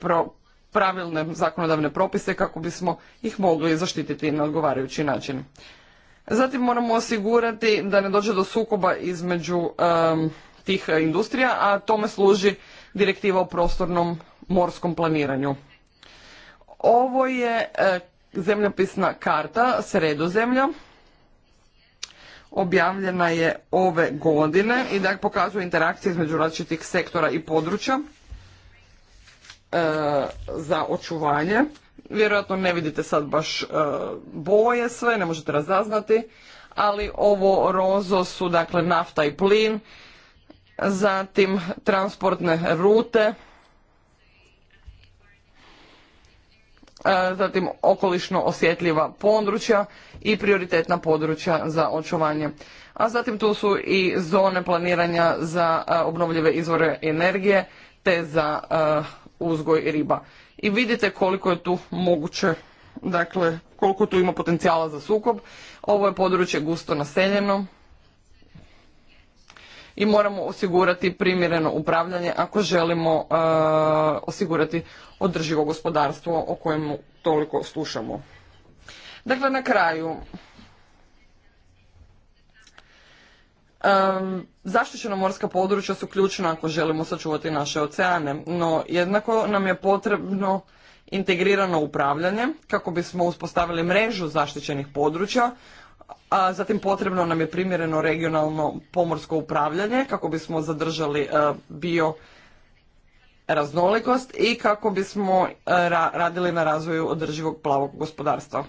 pravilne zakonodavne propise kako bismo ih mogli zaštititi na odgovarajući način. Zatim moramo osigurati da ne dođe do sukoba između e, tih industrija, a tome služi direktiva o prostornom morskom planiranju. Ovo je e, zemljopisna karta sredozemlja objavljena je ove godine i da pokazuje interakcije između različitih sektora i područja e, za očuvanje. Vjerojatno ne vidite sad baš e, boje sve, ne možete razaznati, ali ovo rozo su dakle nafta i plin, zatim transportne rute, E, zatim okolišno osjetljiva područja i prioritetna područja za očuvanje. A zatim tu su i zone planiranja za e, obnovljive izvore energije te za e, uzgoj riba. I vidite koliko je tu moguće, dakle koliko tu ima potencijala za sukob. Ovo je područje gusto naseljeno, i moramo osigurati primjereno upravljanje ako želimo e, osigurati održivo gospodarstvo o kojemu toliko slušamo. Dakle, na kraju, zaštićena morska područja su ključna ako želimo sačuvati naše oceane, no jednako nam je potrebno integrirano upravljanje kako bismo uspostavili mrežu zaštićenih područja a zatim potrebno nam je primjereno regionalno pomorsko upravljanje kako bismo zadržali e, bio raznolikost i kako bismo e, radili na razvoju održivog plavog gospodarstva.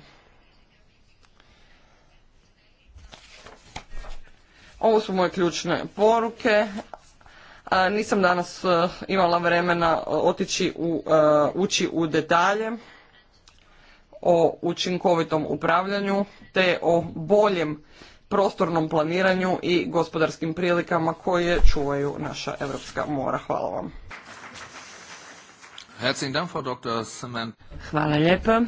Ovo su moje ključne poruke. E, nisam danas imala vremena otići u, ući u detalje o učinkovitom upravljanju te o boljem prostornom planiranju i gospodarskim prilikama koje čuvaju naša europska mora. Hvala vam. Hvala lijepo,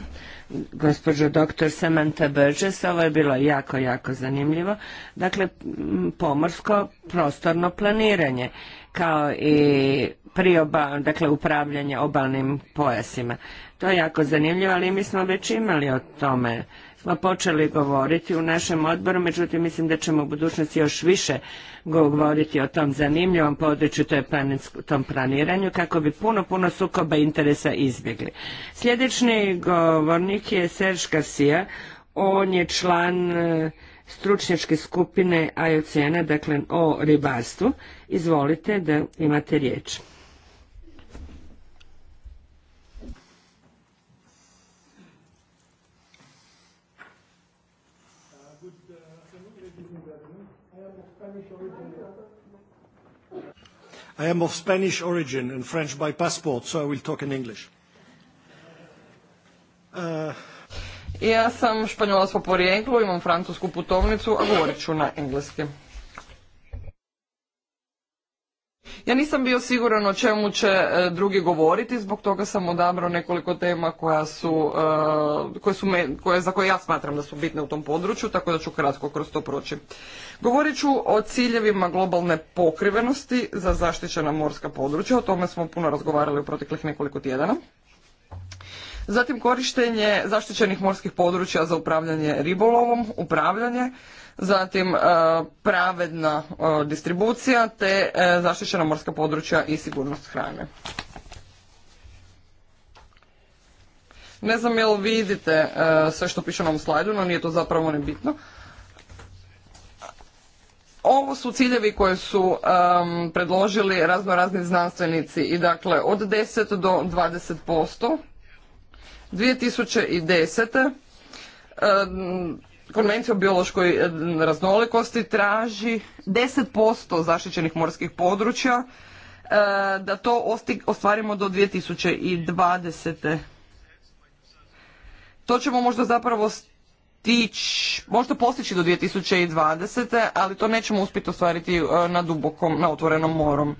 gospođo dr. Samantha Burgess. Ovo je bilo jako, jako zanimljivo. Dakle, pomorsko prostorno planiranje kao i prioba, dakle upravljanje obalnim pojasima. To je jako zanimljivo, ali mi smo već imali o tome, smo počeli govoriti u našem odboru, međutim mislim da ćemo u budućnosti još više govoriti o tom zanimljivom području, to je tom planiranju, kako bi puno, puno sukoba interesa izbjegli. Sljedeći govornik je Serge Garcia, on je član e, stručnjačke skupine IOCN-a, dakle o ribarstvu. Izvolite da imate riječ. I am of Spanish origin and French by passport, so I will talk in English. Uh... Ja sam španjolac po porijeklu, imam francusku putovnicu, a govorit ću na engleski. Ja nisam bio siguran o čemu će e, drugi govoriti, zbog toga sam odabrao nekoliko tema koja su, e, koje su koje, za koje ja smatram da su bitne u tom području, tako da ću kratko kroz to proći. Govorit ću o ciljevima globalne pokrivenosti za zaštićena morska područja, o tome smo puno razgovarali u proteklih nekoliko tjedana. Zatim korištenje zaštićenih morskih područja za upravljanje ribolovom, upravljanje, zatim e, pravedna e, distribucija te e, zaštićena morska područja i sigurnost hrane. Ne znam jel vidite sve što piše na ovom slajdu, no nije to zapravo nebitno. Ovo su ciljevi koje su predložili razno razni znanstvenici i dakle od 10 do 20%. 2010. Um, Konvencija o biološkoj e, raznolikosti traži 10% zaštićenih morskih područja e, da to ostvarimo do 2020. To ćemo možda zapravo stići, možda postići do 2020. ali to nećemo uspjeti ostvariti e, na dubokom, na otvorenom morom.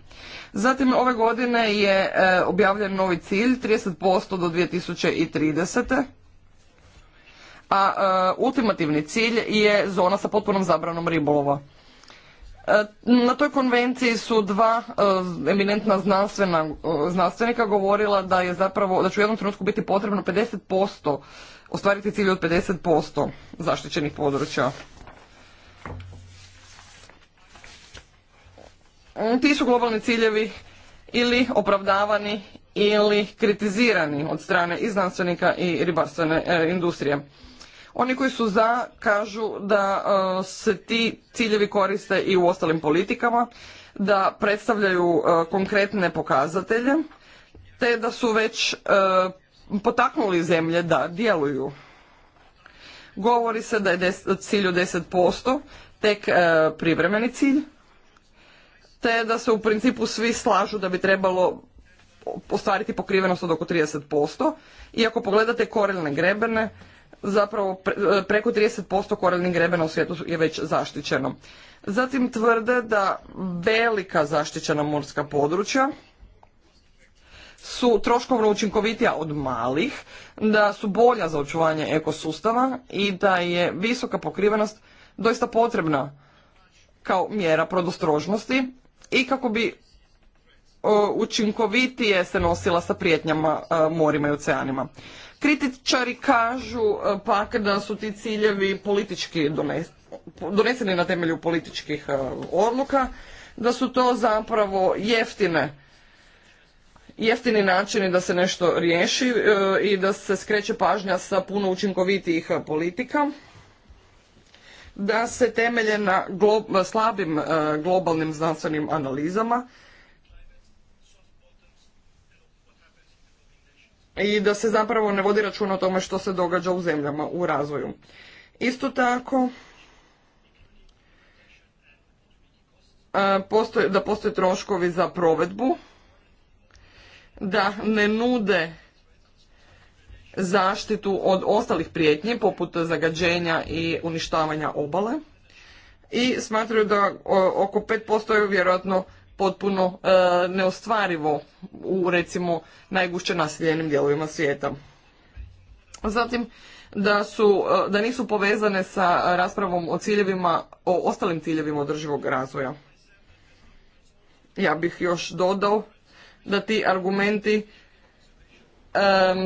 Zatim ove godine je objavljen novi cilj 30% do 2030 a e, ultimativni cilj je zona sa potpunom zabranom ribolova. E, na toj konvenciji su dva e, eminentna znanstvenika govorila da je zapravo, da će u jednom trenutku biti potrebno 50%, ostvariti cilj od 50% zaštićenih područja. Ti su globalni ciljevi ili opravdavani ili kritizirani od strane i znanstvenika i ribarstvene industrije. Oni koji su za kažu da e, se ti ciljevi koriste i u ostalim politikama, da predstavljaju e, konkretne pokazatelje, te da su već e, potaknuli zemlje da djeluju. Govori se da je cilj od 10% tek privremeni cilj, te da se u principu svi slažu da bi trebalo ostvariti pokrivenost od oko 30%. I ako pogledate korelne grebene, zapravo e, preko 30% koraljnih grebena u svijetu je već zaštićeno. Zatim tvrde da velika zaštićena morska područja su troškovno učinkovitija od malih, da su bolja za očuvanje ekosustava i da je visoka pokrivenost doista potrebna kao mjera prodostrožnosti i kako bi e, učinkovitije se nosila sa prijetnjama e, morima i oceanima. Kritičari kažu e, pak da su ti ciljevi politički doneseni na temelju političkih e, odluka, da su to zapravo jeftine jeftini načini da se nešto riješi e, i da se skreće pažnja sa puno učinkovitijih politika, da se temelje na slabim globalnim znanstvenim analizama i da se zapravo ne vodi račun o tome što se događa u zemljama u razvoju. Isto tako, da postoje troškovi za provedbu, da ne nude zaštitu od ostalih prijetnji poput zagađenja i uništavanja obale i smatraju da oko 5% je vjerojatno potpuno e, neostvarivo u recimo najgušće naseljenim dijelovima svijeta. Zatim da, su, e, da nisu povezane sa raspravom o ciljevima, o ostalim ciljevima održivog razvoja. Ja bih još dodao da ti argumenti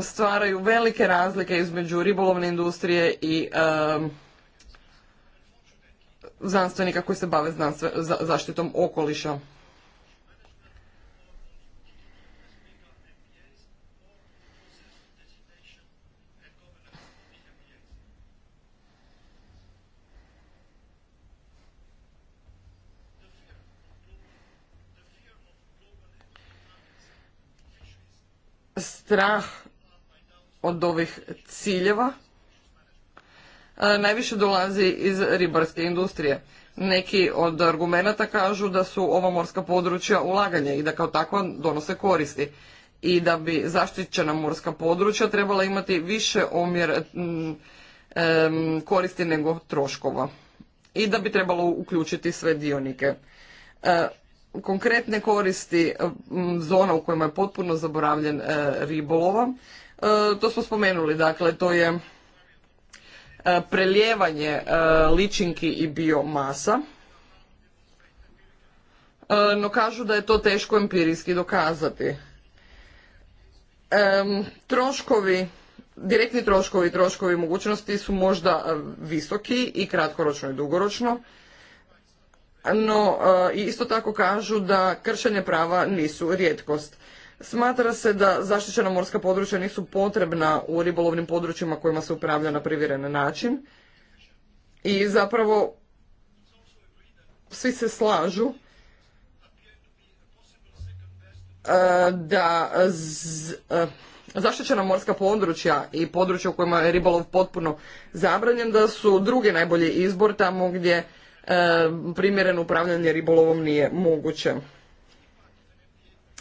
stvaraju velike razlike između ribolovne industrije i znanstvenika koji se bave zaštitom okoliša. strah od ovih ciljeva e, najviše dolazi iz ribarske industrije. Neki od argumenata kažu da su ova morska područja ulaganje i da kao takva donose koristi i da bi zaštićena morska područja trebala imati više omjer mm, koristi nego troškova i da bi trebalo uključiti sve dionike. E, konkretne koristi eh, zona u kojima je potpuno zaboravljen eh, ribolova. Eh, to smo spomenuli, dakle to je prelijevanje ličinki i biomasa. No kažu da je to teško empirijski dokazati. Troškovi Direktni troškovi i troškovi mogućnosti su možda visoki i kratkoročno i dugoročno no e, isto tako kažu da kršenje prava nisu rijetkost. Smatra se da zaštićena morska područja nisu potrebna u ribolovnim područjima kojima se upravlja na privjeren način i zapravo svi se slažu e, da e, zaštićena morska područja i područja u kojima je ribolov potpuno zabranjen da su drugi najbolji izbor tamo gdje E, primjereno upravljanje ribolovom nije moguće.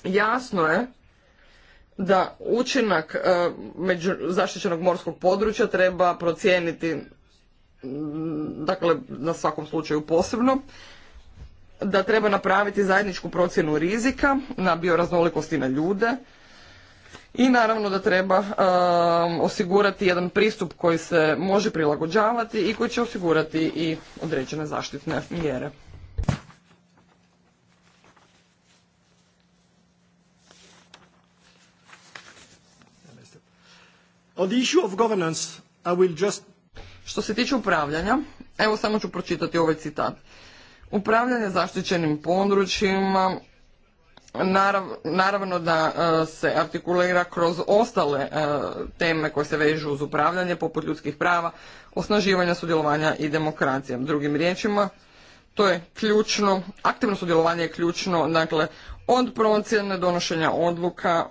Jasno je da učinak e, zaštićenog morskog područja treba procijeniti dakle na svakom slučaju posebno da treba napraviti zajedničku procjenu rizika na bioraznolikosti na ljude i naravno da treba um, osigurati jedan pristup koji se može prilagođavati i koji će osigurati i određene zaštitne mjere. governance, just... Što se tiče upravljanja, evo samo ću pročitati ovaj citat. Upravljanje zaštićenim područjima naravno da e, se artikulira kroz ostale e, teme koje se vežu uz upravljanje, poput ljudskih prava, osnaživanja sudjelovanja i demokracije. Drugim riječima, to je ključno, aktivno sudjelovanje je ključno, dakle, od procjene donošenja odluka,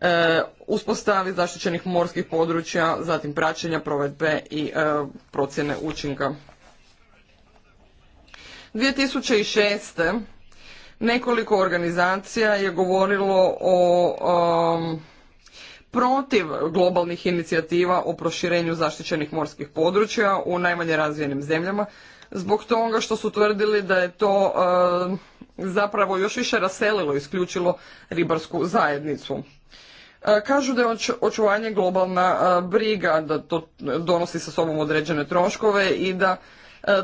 e, uspostavi zaštićenih morskih područja, zatim praćenja provedbe i procjene učinka. 2006 Nekoliko organizacija je govorilo o um, protiv globalnih inicijativa o proširenju zaštićenih morskih područja u najmanje razvijenim zemljama zbog toga što su tvrdili da je to um, zapravo još više raselilo, i isključilo ribarsku zajednicu. Uh, kažu da je očuvanje globalna uh, briga, da to donosi sa sobom određene troškove i da E,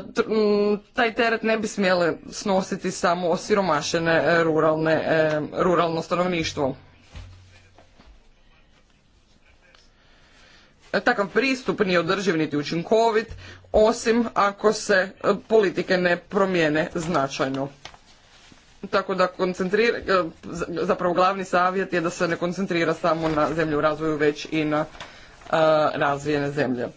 taj teret ne bi smjele snositi samo osiromašene e, ruralne, e, ruralno stanovništvo. Takav pristup nije održiv niti učinkovit, osim ako se politike ne promijene značajno. Tako da koncentrira, zapravo glavni savjet je da se ne koncentrira samo na zemlju u razvoju, već i na razvijene zemlje.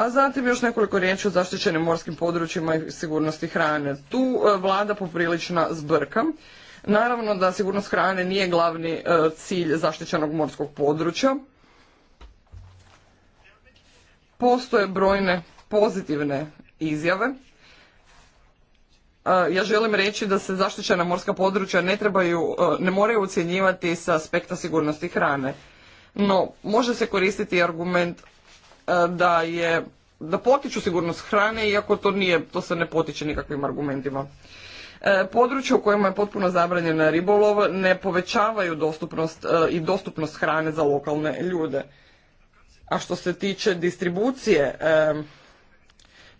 A zatim još nekoliko riječi o zaštićenim morskim područjima i sigurnosti hrane. Tu e, vlada poprilična zbrka. Naravno da sigurnost hrane nije glavni e, cilj zaštićenog morskog područja. Postoje brojne pozitivne izjave. E, ja želim reći da se zaštićena morska područja ne, trebaju, ne moraju ocjenjivati sa aspekta sigurnosti hrane. No, može se koristiti argument E, da je da potiču sigurnost hrane, iako to nije, to se ne potiče nikakvim argumentima. E, područje u kojima je potpuno zabranjena ribolov ne povećavaju dostupnost e, i dostupnost hrane za lokalne ljude. A što se tiče distribucije e,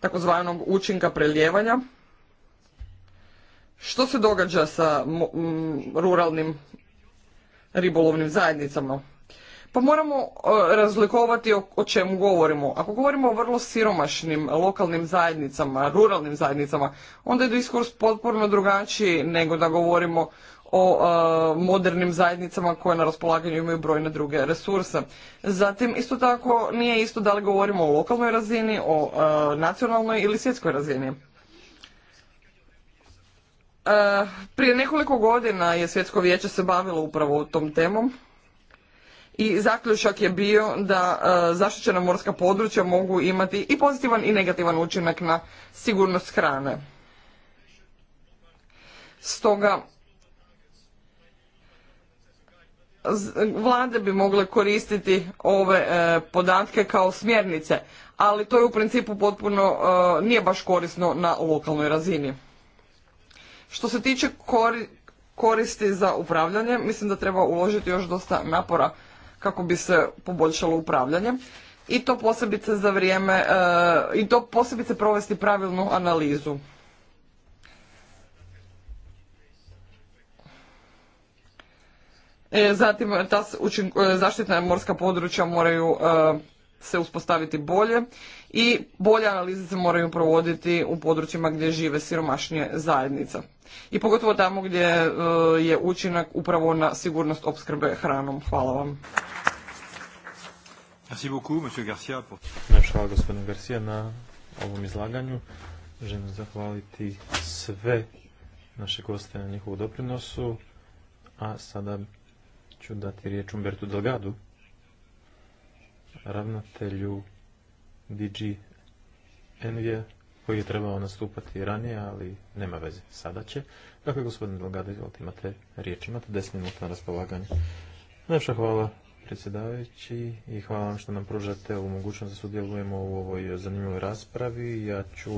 takozvanog učinka prelijevanja, što se događa sa ruralnim ribolovnim zajednicama? Pa moramo e, razlikovati o, čemu govorimo. Ako govorimo o vrlo siromašnim lokalnim zajednicama, ruralnim zajednicama, onda je diskurs potpuno drugačiji nego da govorimo o e, modernim zajednicama koje na raspolaganju imaju brojne druge resurse. Zatim, isto tako, nije isto da li govorimo o lokalnoj razini, o e, nacionalnoj ili svjetskoj razini. prije nekoliko godina je Svjetsko vijeće se bavilo upravo tom temom i zaključak je bio da e, zaštićena morska područja mogu imati i pozitivan i negativan učinak na sigurnost hrane. Stoga vlade bi mogle koristiti ove e, podatke kao smjernice, ali to je u principu potpuno e, nije baš korisno na lokalnoj razini. Što se tiče koristi za upravljanje, mislim da treba uložiti još dosta napora kako bi se poboljšalo upravljanje i to posebice za vrijeme e, i to posebice provesti pravilnu analizu. E, zatim ta e, zaštitna morska područja moraju se uspostaviti bolje i bolje analize se moraju provoditi u područjima gdje žive siromašnije zajednica. I pogotovo tamo gdje je učinak upravo na sigurnost opskrbe hranom. Hvala vam. Merci Garcia. Hvala gospodinu Garcia na ovom izlaganju. Želim zahvaliti sve naše goste na njihovu doprinosu, a sada ću dati riječ Umbertu Delgadu, ravnatelju DG NV koji je trebao nastupati ranije, ali nema veze, sada će. Dakle, gospodin Delgado, izvolite, imate riječ, imate 10 minuta na raspolaganje. Najpša hvala predsjedavajući i hvala vam što nam pružate ovu mogućnost da sudjelujemo u ovoj zanimljivoj raspravi. Ja ću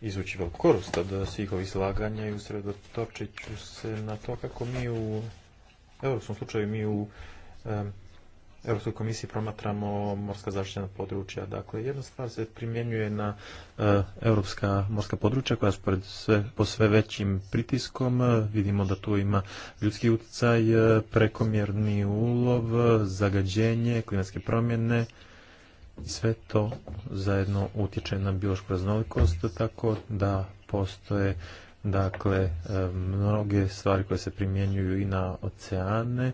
izvući veliku korust od svih ovih slaganja i usredotočit ću se na to kako mi u europskom slučaju mi u Europskoj komisiji promatramo morska zaštićena područja. Dakle, jedna stvar se primjenjuje na e, europska morska područja koja su sve, po sve većim pritiskom. vidimo da tu ima ljudski utjecaj, e, prekomjerni ulov, zagađenje, klimatske promjene. I sve to zajedno utječe na biološku raznolikost, tako da postoje dakle e, mnoge stvari koje se primjenjuju i na oceane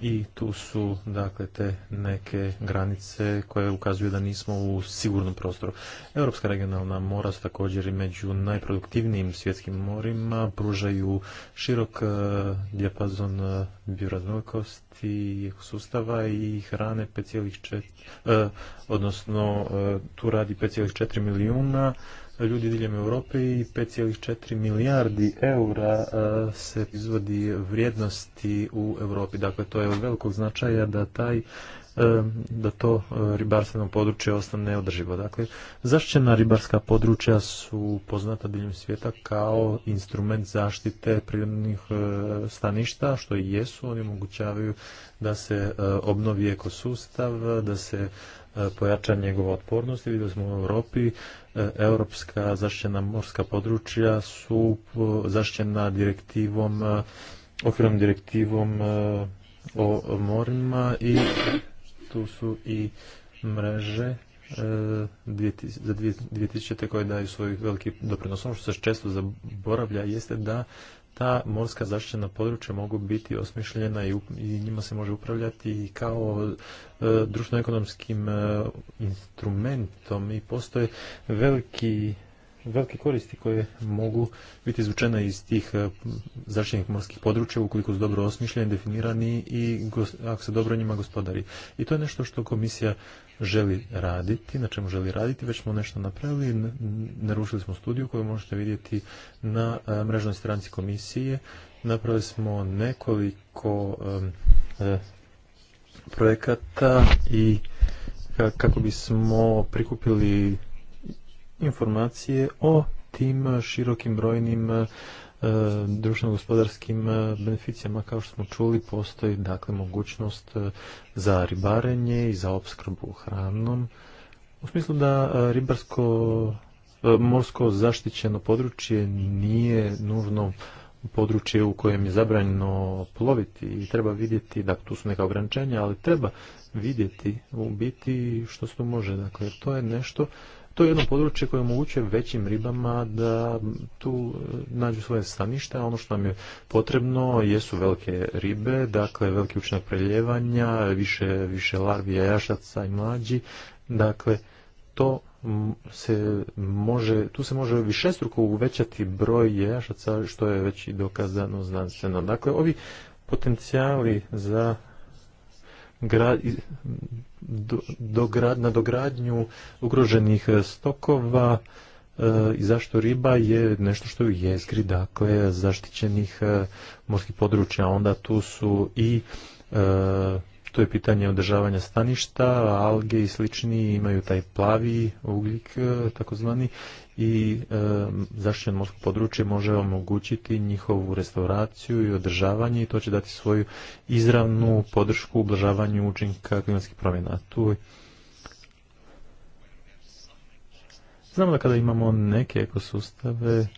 i tu su dakle te neke granice koje ukazuju da nismo u sigurnom prostoru. Europska regionalna mora su također i među najproduktivnijim svjetskim morima, pružaju širok e, dijapazon e, bioraznolikosti sustava i hrane 5,4 e, odnosno tu radi 5,4 milijuna ljudi diljem Europe i 5,4 milijardi eura e, se izvodi vrijednosti u Europi. Dakle, to je od velikog značaja da taj e, da to e, ribarstveno područje ostane održivo. Dakle, zaštićena ribarska područja su poznata diljem svijeta kao instrument zaštite prirodnih staništa, što i jesu. Oni omogućavaju da se obnovi ekosustav, da se pojača njegova otpornost vidjeli smo u Europi e, europska zaštićena morska područja su e, zaštićena direktivom e, okvirnom direktivom o morima i tu su i mreže za 2000. koje daju svoj veliki doprinos. Ono što se često zaboravlja jeste da ta morska zaštićena područja mogu biti osmišljena i, njima se može upravljati kao e, društveno-ekonomskim e, instrumentom i postoje veliki velike koristi koje mogu biti izvučene iz tih eh, zaštićenih morskih područja ukoliko su dobro osmišljeni, definirani i ako se dobro njima gospodari. I to je nešto što komisija želi raditi, na čemu želi raditi, već smo nešto napravili, narušili smo studiju koju možete vidjeti na eh, mrežnoj stranci komisije, napravili smo nekoliko eh, projekata i kako bismo prikupili informacije o tim širokim brojnim e, društveno-gospodarskim e, beneficijama. Kao što smo čuli, postoji dakle mogućnost e, za ribarenje i za opskrbu hranom. U smislu da ribarsko morsko zaštićeno područje nije nužno područje u kojem je zabranjeno ploviti i treba vidjeti, dakle tu su neka ograničenja, ali treba vidjeti u biti što se tu može. Dakle, to je nešto to je jedno područje koje omogućuje većim ribama da tu e, nađu svoje stanište. Ono što nam je potrebno jesu velike ribe, dakle veliki učinak preljevanja, više, više larvi, jajašaca i mlađi. Dakle, to se može, tu se može višestruko uvećati broj jajašaca što je već i dokazano znanstveno. Dakle, ovi potencijali za gra, na dogradnju ugroženih e, stokova e, i zašto riba je nešto što je u jezgri, dakle zaštićenih e, morskih područja. Onda tu su i to je pitanje održavanja staništa, alge i slični imaju taj plavi ugljik e, takozvani i e, zaštićeno morsko područje može omogućiti njihovu restauraciju i održavanje i to će dati svoju izravnu podršku ublažavanju učinka klimatskih promjena. Tu Znamo da kada imamo neke ekosustave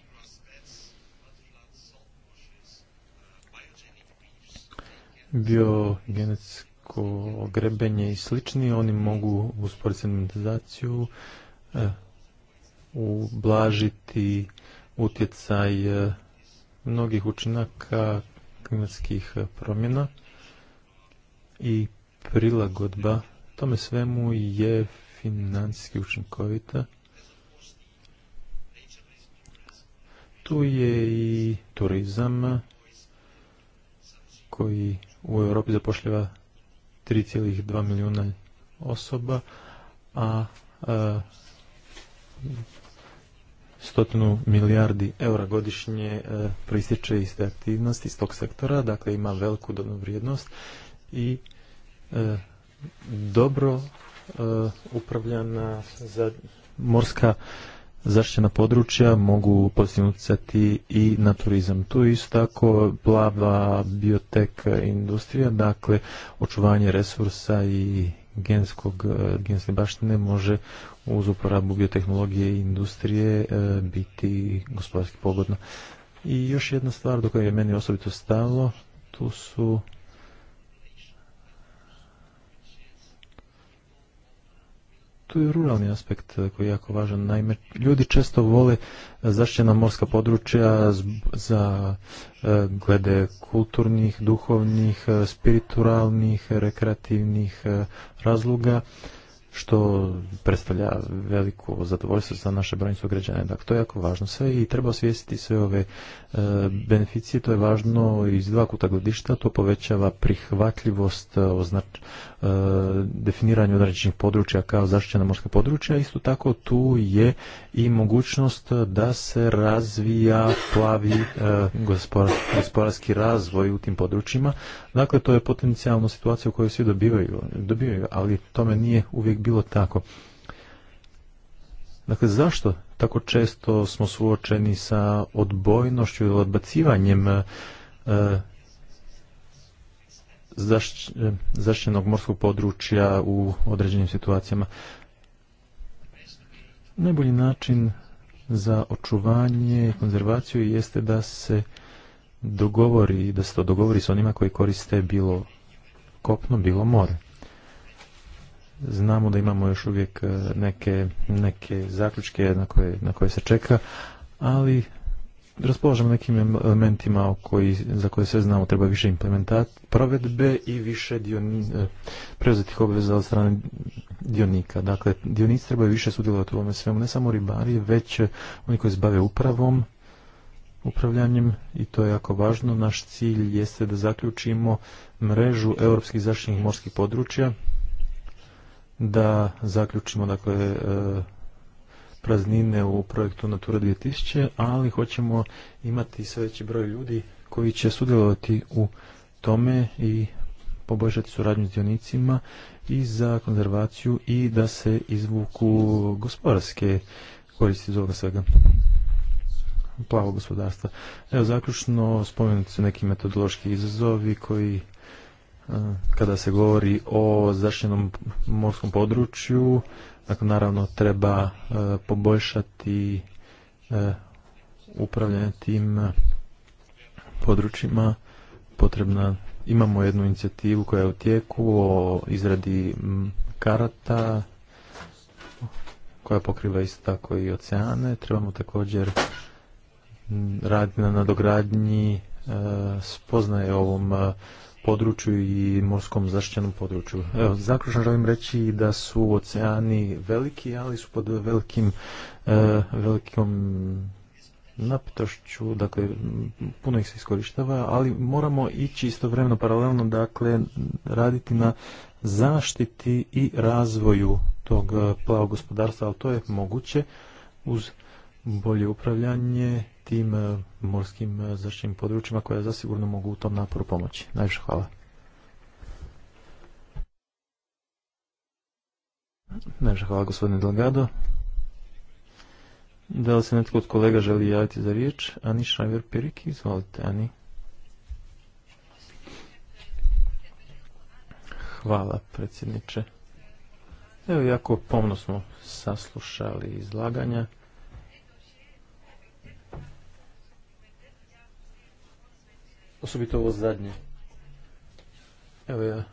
biogenetski morsko grebenje i slični, oni mogu uz sedimentizaciju e, ublažiti utjecaj e, mnogih učinaka klimatskih e, promjena i prilagodba tome svemu je financijski učinkovita. Tu je i turizam koji u Europi zapošljava 3,2 milijuna osoba, a e, stotnu milijardi eura godišnje e, proističe iz te aktivnosti, iz tog sektora, dakle ima veliku dodanu vrijednost i e, dobro upravljana za morska zaštićena područja mogu pozitivno i na turizam. Tu je isto tako plava biotek industrija, dakle očuvanje resursa i genskog, e, genske baštine može uz uporabu biotehnologije i industrije e, biti gospodarski pogodno. I još jedna stvar do koje je meni osobito stalo, tu su tu je ruralni aspekt eh, koji je jako važan. Naime, ljudi često vole eh, zaštićena morska područja za eh, glede kulturnih, duhovnih, spiritualnih, rekreativnih razloga što predstavlja veliko zadovoljstvo za naše brojnice sugrađane. Dakle, to je jako važno sve i treba osvijestiti sve ove e, beneficije. To je važno iz dva kuta gledišta. To povećava prihvatljivost e, označ, e, definiranju određenih područja kao zaštićena morska područja. Isto tako tu je i mogućnost da se razvija plavi e, gospodarski razvoj u tim područjima. Dakle, to je potencijalno situacija u kojoj svi dobivaju, ali tome nije uvijek bilo tako. Dakle, zašto tako često smo suočeni sa odbojnošću ili odbacivanjem e, morskog područja u određenim situacijama. Najbolji način za očuvanje i konzervaciju jeste da se dogovori, da se to dogovori s onima koji koriste bilo kopno, bilo more. Znamo da imamo još uvijek eh, neke, neke zaključke na koje, na koje se čeka, ali raspolažemo nekim elementima koji, za koje sve znamo treba više implementati provedbe i više e, preuzetih obveza od strane dionika. Dakle, dionici trebaju više sudjelovati u ovome svemu, ne samo ribari, već oni koji se bave upravom, upravljanjem i to je jako važno. Naš cilj jeste da zaključimo mrežu europskih zaštitnih morskih područja, da zaključimo dakle e, praznine u projektu Natura 2000, ali hoćemo imati sve veći broj ljudi koji će sudjelovati u tome i poboljšati suradnju s dionicima i za konzervaciju i da se izvuku gospodarske koristi iz ovoga svega plavog gospodarstva. Evo, zaključno spomenuti su neki metodološki izazovi koji e, kada se govori o zaštićenom morskom području Dakle, naravno, treba e, poboljšati e, upravljanje tim e, područjima. Potrebna, imamo jednu inicijativu koja je u tijeku o izradi karata koja pokriva isto tako i oceane. Trebamo također raditi na nadogradnji spoznaje ovom području i morskom zaštićenom području. Evo, zaključno želim reći da su oceani veliki, ali su pod velikim, e, velikom napitošću, dakle puno ih se iskorištava, ali moramo ići istovremeno paralelno, dakle raditi na zaštiti i razvoju tog e, plavog gospodarstva, ali to je moguće uz bolje upravljanje tim eh, morskim eh, zračnim područjima koja zasigurno mogu u tom naporu pomoći. Najviše hvala. Najviše hvala gospodine Delgado. Da li se netko od kolega želi javiti za riječ? Ani Šajver Piriki, izvolite Ani. Hvala predsjedniče. Evo jako pomno smo saslušali izlaganja. osobito ovo zadnje. Evo ja,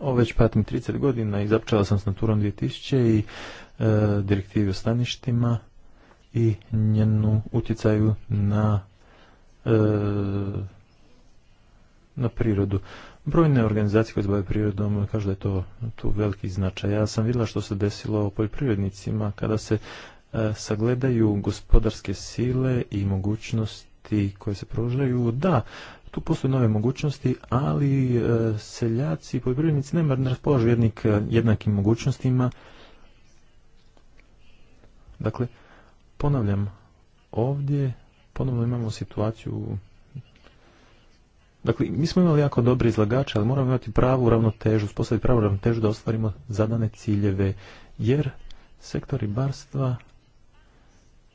ovo već patim 30 godina i započela sam s Naturom 2000 i e, direktivi o staništima i njenu utjecaju na e, na prirodu. Brojne organizacije koje se prirodom kažu da je to tu veliki značaj. Ja sam vidjela što se desilo poljoprivrednicima kada se e, sagledaju gospodarske sile i mogućnosti koje se pružaju. Da, tu postoje nove mogućnosti, ali e, seljaci i poljoprivrednici nema ne raspolažu jednik, e, jednakim mogućnostima. Dakle, ponavljam, ovdje ponovno imamo situaciju Dakle, mi smo imali jako dobri izlagače, ali moramo imati pravu ravnotežu, uspostaviti pravu ravnotežu da ostvarimo zadane ciljeve, jer sektor ribarstva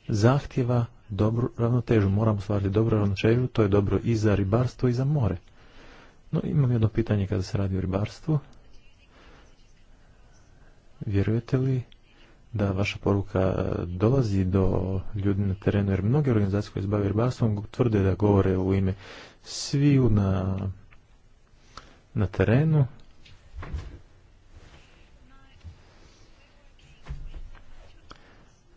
zahtjeva dobru ravnotežu. Moramo stvariti dobru ravnotežu, to je dobro i za ribarstvo i za more. No, imam jedno pitanje kada se radi o ribarstvu. Vjerujete li da vaša poruka e, dolazi do ljudi na terenu, jer mnoge organizacije koje se bave ribarstvom tvrde da govore u ime sviju na, na terenu,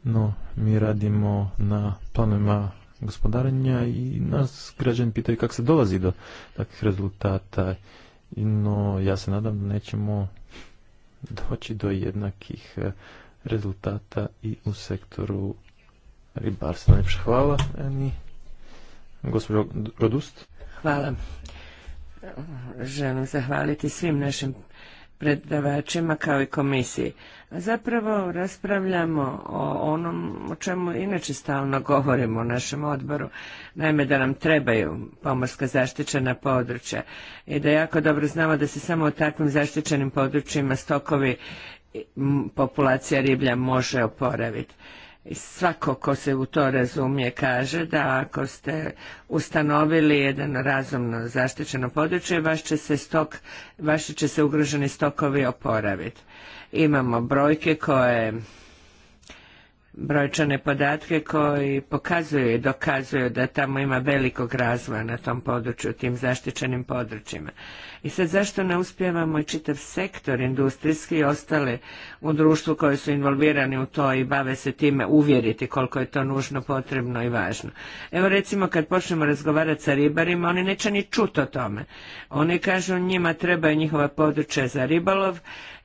No, mi radimo na planovima gospodarenja i nas građani pitaju kako se dolazi do takvih rezultata. No, ja se nadam da nećemo doći do jednakih e, rezultata i u sektoru ribarstva. Najpša hvala, Eni. Gospodin Rodust. Hvala. Želim zahvaliti svim našim predavačima kao i komisiji. zapravo raspravljamo o onom o čemu inače stalno govorimo u našem odboru, naime da nam trebaju pomorska zaštićena područja i da jako dobro znamo da se samo u takvim zaštićenim područjima stokovi populacija riblja može oporaviti svako ko se u to razumije kaže da ako ste ustanovili jedan razumno zaštićeno područje, vaš će se stok, vaši će se ugroženi stokovi oporaviti. Imamo brojke koje brojčane podatke koji pokazuju i dokazuju da tamo ima velikog razvoja na tom području, tim zaštićenim područjima. I sad zašto ne uspjevamo i čitav sektor industrijski i ostale u društvu koji su involvirani u to i bave se time uvjeriti koliko je to nužno, potrebno i važno. Evo recimo kad počnemo razgovarati sa ribarima, oni neće ni čuti o tome. Oni kažu njima trebaju njihova područja za ribalov,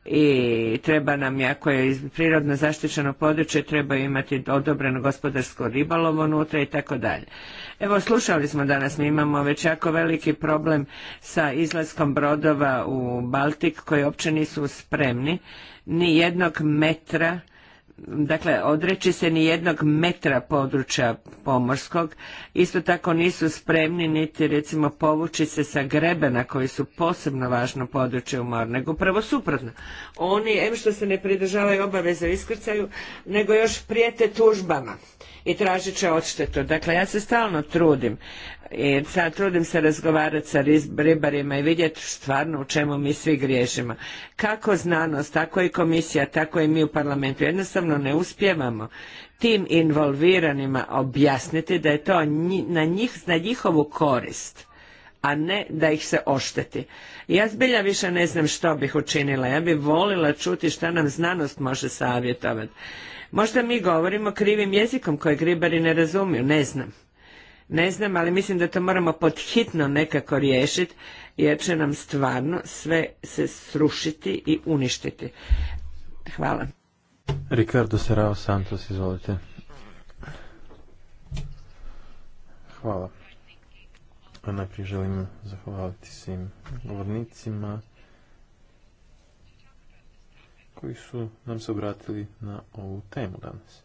i treba nam, jako je prirodno zaštićeno područje, treba imati odobreno gospodarsko ribalovo unutra i tako dalje. Evo, slušali smo danas, mi imamo već jako veliki problem sa izlaskom brodova u Baltik koji uopće nisu spremni, ni jednog metra dakle odreći se ni jednog metra područja pomorskog, isto tako nisu spremni niti recimo povući se sa grebena koji su posebno važno područje u moru, nego upravo suprotno. Oni, em što se ne pridržavaju obaveze iskrcaju, nego još prijete tužbama i tražit će odštetu. Dakle, ja se stalno trudim i sad trudim se razgovarati sa ribarima i vidjeti stvarno u čemu mi svi griješimo. Kako znanost, tako i komisija, tako i mi u parlamentu jednostavno ne uspjevamo tim involviranima objasniti da je to na, njih, na njihovu korist a ne da ih se ošteti. Ja zbilja više ne znam što bih učinila. Ja bih volila čuti šta nam znanost može savjetovati. Možda mi govorimo krivim jezikom kojeg gribari ne razumiju, ne znam. Ne znam, ali mislim da to moramo podhitno nekako riješiti, jer će nam stvarno sve se srušiti i uništiti. Hvala. Ricardo Serao Santos, izvolite. Hvala. Najprije želim zahvaliti svim govornicima koji su nam se obratili na ovu temu danas.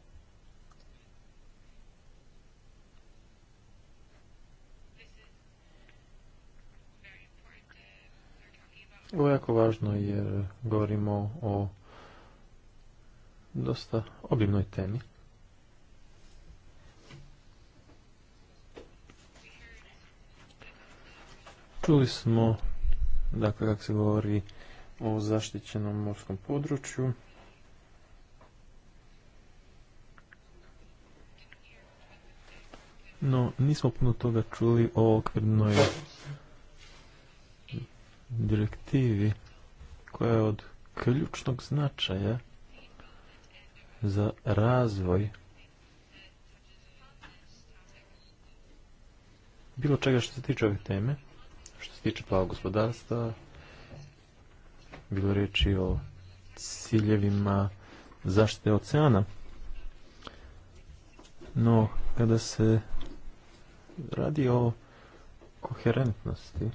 Ovo je jako važno jer govorimo o dosta obimnoj temi. Čuli smo, dakle, kako se govori o zaštićenom morskom području. No, nismo puno toga čuli o okvirnoj direktivi koja je od ključnog značaja za razvoj bilo čega što se tiče ove teme, što se tiče plavog gospodarstva, bilo riječi o ciljevima zaštite oceana. No, kada se radi o koherentnosti,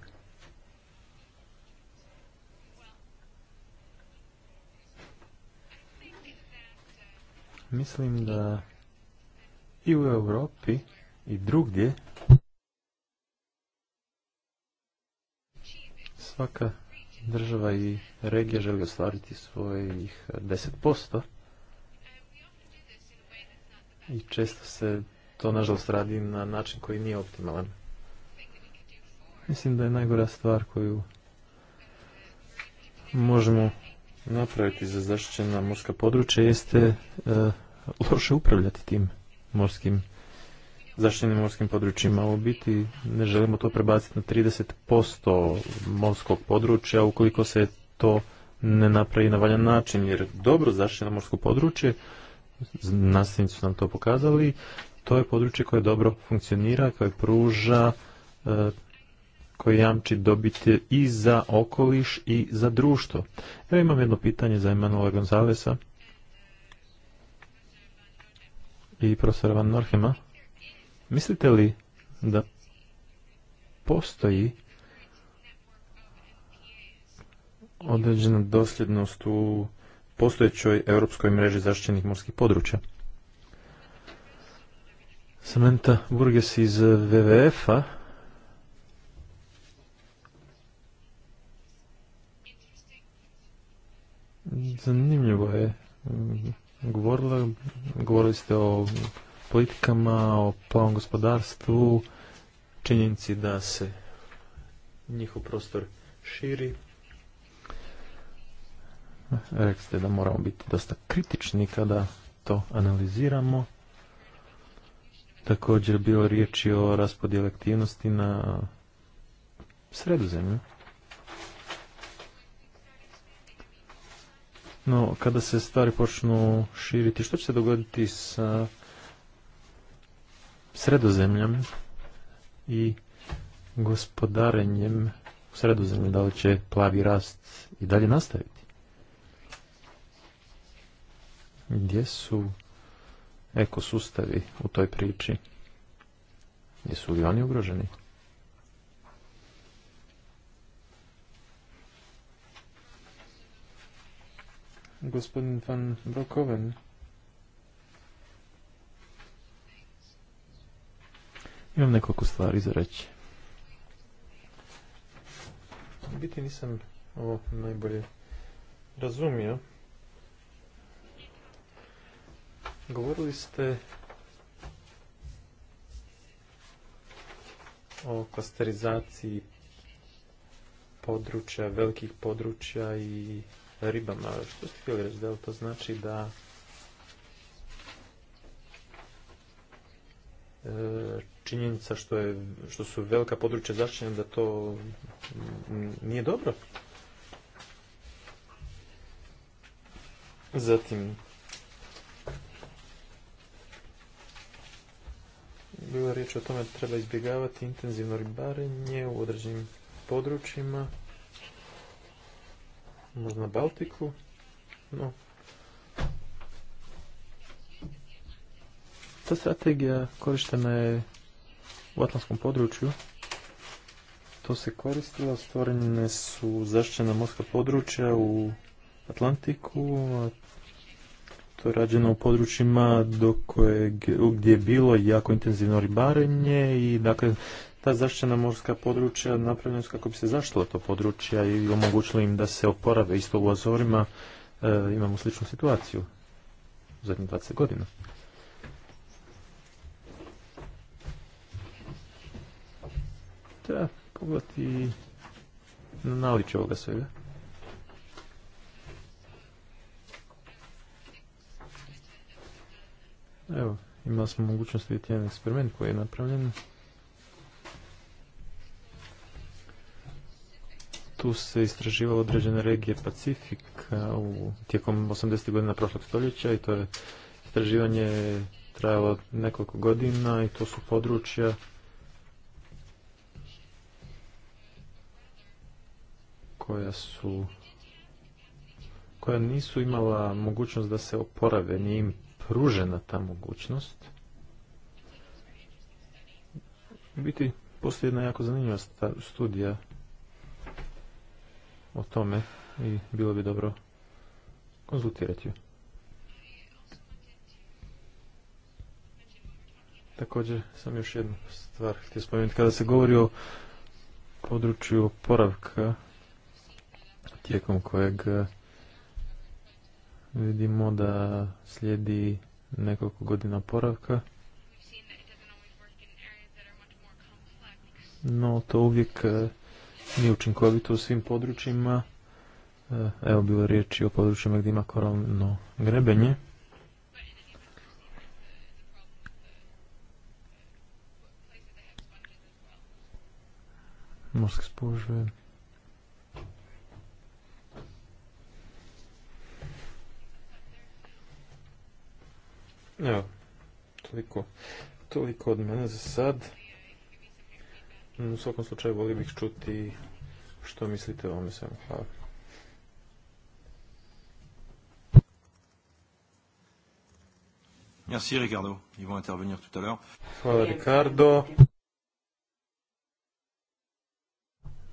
mislim da i u Europi i drugdje svaka država i regija želi ostvariti svojih 10%. I često se to nažalost radi na način koji nije optimalan. Mislim da je najgora stvar koju možemo napraviti za zaštićena morska područja jeste e, loše upravljati tim morskim zaštićenim morskim područjima. U biti ne želimo to prebaciti na 30% morskog područja ukoliko se to ne napravi na valjan način, jer dobro zaštićeno morsko područje, nastavnici su nam to pokazali, to je područje koje dobro funkcionira, koje pruža, e, koje jamči dobiti i za okoliš i za društvo. Evo imam jedno pitanje za Emanuela Gonzalesa i profesora Van Norhema. Mislite li da postoji određena dosljednost u postojećoj europskoj mreži zaštićenih morskih područja? Samantha Burges iz WWF-a Zanimljivo je. Govorila, govorili ste o politikama, o plavom gospodarstvu, činjenici da se njihov prostor širi. Rekli ste da moramo biti dosta kritični kada to analiziramo. Također bilo riječi o raspodjeli aktivnosti na sredozemlju. No, kada se stvari počnu širiti, što će se dogoditi sa sredozemljem i gospodarenjem u sredozemlju, da li će plavi rast i dalje nastaviti? Gdje su ekosustavi u toj priči? Jesu li oni ugroženi? Gospodin van Brokoven Imam nekoliko stvari za reći. U biti nisam ovo najbolje razumio. Govorili ste o klasterizaciji područja, velikih područja i ribama. Što ste htjeli reći? Da li to znači da e, činjenica što, je, što su velika područja zaštićena da to nije dobro. Zatim, bila riječ o tome da treba izbjegavati intenzivno ribarenje u određenim područjima, možda na Baltiku, no. Ta strategija korištena je u atlantskom području to se koristilo, stvorene su zaštićena morska područja u Atlantiku, to je rađeno u područjima gdje je bilo jako intenzivno ribarenje i dakle ta zaštićena morska područja napravljena su kako bi se zaštila to područja i omogućilo im da se oporave isto u Azorima. E, imamo sličnu situaciju u zadnjih 20 godina. Treba pogledati na naliče ovoga svega. Evo, imali smo mogućnost vidjeti jedan eksperiment koji je napravljen. Tu se istraživalo određene regije Pacifika tijekom 80. godina prošlog stoljeća i to je istraživanje trajalo nekoliko godina i to su područja koja su koja nisu imala mogućnost da se oporave, nije im pružena ta mogućnost. U biti, postoji jedna jako zanimljiva studija o tome i bilo bi dobro konzultirati ju. Također sam još jednu stvar htio spomenuti. Kada se govori o području oporavka, tijekom kojeg eh, vidimo da slijedi nekoliko godina poravka. No, to uvijek eh, nije učinkovito u svim područjima. Eh, evo bilo riječi o područjima gdje ima koralno grebenje. Morske spužve. Evo, toliko, toliko od mene za sad. U svakom slučaju volio bih čuti što mislite o ovome svemu. Hvala. Merci Ricardo, ils vont intervenir tout à l'heure. Hvala Ricardo.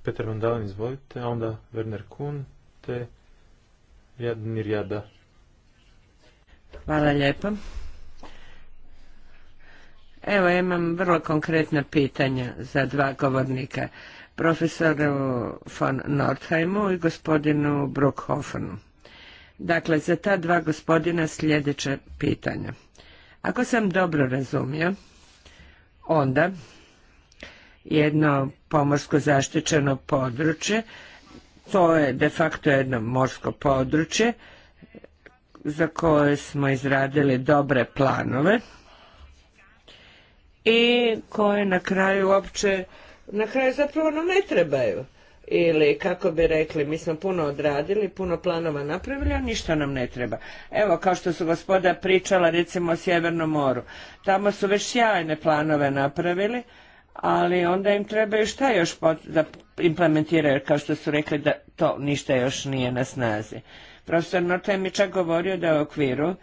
Peter Vandalen, izvolite, a onda Werner Kuhn, te Jadnir Jada. Hvala lijepa. Evo, imam vrlo konkretna pitanja za dva govornika, profesoru von Nordheimu i gospodinu Brookhofenu. Dakle, za ta dva gospodina sljedeće pitanja. Ako sam dobro razumio, onda jedno pomorsko zaštićeno područje, to je de facto jedno morsko područje za koje smo izradili dobre planove, i koje na kraju uopće, na kraju zapravo nam ne trebaju. Ili kako bi rekli, mi smo puno odradili, puno planova napravili, a ništa nam ne treba. Evo kao što su gospoda pričala recimo o Sjevernom moru. Tamo su već sjajne planove napravili, ali onda im trebaju šta još da implementiraju, kao što su rekli da to ništa još nije na snazi. Profesor Norte mi čak govorio da u okviru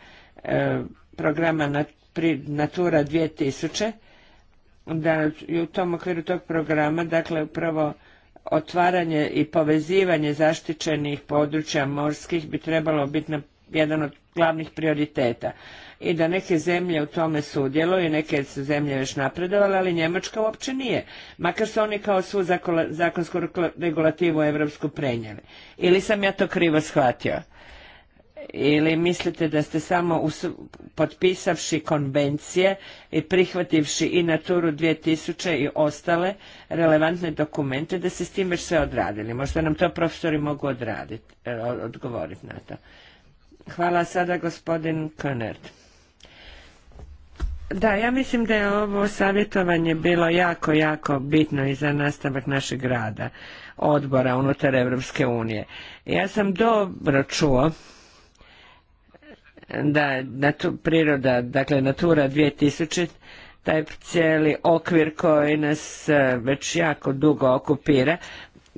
e, programa Natura 2000 da je u tom okviru tog programa, dakle upravo otvaranje i povezivanje zaštićenih područja morskih bi trebalo biti na jedan od glavnih prioriteta i da neke zemlje u tome sudjeluju, neke su zemlje već napredovale, ali Njemačka uopće nije. Makar su oni kao svu zakonsku regulativu europsku prenijeli. Ili sam ja to krivo shvatio? ili mislite da ste samo potpisavši konvencije i prihvativši i Naturu 2000 i ostale relevantne dokumente da ste s tim već sve odradili. Možda nam to profesori mogu odraditi, e, odgovoriti na to. Hvala sada gospodin Konert. Da, ja mislim da je ovo savjetovanje bilo jako, jako bitno i za nastavak našeg rada odbora unutar Evropske unije. Ja sam dobro čuo da natu, priroda, dakle Natura 2000, taj cijeli okvir koji nas eh, već jako dugo okupira,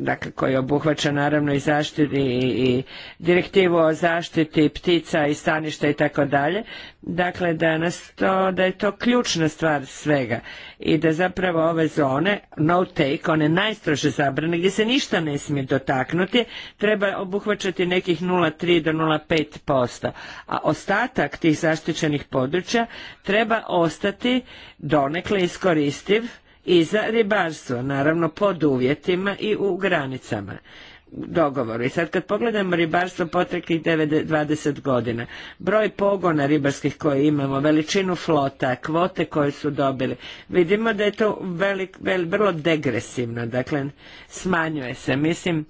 dakle koji obuhvaća naravno i zaštiti i direktivu o zaštiti ptica i staništa i tako dalje. Dakle, danas to, da je to ključna stvar svega i da zapravo ove zone, no take, one najstrože zabrane gdje se ništa ne smije dotaknuti, treba obuhvaćati nekih 0,3 do 0,5%, a ostatak tih zaštićenih područja treba ostati donekle iskoristiv i za ribarstvo, naravno pod uvjetima i u granicama dogovoru. I sad kad pogledamo ribarstvo potreklih 20 godina, broj pogona ribarskih koje imamo, veličinu flota, kvote koje su dobili, vidimo da je to velik, vel, vrlo degresivno, dakle smanjuje se. Mislim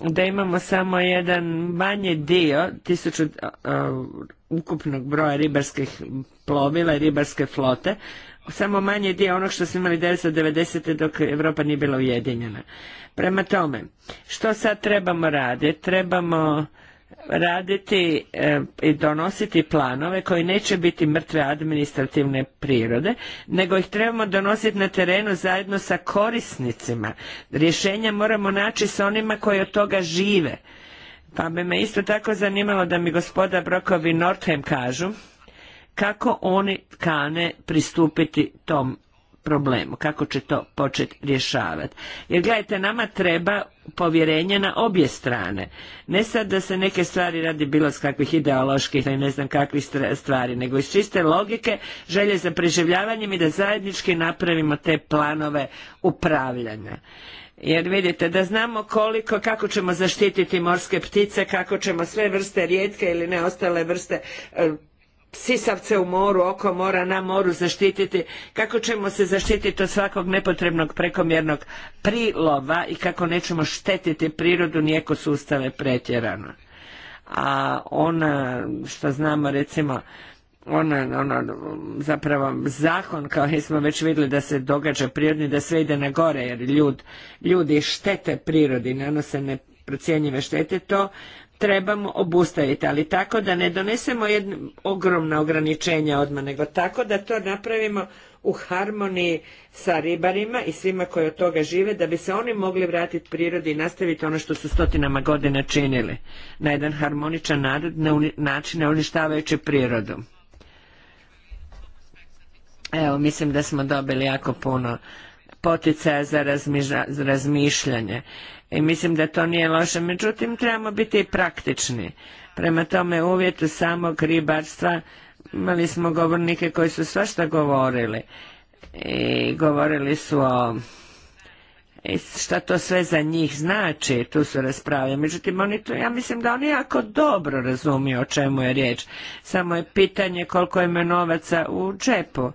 da imamo samo jedan manji dio tisuću, uh, ukupnog broja ribarskih plovila i ribarske flote samo manji dio onog što smo imali 1990. dok Europa nije bila ujedinjena. Prema tome, što sad trebamo raditi? Trebamo raditi eh, i donositi planove koji neće biti mrtve administrativne prirode, nego ih trebamo donositi na terenu zajedno sa korisnicima. Rješenja moramo naći sa onima koji od toga žive. Pa bi me isto tako zanimalo da mi gospoda Brokovi Northam kažu kako oni kane pristupiti tom problemu, kako će to početi rješavati. Jer gledajte, nama treba povjerenje na obje strane. Ne sad da se neke stvari radi bilo s kakvih ideoloških ili ne znam kakvih stvari, nego iz čiste logike želje za preživljavanjem i da zajednički napravimo te planove upravljanja. Jer vidite, da znamo koliko, kako ćemo zaštititi morske ptice, kako ćemo sve vrste rijetke ili ne ostale vrste e, sisavce u moru, oko mora, na moru zaštititi, kako ćemo se zaštititi od svakog nepotrebnog prekomjernog prilova i kako nećemo štetiti prirodu ni ekosustave pretjerano. A ona, što znamo recimo, ona, ona, zapravo zakon kao smo već vidjeli da se događa prirodi, da sve ide na gore jer ljudi štete prirodi, nanose neprocjenjive štete, to trebamo obustaviti, ali tako da ne donesemo ogromna ograničenja odmah, nego tako da to napravimo u harmoniji sa ribarima i svima koji od toga žive, da bi se oni mogli vratiti prirodi i nastaviti ono što su stotinama godina činili na jedan harmoničan način, ne uništavajući prirodu. Evo, mislim da smo dobili jako puno poticaja za razmišljanje i mislim da to nije loše. Međutim, trebamo biti i praktični. Prema tome, uvjetu samog ribarstva imali smo govornike koji su svašta govorili. I govorili su o šta to sve za njih znači, tu su raspravljali. Međutim, oni to, ja mislim da oni jako dobro razumiju o čemu je riječ. Samo je pitanje koliko ima novaca u džepu.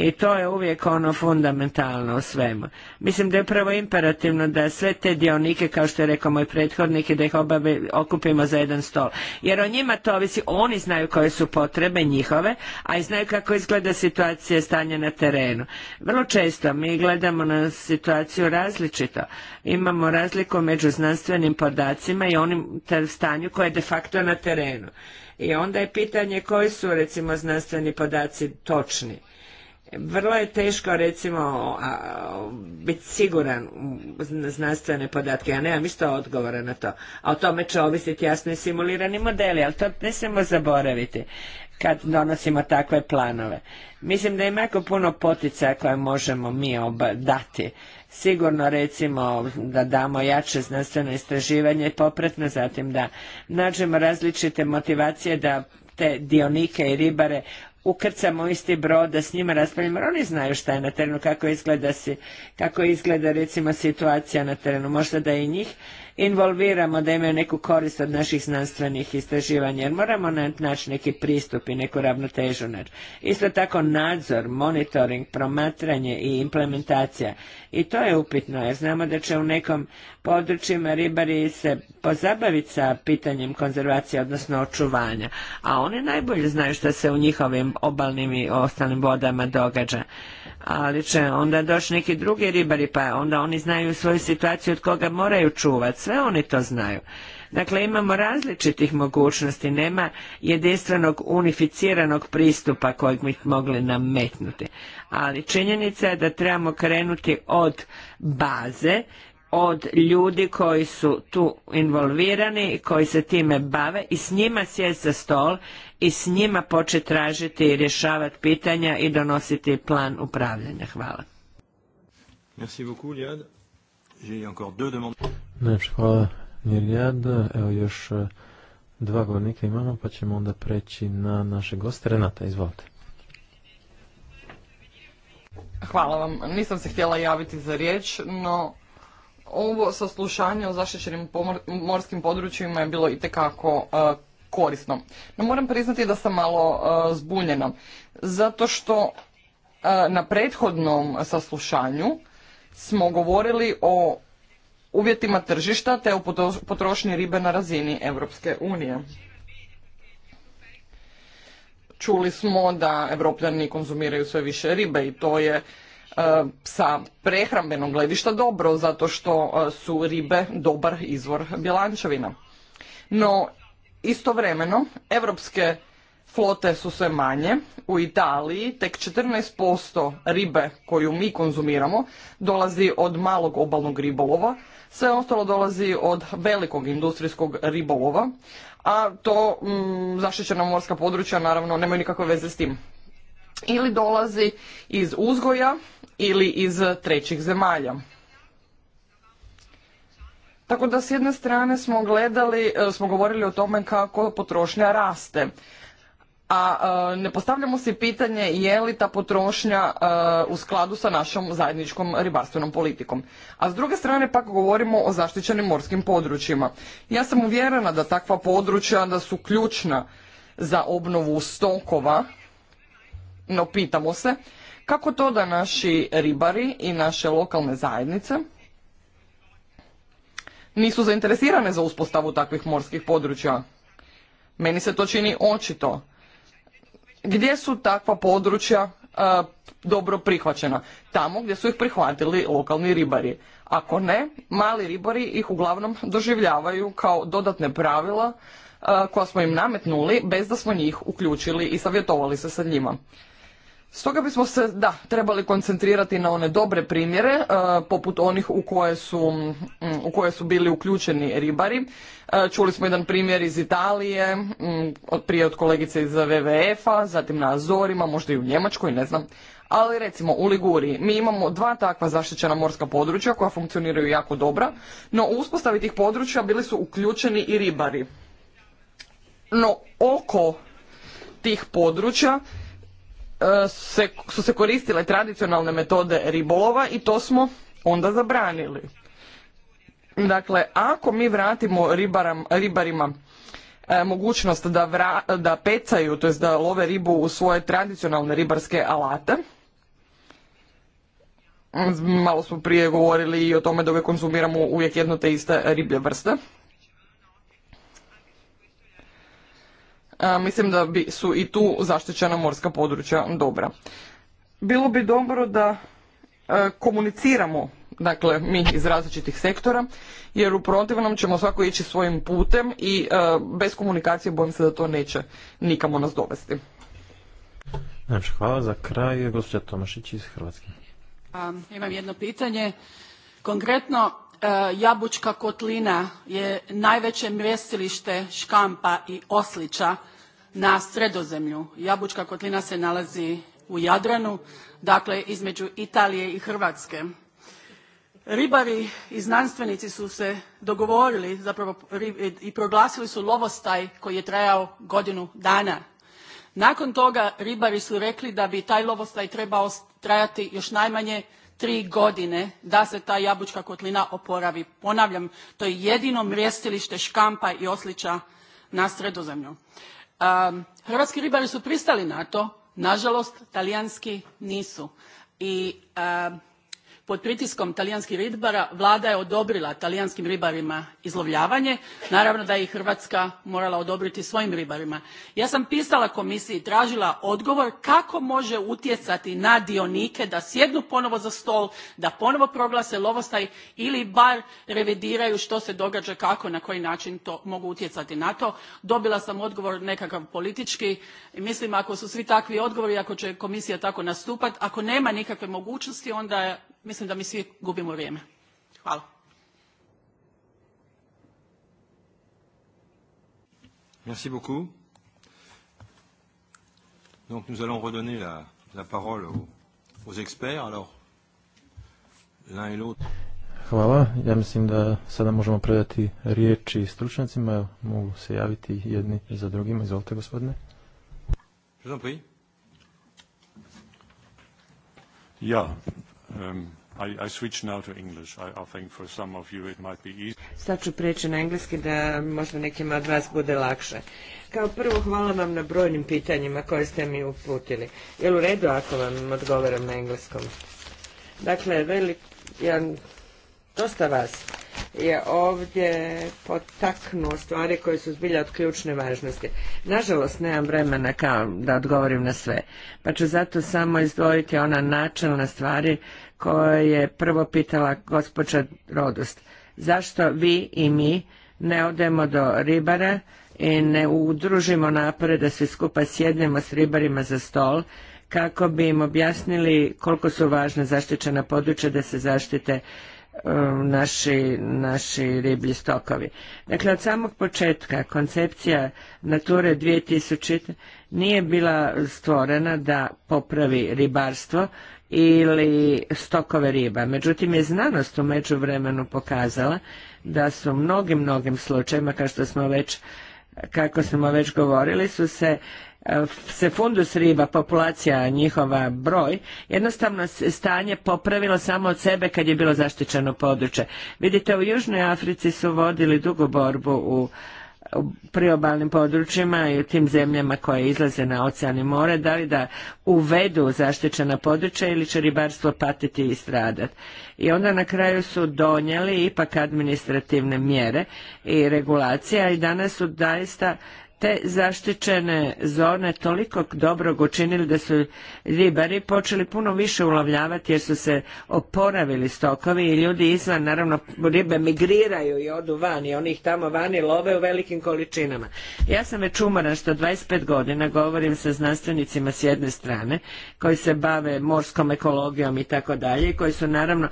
I to je uvijek ono fundamentalno u svemu. Mislim da je upravo imperativno da sve te dionike, kao što je rekao moj prethodnik, da ih obave okupimo za jedan stol. Jer o njima to ovisi, oni znaju koje su potrebe njihove, a i znaju kako izgleda situacija stanja na terenu. Vrlo često mi gledamo na situaciju različito. Imamo razliku među znanstvenim podacima i onim stanju koje je de facto na terenu. I onda je pitanje koji su recimo znanstveni podaci točni vrlo je teško recimo biti siguran u znanstvene podatke, ja nemam isto odgovora na to, a o tome će ovisiti jasno i simulirani modeli, ali to ne smijemo zaboraviti kad donosimo takve planove. Mislim da ima jako puno poticaja koje možemo mi dati. Sigurno recimo da damo jače znanstveno istraživanje i popretno, zatim da nađemo različite motivacije da te dionike i ribare ukrcamo isti brod, da s njima raspravljamo, oni znaju šta je na terenu, kako izgleda, si, kako izgleda recimo situacija na terenu, možda da i njih involviramo da imaju neku korist od naših znanstvenih istraživanja, jer moramo naći neki pristup i neku ravnotežu naći. Isto tako nadzor, monitoring, promatranje i implementacija. I to je upitno, jer znamo da će u nekom područjima ribari se pozabaviti sa pitanjem konzervacije, odnosno očuvanja. A oni najbolje znaju što se u njihovim obalnim i ostalim vodama događa. Ali će onda doći neki drugi ribari, pa onda oni znaju svoju situaciju od koga moraju čuvati. Sve oni to znaju. Dakle, imamo različitih mogućnosti, nema jedinstvenog unificiranog pristupa kojeg bi mogli nametnuti. Ali činjenica je da trebamo krenuti od baze od ljudi koji su tu involvirani koji se time bave i s njima sjest za stol i s njima početi tražiti i rješavati pitanja i donositi plan upravljanja. Hvala. Merci beaucoup, Liad. hvala, Liad. Evo još e, dva govornika imamo, pa ćemo onda preći na naše goste. Renata, izvolite. Hvala vam. Nisam se htjela javiti za riječ, no ovo saslušanje o zaštićenim morskim područjima je bilo itekako tekako korisno. No moram priznati da sam malo e, zbunjena, zato što e, na prethodnom saslušanju smo govorili o uvjetima tržišta te o potrošnji ribe na razini Europske unije. Čuli smo da evropljani konzumiraju sve više ribe i to je E, sa prehrambenog gledišta dobro, zato što e, su ribe dobar izvor bjelančevina. No, istovremeno, evropske flote su sve manje. U Italiji tek 14% ribe koju mi konzumiramo dolazi od malog obalnog ribolova, sve ostalo dolazi od velikog industrijskog ribolova, a to mm, zaštićena morska područja naravno nemaju nikakve veze s tim. Ili dolazi iz uzgoja ili iz trećih zemalja. Tako da s jedne strane smo gledali, e, smo govorili o tome kako potrošnja raste, a e, ne postavljamo si pitanje je li ta potrošnja e, u skladu sa našom zajedničkom ribarstvenom politikom. A s druge strane pak govorimo o zaštićenim morskim područjima. Ja sam uvjerena da takva područja da su ključna za obnovu stokova, no pitamo se kako to da naši ribari i naše lokalne zajednice nisu zainteresirane za uspostavu takvih morskih područja? Meni se to čini očito. Gdje su takva područja e, dobro prihvaćena? Tamo gdje su ih prihvatili lokalni ribari. Ako ne, mali ribari ih uglavnom doživljavaju kao dodatne pravila e, koja smo im nametnuli bez da smo njih uključili i savjetovali se sa njima. Stoga bismo se, da, trebali koncentrirati na one dobre primjere, e, poput onih u koje, su, mm, u koje su bili uključeni ribari. E, čuli smo jedan primjer iz Italije, mm, od prije od kolegice iz WWF-a, zatim na Azorima, možda i u Njemačkoj, ne znam. Ali recimo u Liguriji mi imamo dva takva zaštićena morska područja koja funkcioniraju jako dobra, no u uspostavi tih područja bili su uključeni i ribari. No oko tih područja E, se, su se koristile tradicionalne metode ribolova i to smo onda zabranili. Dakle, ako mi vratimo ribarima e, mogućnost da, da pecaju, to jest da love ribu u svoje tradicionalne ribarske alate, malo smo prije govorili i o tome da uvijek konzumiramo uvijek jedno te iste riblje vrste, mislim da bi su i tu zaštićena morska područja dobra. Bilo bi dobro da e, komuniciramo, dakle mi iz različitih sektora, jer u protivnom ćemo svako ići svojim putem i e, bez komunikacije bojim se da to neće nikamo nas dovesti. hvala za kraj, gospođa Tomašić iz Hrvatske. imam jedno pitanje. Konkretno, E, jabučka kotlina je najveće mrjestilište škampa i oslića na sredozemlju. Jabučka kotlina se nalazi u Jadranu, dakle između Italije i Hrvatske. Ribari i znanstvenici su se dogovorili zapravo i proglasili su lovostaj koji je trajao godinu dana. Nakon toga ribari su rekli da bi taj lovostaj trebao trajati još najmanje tri godine da se ta jabučka kotlina oporavi. Ponavljam, to je jedino mrjestilište škampa i oslića na sredozemlju. hrvatski ribari su pristali na to, nažalost talijanski nisu. I pod pritiskom talijanskih ribara vlada je odobrila talijanskim ribarima izlovljavanje naravno da je i hrvatska morala odobriti svojim ribarima. ja sam pisala komisiji i tražila odgovor kako može utjecati na dionike da sjednu ponovo za stol da ponovo proglase lovostaj ili bar revidiraju što se događa kako na koji način to mogu utjecati na to. dobila sam odgovor nekakav politički i mislim ako su svi takvi odgovori ako će komisija tako nastupati ako nema nikakve mogućnosti onda Mislim da mi svi gubimo vrijeme. Hvala. Merci beaucoup. Donc nous allons redonner la, la parole aux, aux experts. Alors, l'un et Hvala. Ja mislim da sada možemo predati riječi stručnjacima. Mogu se javiti jedni za drugima. Izvolite, gospodine. Ja, i, Sad ću prijeći na engleski da možda nekima od vas bude lakše. Kao prvo hvala vam na brojnim pitanjima koje ste mi uputili. Jel u redu ako vam odgovaram na engleskom? Dakle, velik, ja, dosta vas je ovdje potaknuo stvari koje su zbilja od ključne važnosti. Nažalost, nemam vremena kao da odgovorim na sve, pa ću zato samo izdvojiti ona načelna stvari koje je prvo pitala gospođa Rodost. Zašto vi i mi ne odemo do ribara i ne udružimo napore da svi skupa sjednemo s ribarima za stol kako bi im objasnili koliko su važne zaštićena područja da se zaštite Um, naši, naši riblji stokovi. Dakle, od samog početka koncepcija Nature 2000 nije bila stvorena da popravi ribarstvo ili stokove riba. Međutim, je znanost u međuvremenu pokazala da su u mnogim, mnogim slučajima, kao što smo već kako smo već govorili, su se E, se fundus riba, populacija njihova broj, jednostavno stanje popravilo samo od sebe kad je bilo zaštićeno područje. Vidite, u Južnoj Africi su vodili dugu borbu u priobalnim područjima i u tim zemljama koje izlaze na ocean i more, da li da uvedu zaštićena područja ili će ribarstvo patiti i stradati. I onda na kraju su donijeli ipak administrativne mjere i regulacija i danas su daista te zaštićene zone toliko dobrog učinili da su ribari počeli puno više ulovljavati jer su se oporavili stokovi i ljudi izvan naravno ribe migriraju i odu van i oni ih tamo vani love u velikim količinama. Ja sam već umoran što 25 godina govorim sa znanstvenicima s jedne strane koji se bave morskom ekologijom i tako dalje i koji su naravno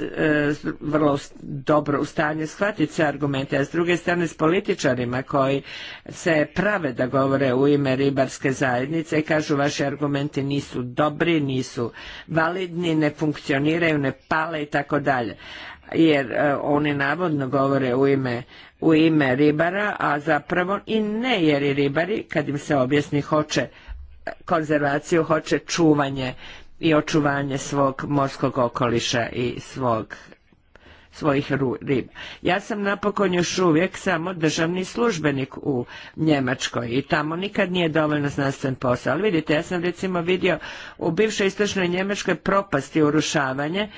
E, vrlo dobro u stanju shvatiti sve argumente, a s druge strane s političarima koji se prave da govore u ime ribarske zajednice i kažu vaši argumenti nisu dobri, nisu validni, ne funkcioniraju, ne pale i tako dalje. Jer e, oni navodno govore u ime u ime ribara, a zapravo i ne jer i ribari kad im se objasni hoće konzervaciju, hoće čuvanje i očuvanje svog morskog okoliša i svog svojih riba. Ja sam napokon još uvijek samo državni službenik u Njemačkoj i tamo nikad nije dovoljno znanstven posao. Ali vidite, ja sam recimo vidio u bivšoj istočnoj Njemačkoj propasti urušavanje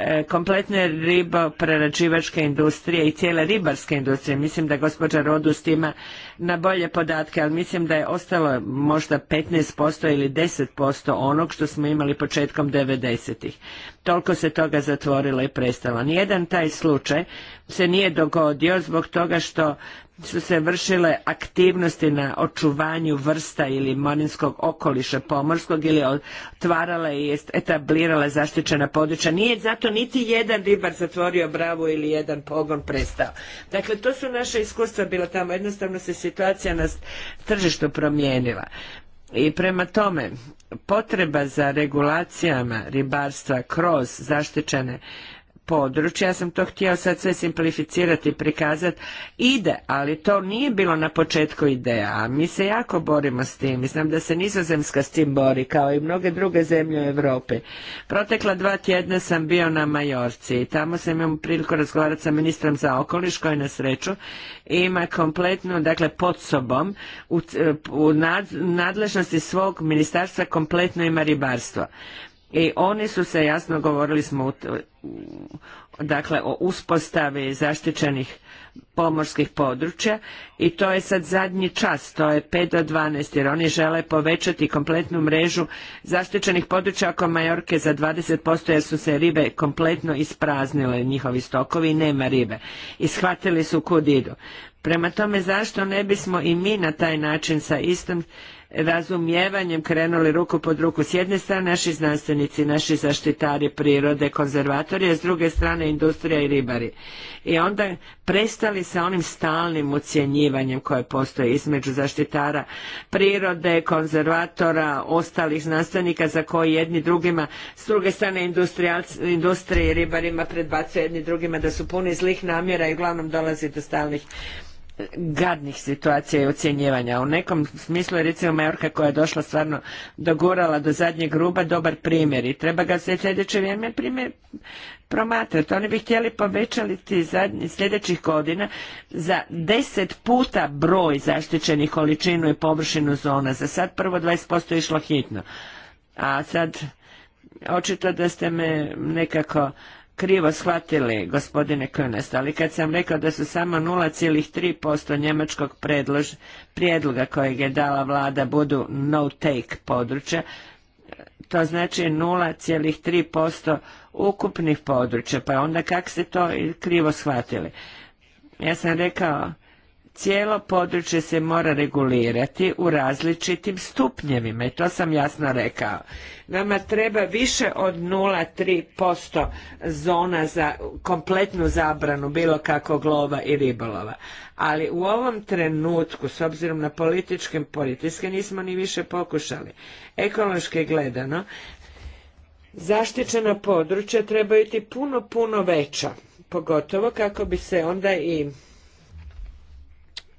E, kompletne riboprerađivačke industrije i cijele ribarske industrije. Mislim da gospođa Rodust ima na bolje podatke, ali mislim da je ostalo možda 15% ili 10% onog što smo imali početkom 90-ih. Toliko se toga zatvorilo i prestalo. Nijedan taj slučaj se nije dogodio zbog toga što su se vršile aktivnosti na očuvanju vrsta ili morinskog okoliša pomorskog ili otvarala i etablirala zaštićena područja. Nije zato niti jedan ribar zatvorio bravu ili jedan pogon prestao. Dakle, to su naše iskustva bila tamo. Jednostavno se situacija na tržištu promijenila. I prema tome, potreba za regulacijama ribarstva kroz zaštićene područja, ja sam to htio sad sve simplificirati i prikazati, ide, ali to nije bilo na početku ideja, a mi se jako borimo s tim, mislim da se nizozemska s tim bori, kao i mnoge druge zemlje u Europi. Protekla dva tjedna sam bio na Majorci i tamo sam imao priliku razgovarati sa ministrom za okoliš, koji na sreću ima kompletno dakle pod sobom, u, nadležnosti svog ministarstva kompletno ima ribarstvo i oni su se jasno govorili smo dakle o uspostavi zaštićenih pomorskih područja i to je sad zadnji čas, to je 5 do 12 jer oni žele povećati kompletnu mrežu zaštićenih područja oko Majorke za 20% jer su se ribe kompletno ispraznile njihovi stokovi i nema ribe i shvatili su kud idu. Prema tome zašto ne bismo i mi na taj način sa istom razumijevanjem krenuli ruku pod ruku. S jedne strane naši znanstvenici, naši zaštitari prirode, konzervatori, a s druge strane industrija i ribari. I onda prestali sa onim stalnim ocjenjivanjem koje postoje između zaštitara prirode, konzervatora, ostalih znanstvenika za koji jedni drugima, s druge strane industrije i ribarima predbacuje jedni drugima da su puni zlih namjera i uglavnom dolazi do stalnih gadnih situacija i ocjenjivanja. U nekom smislu je recimo Majorka koja je došla stvarno dogurala do zadnjeg ruba dobar primjer i treba ga se sljedeće vrijeme primjer promatrati. Oni bi htjeli povećati sljedećih godina za deset puta broj zaštićenih količinu i površinu zona. Za sad prvo 20% je išlo hitno. A sad očito da ste me nekako krivo shvatili, gospodine Könest, ali kad sam rekao da su samo 0,3% njemačkog prijedloga kojeg je dala vlada budu no-take područja, to znači 0,3% ukupnih područja, pa onda kak se to krivo shvatili? Ja sam rekao cijelo područje se mora regulirati u različitim stupnjevima i to sam jasno rekao. Nama treba više od 0,3% zona za kompletnu zabranu bilo kako lova i ribolova. Ali u ovom trenutku, s obzirom na političke politiske, nismo ni više pokušali. Ekološki gledano, zaštićena područja trebaju biti puno, puno veća. Pogotovo kako bi se onda i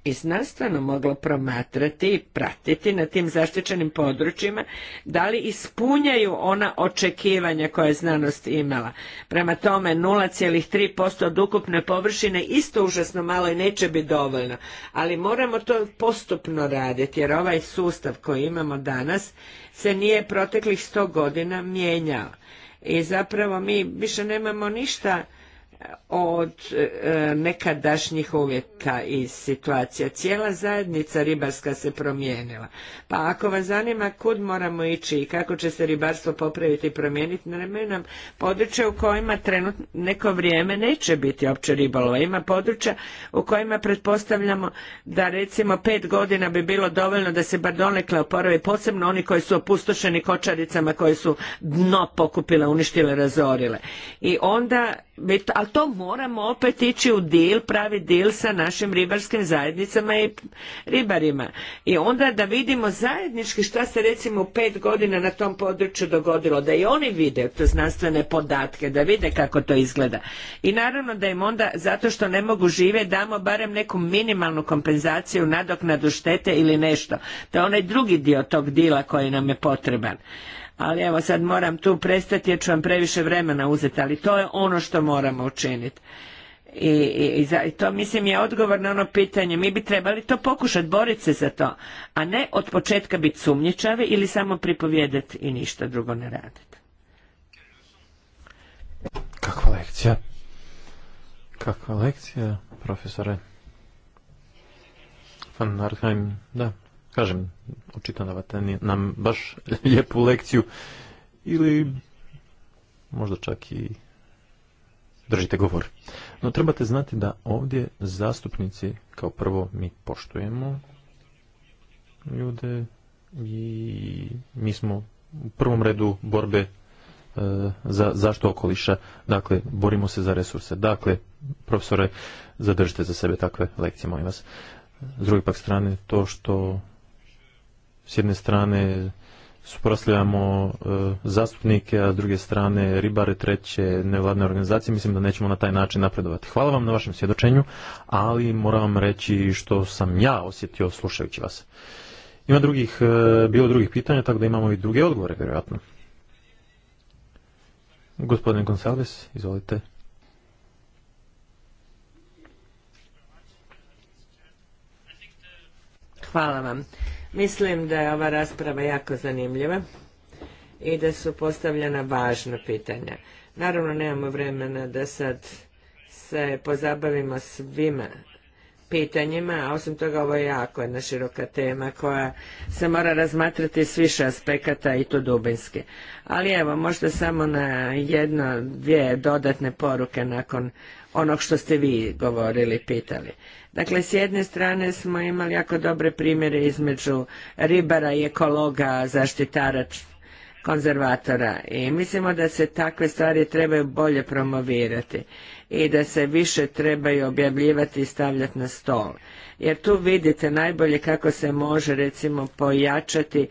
i znanstveno moglo promatrati i pratiti na tim zaštićenim područjima da li ispunjaju ona očekivanja koje je znanost imala. Prema tome 0,3% od ukupne površine isto užasno malo i neće biti dovoljno, ali moramo to postupno raditi jer ovaj sustav koji imamo danas se nije proteklih 100 godina mijenjao. I zapravo mi više nemamo ništa od e, nekadašnjih uvjeta i situacija. Cijela zajednica ribarska se promijenila. Pa ako vas zanima kud moramo ići i kako će se ribarstvo popraviti i promijeniti, naravno nam područja u kojima trenutno neko vrijeme neće biti opće ribalova. Ima područja u kojima pretpostavljamo da recimo pet godina bi bilo dovoljno da se bar donekle oporavi posebno oni koji su opustošeni kočaricama koje su dno pokupile, uništile, razorile. I onda ali to moramo opet ići u dil, pravi dil sa našim ribarskim zajednicama i ribarima. I onda da vidimo zajednički šta se recimo pet godina na tom području dogodilo, da i oni vide te znanstvene podatke, da vide kako to izgleda. I naravno da im onda, zato što ne mogu živjeti damo barem neku minimalnu kompenzaciju, nadoknadu štete ili nešto. To je onaj drugi dio tog dila koji nam je potreban ali evo sad moram tu prestati jer ću vam previše vremena uzeti, ali to je ono što moramo učiniti. I, i, to mislim je odgovor na ono pitanje, mi bi trebali to pokušati, boriti se za to, a ne od početka biti sumnjičavi ili samo pripovjedati i ništa drugo ne raditi. Kakva lekcija? Kakva lekcija, profesore? Van da, Kažem, očitavate nam baš lijepu lekciju ili možda čak i držite govor. No trebate znati da ovdje zastupnici kao prvo mi poštujemo ljude i mi smo u prvom redu borbe e, za zaštitu okoliša. Dakle, borimo se za resurse. Dakle, profesore, zadržite za sebe takve lekcije, molim vas. S druge pak strane, to što s jedne strane suprotstavljamo e, zastupnike, a s druge strane ribare, treće nevladne organizacije, mislim da nećemo na taj način napredovati. Hvala vam na vašem svjedočenju, ali moram vam reći što sam ja osjetio slušajući vas. Ima drugih, e, bilo drugih pitanja, tako da imamo i druge odgovore, vjerojatno. Gospodin Gonsalves, izvolite. Hvala vam. Mislim da je ova rasprava jako zanimljiva i da su postavljena važna pitanja. Naravno, nemamo vremena da sad se pozabavimo svima pitanjima, a osim toga ovo je jako jedna široka tema koja se mora razmatrati s više aspekata i to dubinski. Ali evo, možda samo na jedno, dvije dodatne poruke nakon onog što ste vi govorili, pitali. Dakle, s jedne strane smo imali jako dobre primjere između ribara i ekologa, zaštitara, konzervatora i mislimo da se takve stvari trebaju bolje promovirati i da se više trebaju objavljivati i stavljati na stol. Jer tu vidite najbolje kako se može recimo pojačati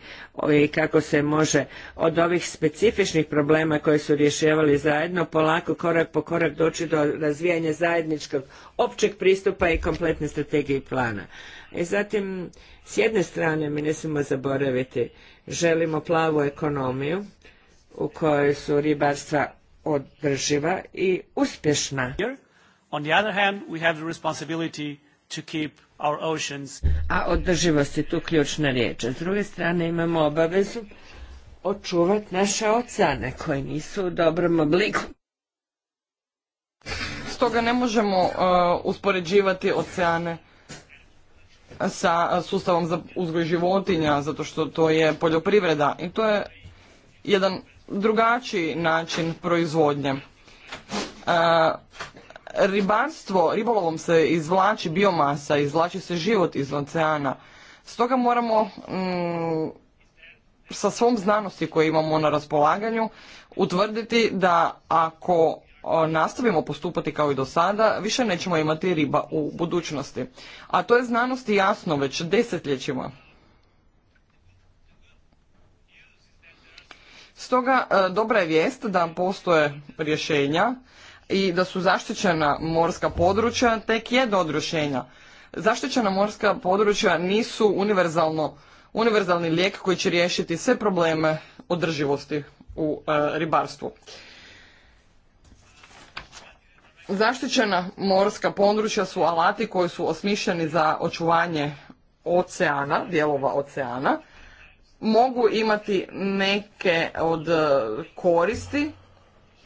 i kako se može od ovih specifičnih problema koje su rješavali zajedno polako korak po korak doći do razvijanja zajedničkog općeg pristupa i kompletne strategije i plana. I zatim s jedne strane mi ne smijemo zaboraviti želimo plavu ekonomiju u kojoj su ribarstva održiva i uspješna. On the other hand, we have the responsibility to keep our oceans. A održivost je tu ključna riječ. S druge strane imamo obavezu očuvati naše oceane koje nisu u dobrom obliku. Stoga ne možemo e, uspoređivati oceane sa sustavom za uzgoj životinja, zato što to je poljoprivreda i to je jedan drugačiji način proizvodnje. E, ribarstvo, ribolovom se izvlači biomasa, izvlači se život iz oceana. Stoga moramo mm, sa svom znanosti koju imamo na raspolaganju utvrditi da ako e, nastavimo postupati kao i do sada, više nećemo imati riba u budućnosti. A to je znanosti jasno već desetljećima. Stoga e, dobra je vijest da postoje rješenja i da su zaštićena morska područja tek jedno od rješenja. Zaštićena morska područja nisu univerzalno, univerzalni lijek koji će riješiti sve probleme održivosti u e, ribarstvu. Zaštićena morska područja su alati koji su osmišljeni za očuvanje oceana, dijelova oceana mogu imati neke od e, koristi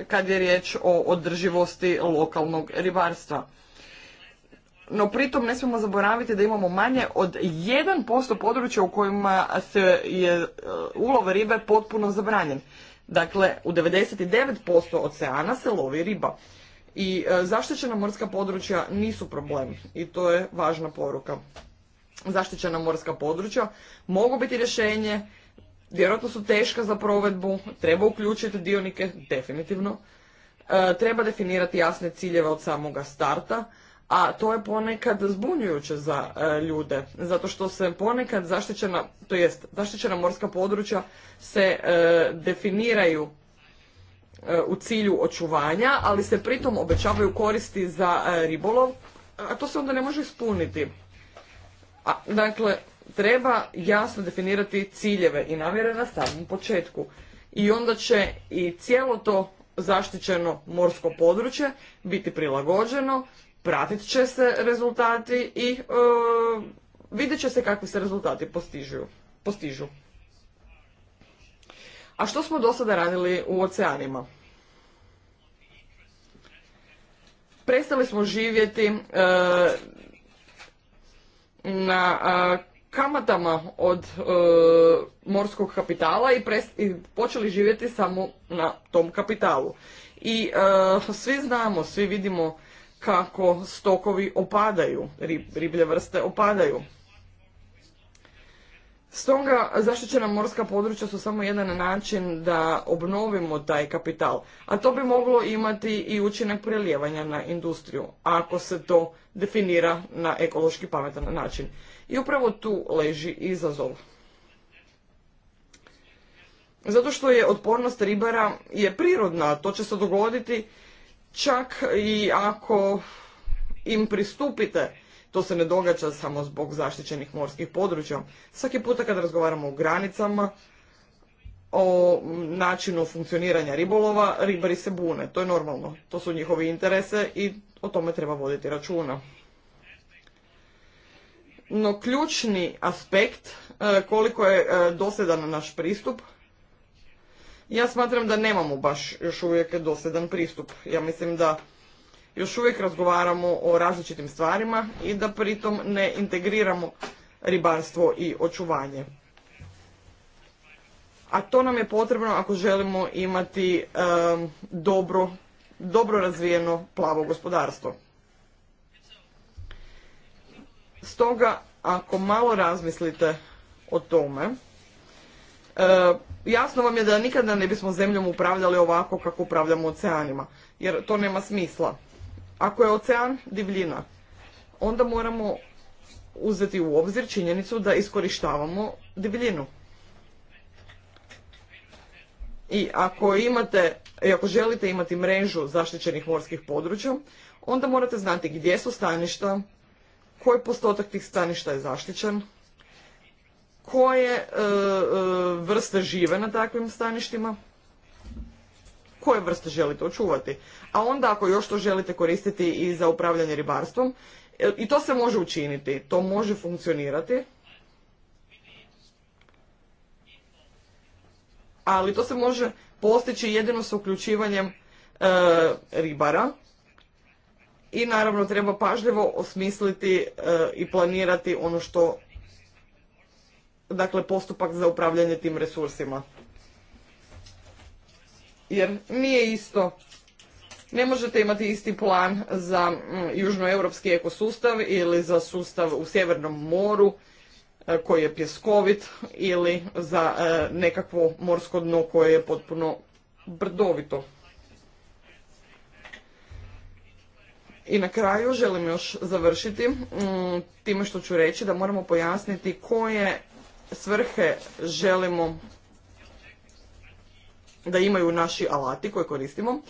kad je riječ o održivosti lokalnog ribarstva. No pritom ne smijemo zaboraviti da imamo manje od 1% područja u kojima se je e, ulov ribe potpuno zabranjen. Dakle, u 99% oceana se lovi riba. I e, zaštićena morska područja nisu problem i to je važna poruka zaštićena morska područja mogu biti rješenje, vjerojatno su teška za provedbu, treba uključiti dionike, definitivno. E, treba definirati jasne ciljeve od samoga starta, a to je ponekad zbunjujuće za e, ljude, zato što se ponekad zaštićena, to jest zaštićena morska područja se e, definiraju u cilju očuvanja, ali se pritom obećavaju koristi za ribolov, a to se onda ne može ispuniti. A, dakle, treba jasno definirati ciljeve i namjere na samom početku. I onda će i cijelo to zaštićeno morsko područje biti prilagođeno, pratit će se rezultati i e, vidjet će se kakvi se rezultati postižu. postižu. A što smo do sada radili u oceanima? Prestali smo živjeti e, na kamatama od e, morskog kapitala i, počeli živjeti samo na tom kapitalu. I e, svi znamo, svi vidimo kako stokovi opadaju, riblje vrste opadaju. Stoga zaštićena morska područja su samo jedan način da obnovimo taj kapital, a to bi moglo imati i učinak prelijevanja na industriju, ako se to definira na ekološki pametan način. I upravo tu leži izazov. Zato što je otpornost ribara je prirodna, to će se dogoditi čak i ako im pristupite to se ne događa samo zbog zaštićenih morskih područja. Svaki puta kad razgovaramo o granicama, o načinu funkcioniranja ribolova, ribari se bune. To je normalno. To su njihovi interese i o tome treba voditi računa. No ključni aspekt e, koliko je e, dosedan naš pristup, ja smatram da nemamo baš još uvijek dosedan pristup. Ja mislim da još uvijek razgovaramo o različitim stvarima i da pritom ne integriramo ribarstvo i očuvanje. A to nam je potrebno ako želimo imati dobro, dobro razvijeno plavo gospodarstvo. Stoga, ako malo razmislite o tome, e, jasno vam je da nikada ne bismo zemljom upravljali ovako kako upravljamo oceanima, jer to nema smisla. Ako je ocean divljina, onda moramo uzeti u obzir činjenicu da iskorištavamo divljinu. I ako imate, i ako želite imati mrežu zaštićenih morskih područja, onda morate znati gdje su staništa, koji postotak tih staništa je zaštićen, koje e, e, vrste žive na takvim staništima koje vrste želite očuvati. A onda ako još to želite koristiti i za upravljanje ribarstvom, e, i to se može učiniti, to može funkcionirati. Ali to se može postići jedino sa uključivanjem e, ribara i naravno treba pažljivo osmisliti e, i planirati ono što dakle postupak za upravljanje tim resursima jer nije isto ne možete imati isti plan za mm, južnoeuropski ekosustav ili za sustav u Sjevernom moru e, koji je pjeskovit ili za e, nekakvo morsko dno koje je potpuno brdovito. I na kraju želim još završiti mm, time što ću reći da moramo pojasniti koje svrhe želimo da imaju naši alati koje koristimo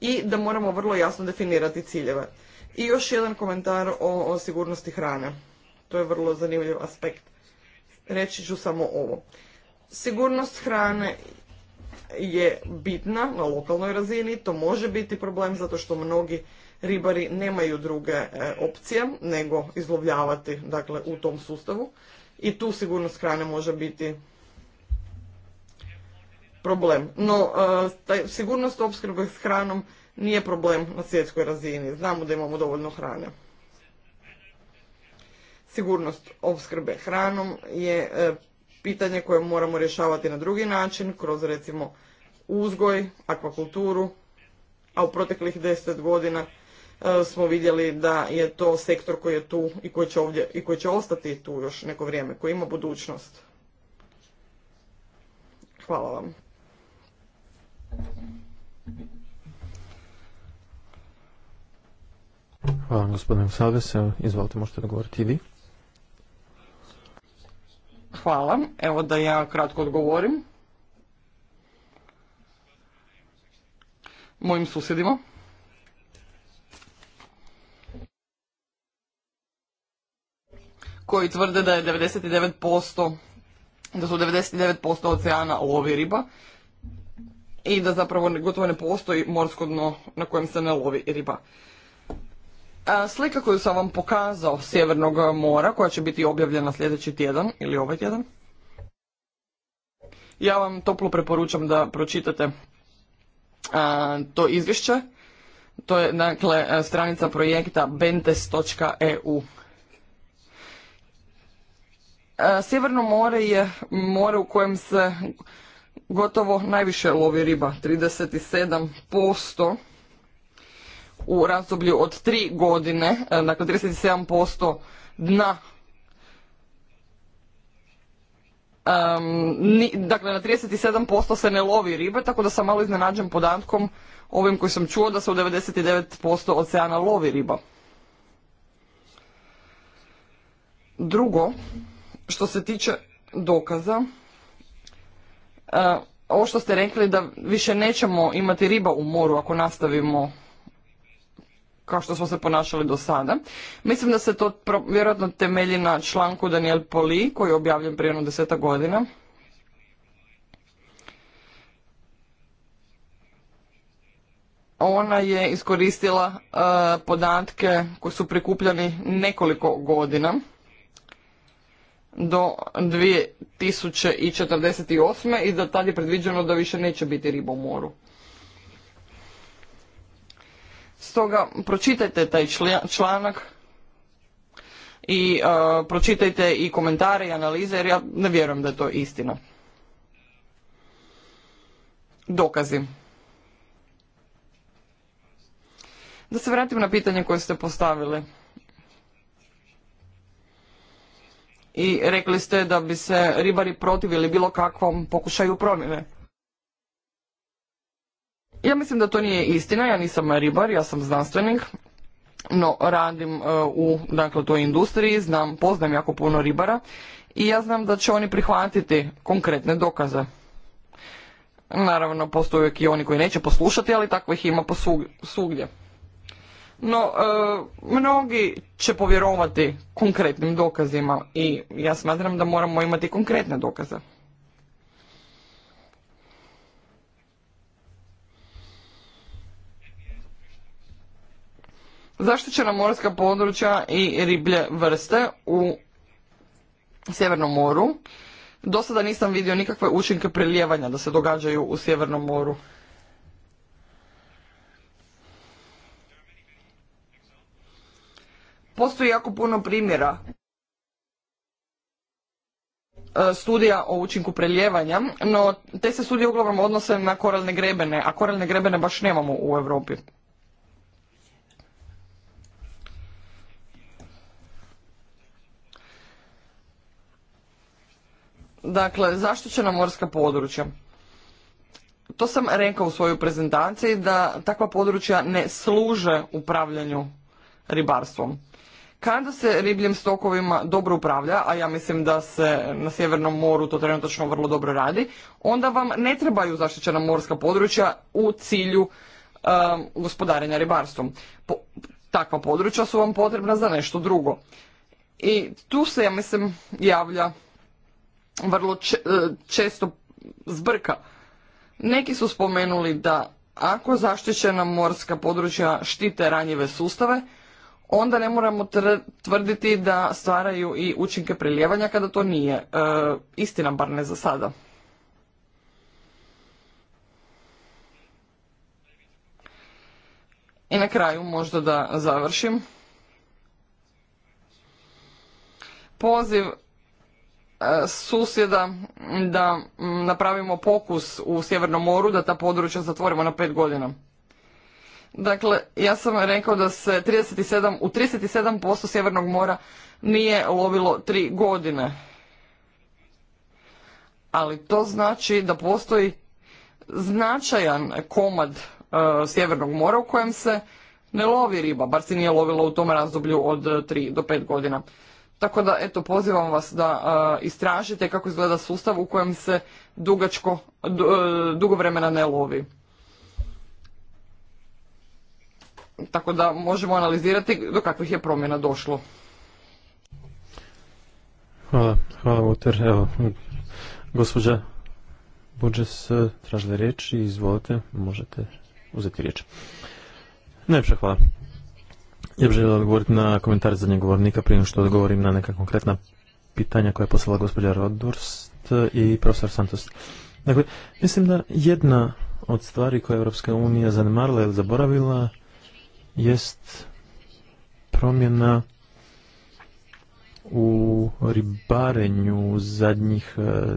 i da moramo vrlo jasno definirati ciljeve. I još jedan komentar o, sigurnosti hrane. To je vrlo zanimljiv aspekt. Reći ću samo ovo. Sigurnost hrane je bitna na lokalnoj razini, to može biti problem zato što mnogi ribari nemaju druge e, opcije nego izlovljavati dakle, u tom sustavu i tu sigurnost hrane može biti problem. No, sigurnost opskrbe s hranom nije problem na svjetskoj razini. Znamo da imamo dovoljno hrane. Sigurnost opskrbe hranom je e, pitanje koje moramo rješavati na drugi način, kroz recimo uzgoj, akvakulturu, a u proteklih deset godina e, smo vidjeli da je to sektor koji je tu i koji će ovdje i koji će ostati tu još neko vrijeme, koji ima budućnost. Hvala vam. Hvala gospodine Savese. Izvolite, možete da govorite i vi. Hvala. Evo da ja kratko odgovorim. Mojim susjedima. Koji tvrde da je 99%, da su 99% oceana lovi riba i da zapravo gotovo ne postoji morsko dno na kojem se ne lovi riba. Slika koju sam vam pokazao Sjevernog mora, koja će biti objavljena sljedeći tjedan ili ovaj tjedan, ja vam toplo preporučam da pročitate to izvješće. To je dakle stranica projekta bentes.eu. Sjeverno more je more u kojem se gotovo najviše lovi riba, 37% u razdoblju od 3 godine, e, dakle 37% dna Um, ni, dakle, na 37% se ne lovi riba, tako da sam malo iznenađen podatkom ovim koji sam čuo da se u 99% oceana lovi riba. Drugo, što se tiče dokaza, E, ovo što ste rekli da više nećemo imati riba u moru ako nastavimo kao što smo se ponašali do sada. Mislim da se to vjerojatno temelji na članku Daniel Poli koji je objavljen prije jedno deseta godina. Ona je iskoristila e, podatke koji su prikupljani nekoliko godina do 2048. i da tad je predviđeno da više neće biti riba u moru. Stoga pročitajte taj članak i e, pročitajte i komentare i analize jer ja ne vjerujem da je to istina. Dokazi. Da se vratim na pitanje koje ste postavili. i rekli ste da bi se ribari protivili bilo kakvom pokušaju promjene. Ja mislim da to nije istina, ja nisam ribar, ja sam znanstvenik, no radim e, u dakle, toj industriji, znam, poznam jako puno ribara i ja znam da će oni prihvatiti konkretne dokaze. Naravno, postoje i oni koji neće poslušati, ali takvih ima po no, e, mnogi će povjerovati konkretnim dokazima i ja smatram da moramo imati konkretne dokaze. Zaštićena morska područja i riblje vrste u Sjevernom moru. Do sada nisam vidio nikakve učinke prelijevanja da se događaju u Sjevernom moru. Postoji jako puno primjera e, studija o učinku preljevanja, no te se studije uglavnom odnose na koralne grebene, a koralne grebene baš nemamo u Europi. Dakle, zaštićena morska područja. To sam rekao u svojoj prezentaciji da takva područja ne služe upravljanju ribarstvom. Kada se ribljim stokovima dobro upravlja, a ja mislim da se na Sjevernom moru to trenutačno vrlo dobro radi, onda vam ne trebaju zaštićena morska područja u cilju um, gospodarenja ribarstvom. takva područja su vam potrebna za nešto drugo. I tu se, ja mislim, javlja vrlo e, često zbrka. Neki su spomenuli da ako zaštićena morska područja štite ranjive sustave, onda ne moramo tvrditi da stvaraju i učinke prelijevanja kada to nije e, istina, bar ne za sada. I na kraju, možda da završim, poziv e, susjeda da napravimo pokus u Sjevernom moru, da ta područja zatvorimo na pet godina. Dakle, ja sam rekao da se 37, u 37% Sjevernog mora nije lovilo tri godine. Ali to znači da postoji značajan komad e, Sjevernog mora u kojem se ne lovi riba, bar se nije lovilo u tom razdoblju od 3 e, do 5 godina. Tako da, eto, pozivam vas da e, istražite kako izgleda sustav u kojem se dugačko, dugo vremena ne lovi. tako da možemo analizirati do kakvih je promjena došlo. Hvala, hvala Voter. Evo, gospođa Budžes eh, tražila riječ i izvolite, možete uzeti riječ. Najpša hvala. Ja bih željela odgovoriti na komentar zadnjeg govornika prije što odgovorim na neka konkretna pitanja koja je poslala gospođa Rodurst eh, i profesor Santos. Dakle, mislim da jedna od stvari koja je Europska unija zanemarila ili zaboravila jest promjena u ribarenju zadnjih e,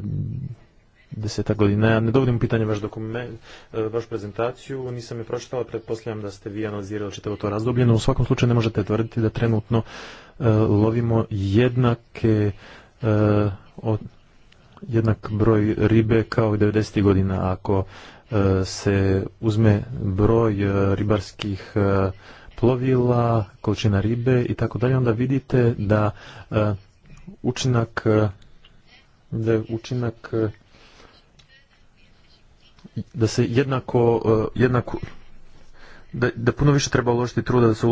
deseta godina. Ja ne dovodim u pitanje vaš dokument, e, vašu prezentaciju, nisam je pročitala, pretpostavljam da ste vi analizirali čitavo to razdoblje, no u svakom slučaju ne možete tvrditi da trenutno e, lovimo jednake jednak broj ribe kao i 90. godina. Ako E, se uzme broj e, ribarskih e, plovila, količina ribe i tako dalje, onda vidite da učinak da učinak da se jednako, jednako da, puno više treba uložiti truda da se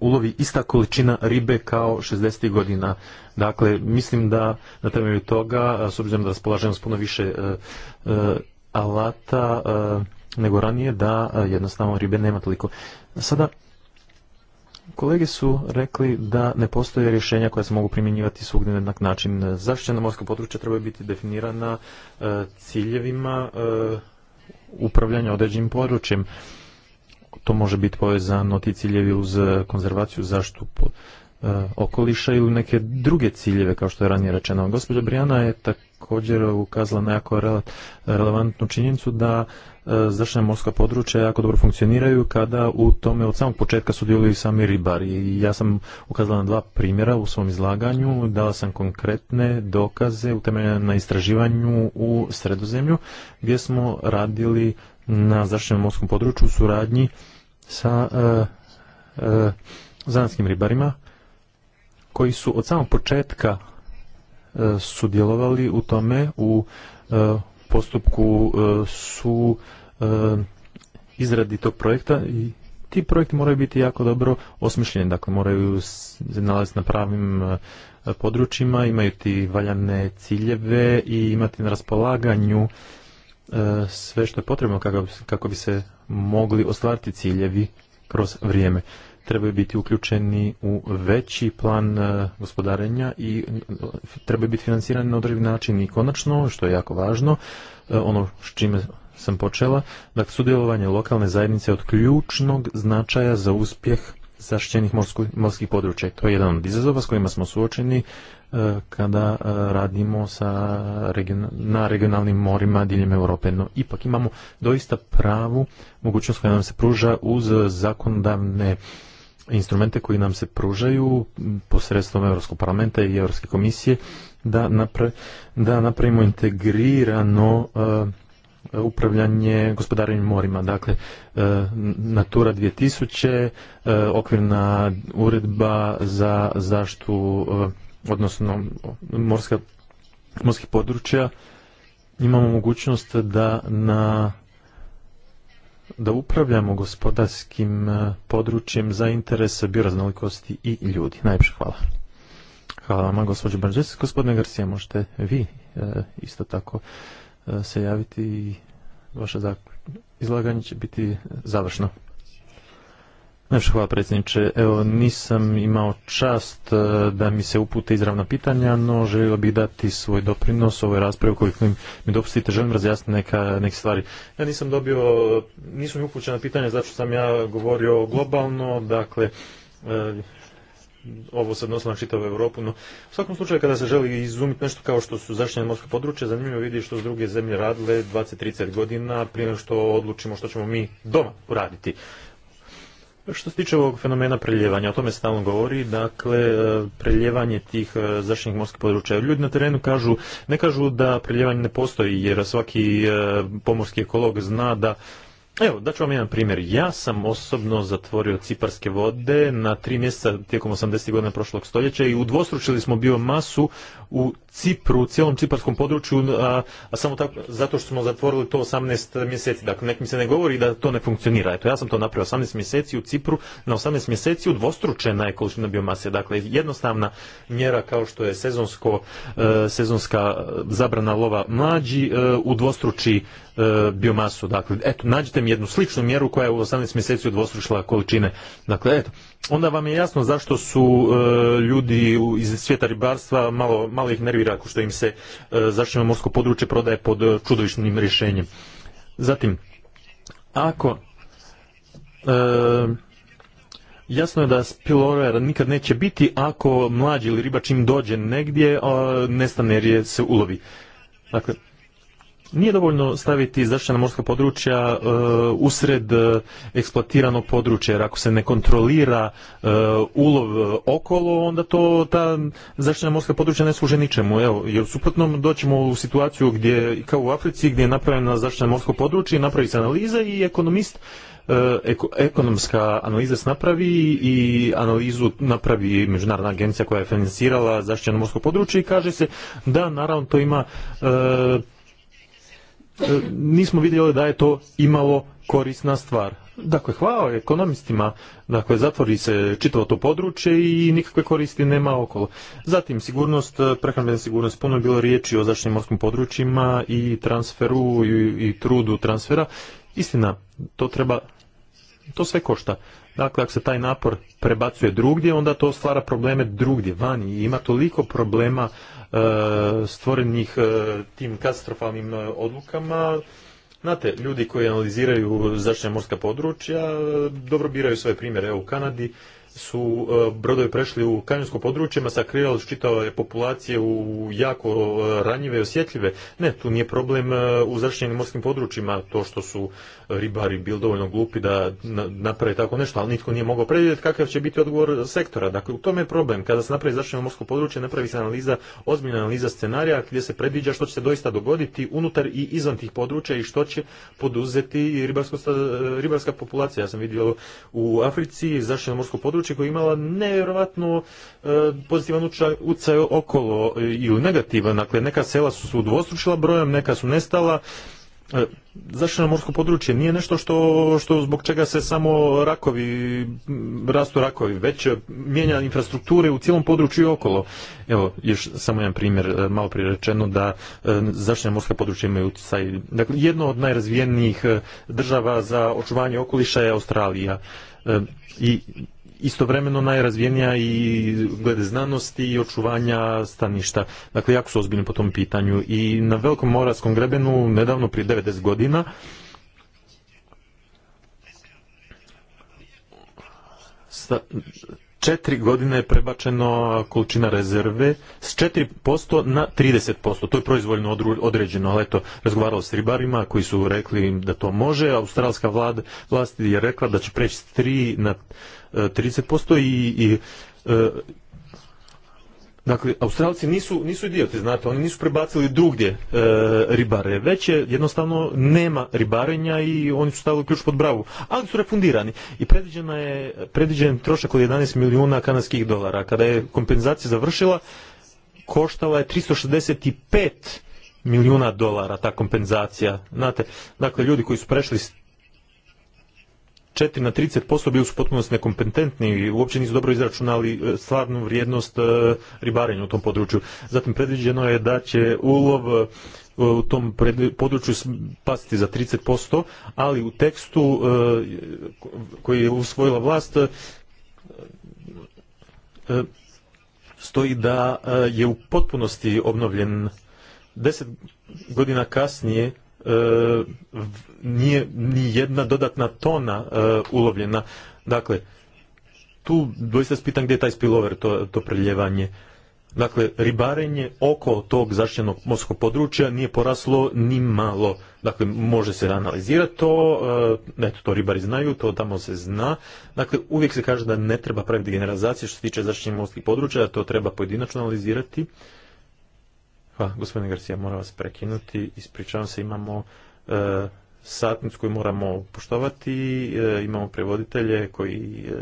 ulovi ista količina ribe kao 60. godina. Dakle, mislim da na temelju toga, s obzirom da raspolažemo s puno više alata eh, nego ranije da eh, jednostavno ribe nema toliko. Sada, kolege su rekli da ne postoje rješenja koja se mogu primjenjivati svugdje na jednak način. Zaštićena morska područja treba biti definirana eh, ciljevima upravljanja određenim područjem. To može biti povezano ti ciljevi uz konzervaciju, zaštitu E, okoliša ili neke druge ciljeve, kao što je ranije rečeno. Gospođa Brijana je također ukazala na jako relevantnu činjenicu da e, zračna morska područja jako dobro funkcioniraju kada u tome od samog početka sudjeluju sami ribari. Ja sam ukazala na dva primjera u svom izlaganju, dala sam konkretne dokaze utemeljene na istraživanju u sredozemlju gdje smo radili na zaštitnom morskom području u suradnji sa e, e ribarima koji su od samog početka e, sudjelovali u tome u e, postupku e, su izradi tog projekta i ti projekti moraju biti jako dobro osmišljeni, dakle moraju se nalaziti na pravim područjima, imaju ti valjane ciljeve i imati na raspolaganju sve što je potrebno kako bi se mogli ostvariti ciljevi kroz vrijeme trebaju biti uključeni u veći plan e, gospodarenja i e, trebaju biti financirani na određeni način i konačno, što je jako važno, e, ono s čime sam počela, dakle sudjelovanje lokalne zajednice od ključnog značaja za uspjeh zaštićenih morskih područja. To je jedan od izazova s kojima smo suočeni kada radimo sa, na regionalnim morima diljem Europe. No, ipak imamo doista pravu mogućnost koja nam se pruža uz zakonodavne instrumente koji nam se pružaju posredstvom Europskog parlamenta i Europske komisije da, da napravimo integrirano eh, upravljanje gospodarenjem morima. Dakle, eh, Natura 2000, eh, okvirna uredba za zaštu, odnosno morska, morskih područja, imamo mogućnost da na da upravljamo gospodarskim e, područjem za interese bioraznolikosti i ljudi. Najviše hvala. Hvala vama, gospođo Banđes. Gospodine Garcia, možete vi e, isto tako e, se javiti i vaše izlaganje će biti završno hvala predsjedniče. Evo, nisam imao čast e, da mi se upute izravna pitanja, no želio bih dati svoj doprinos ovoj raspravi kojoj mi dopustite. Želim razjasniti neke stvari. Ja nisam dobio, nisam mi upućena pitanja zato što sam ja govorio globalno, dakle, e, ovo se odnosno na čitavu Europu, no u svakom slučaju kada se želi izumiti nešto kao što su zaštićene morske područje, zanimljivo vidi što su druge zemlje radile 20-30 godina prije što odlučimo što ćemo mi doma uraditi. Što se tiče ovog fenomena preljevanja, o tome se stalno govori, dakle, e, preljevanje tih e, zračnih morskih područja. Ljudi na terenu kažu, ne kažu da preljevanje ne postoji, jer svaki e, pomorski ekolog zna da Evo, da vam jedan primjer. Ja sam osobno zatvorio ciparske vode na tri mjeseca tijekom 80. godina prošlog stoljeća i udvostručili smo biomasu u Cipru, cijelom ciparskom području, a, samo tako, zato što smo zatvorili to 18 mjeseci. Dakle, nek mi se ne govori da to ne funkcionira. Eto, ja sam to napravio 18 mjeseci u Cipru, na 18 mjeseci udvostručena je količina biomase. Dakle, jednostavna mjera kao što je sezonsko, e, sezonska zabrana lova mlađi u e, udvostruči e, biomasu. Dakle, eto, nađite mi jednu sličnu mjeru koja je u 18 mjeseci udvostručila količine. Dakle, eto, onda vam je jasno zašto su e, ljudi iz svijeta ribarstva malo, malo ih nervira ako što im se e, morsko područje prodaje pod čudovišnim rješenjem. Zatim, ako e, jasno je da spillover nikad neće biti ako mlađi ili ribač im dođe negdje, nestane jer se ulovi. Dakle, nije dovoljno staviti zaštićena morska područja e, usred e, eksploatiranog područja, jer ako se ne kontrolira e, ulov okolo, onda to ta zaštićena morska područja ne služe ničemu. Evo, jer suprotno doćemo u situaciju gdje, kao u Africi, gdje je napravljeno zaštićeno morsko područje, napravi se analiza i ekonomist ekonomska analiza se napravi i analizu napravi međunarodna agencija koja je financirala zaštićeno morsko područje i kaže se da naravno to ima E, nismo vidjeli da je to imalo korisna stvar. Dakle, hvala ekonomistima, dakle, zatvori se čitavo to područje i nikakve koristi nema okolo. Zatim, sigurnost, e, prehrambena sigurnost, puno je bilo riječi o zaštitnim morskim područjima i transferu i, i trudu transfera. Istina, to treba, to sve košta. Dakle, ako se taj napor prebacuje drugdje, onda to stvara probleme drugdje, vani. I ima toliko problema E, stvorenih e, tim katastrofalnim e, odlukama. Znate, ljudi koji analiziraju zaštite morska područja dobro biraju svoje primjere. u Kanadi su e, brodovi prešli u kanjonsko područje, masakrirali su čitave populacije u jako e, ranjive i osjetljive. Ne, tu nije problem e, u zaštićenim morskim područjima, to što su ribari bili dovoljno glupi da naprave tako nešto, ali nitko nije mogao predvidjeti kakav će biti odgovor sektora. Dakle, u tome je problem. Kada se napravi zaštićeno morsko područje, napravi se analiza, ozbiljna analiza scenarija gdje se predviđa što će se doista dogoditi unutar i izvan tih područja i što će poduzeti ribarska populacija. Ja sam vidio u Africi zračnjeno morsko područje područje je imala nevjerojatno e, pozitivan utjecaj okolo e, ili negativan. Dakle, neka sela su udvostručila brojem, neka su nestala. E, zaštićeno morsko područje nije nešto što, što zbog čega se samo rakovi, rastu rakovi, već mijenja infrastrukture u cijelom području i okolo. Evo, još samo jedan primjer, malo prije rečeno da na morska područja imaju utjecaj. Dakle, jedno od najrazvijenijih država za očuvanje okoliša je Australija. I istovremeno najrazvijenija i glede znanosti i očuvanja staništa. Dakle, jako su ozbiljni po tom pitanju. I na Velikom Moravskom grebenu, nedavno prije 90 godina, sta, četiri godine je prebačeno količina rezerve s 4% na 30%. To je proizvoljno određeno, ali eto, razgovaralo s ribarima koji su rekli da to može. Australska vlada vlast je rekla da će preći s 3 na 30% e, i, i e, Dakle, Australci nisu, nisu idioti, znate, oni nisu prebacili drugdje e, ribare, već je jednostavno nema ribarenja i oni su stavili ključ pod bravu, ali su refundirani. I predviđena je, predviđen trošak od 11 milijuna kanadskih dolara. Kada je kompenzacija završila, koštala je 365 milijuna dolara ta kompenzacija. Znate, dakle, ljudi koji su prešli 4 na 30% bili su potpuno nekompetentni i uopće nisu dobro izračunali e, stvarnu vrijednost e, ribarenja u tom području. Zatim predviđeno je da će ulov e, u tom području pasti za 30%, ali u tekstu koji je usvojila vlast stoji da je u potpunosti obnovljen 10 godina kasnije nije ni jedna dodatna tona e, ulovljena. Dakle, tu doista se pitam gdje je taj spillover, to, to preljevanje. Dakle, ribarenje oko tog zaštićenog morskog područja nije poraslo ni malo. Dakle, može se analizirati to, e, eto, to ribari znaju, to tamo se zna. Dakle, uvijek se kaže da ne treba praviti generalizacije što se tiče zaštićenih morskih područja, da to treba pojedinačno analizirati. Hvala, gospodine Garcija, moram vas prekinuti. Ispričavam se, imamo e, satnicu koju moramo poštovati, e, imamo prevoditelje koji e,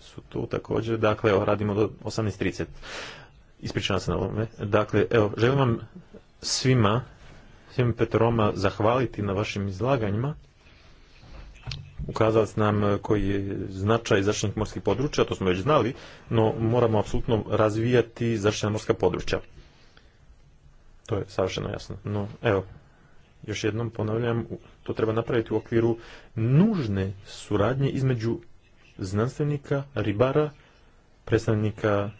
su tu također, dakle, radimo do 18.30. Ispričavam se na ovome. Dakle, evo, želim vam svima, svim Petroma, zahvaliti na vašim izlaganjima. Ukazali nam koji je značaj zaštitnih morskih područja, to smo već znali, no moramo apsolutno razvijati zaštitna morska područja. To je savršeno jasno. No, evo, još jednom ponavljam, to treba napraviti u okviru nužne suradnje između znanstvenika, ribara, predstavnika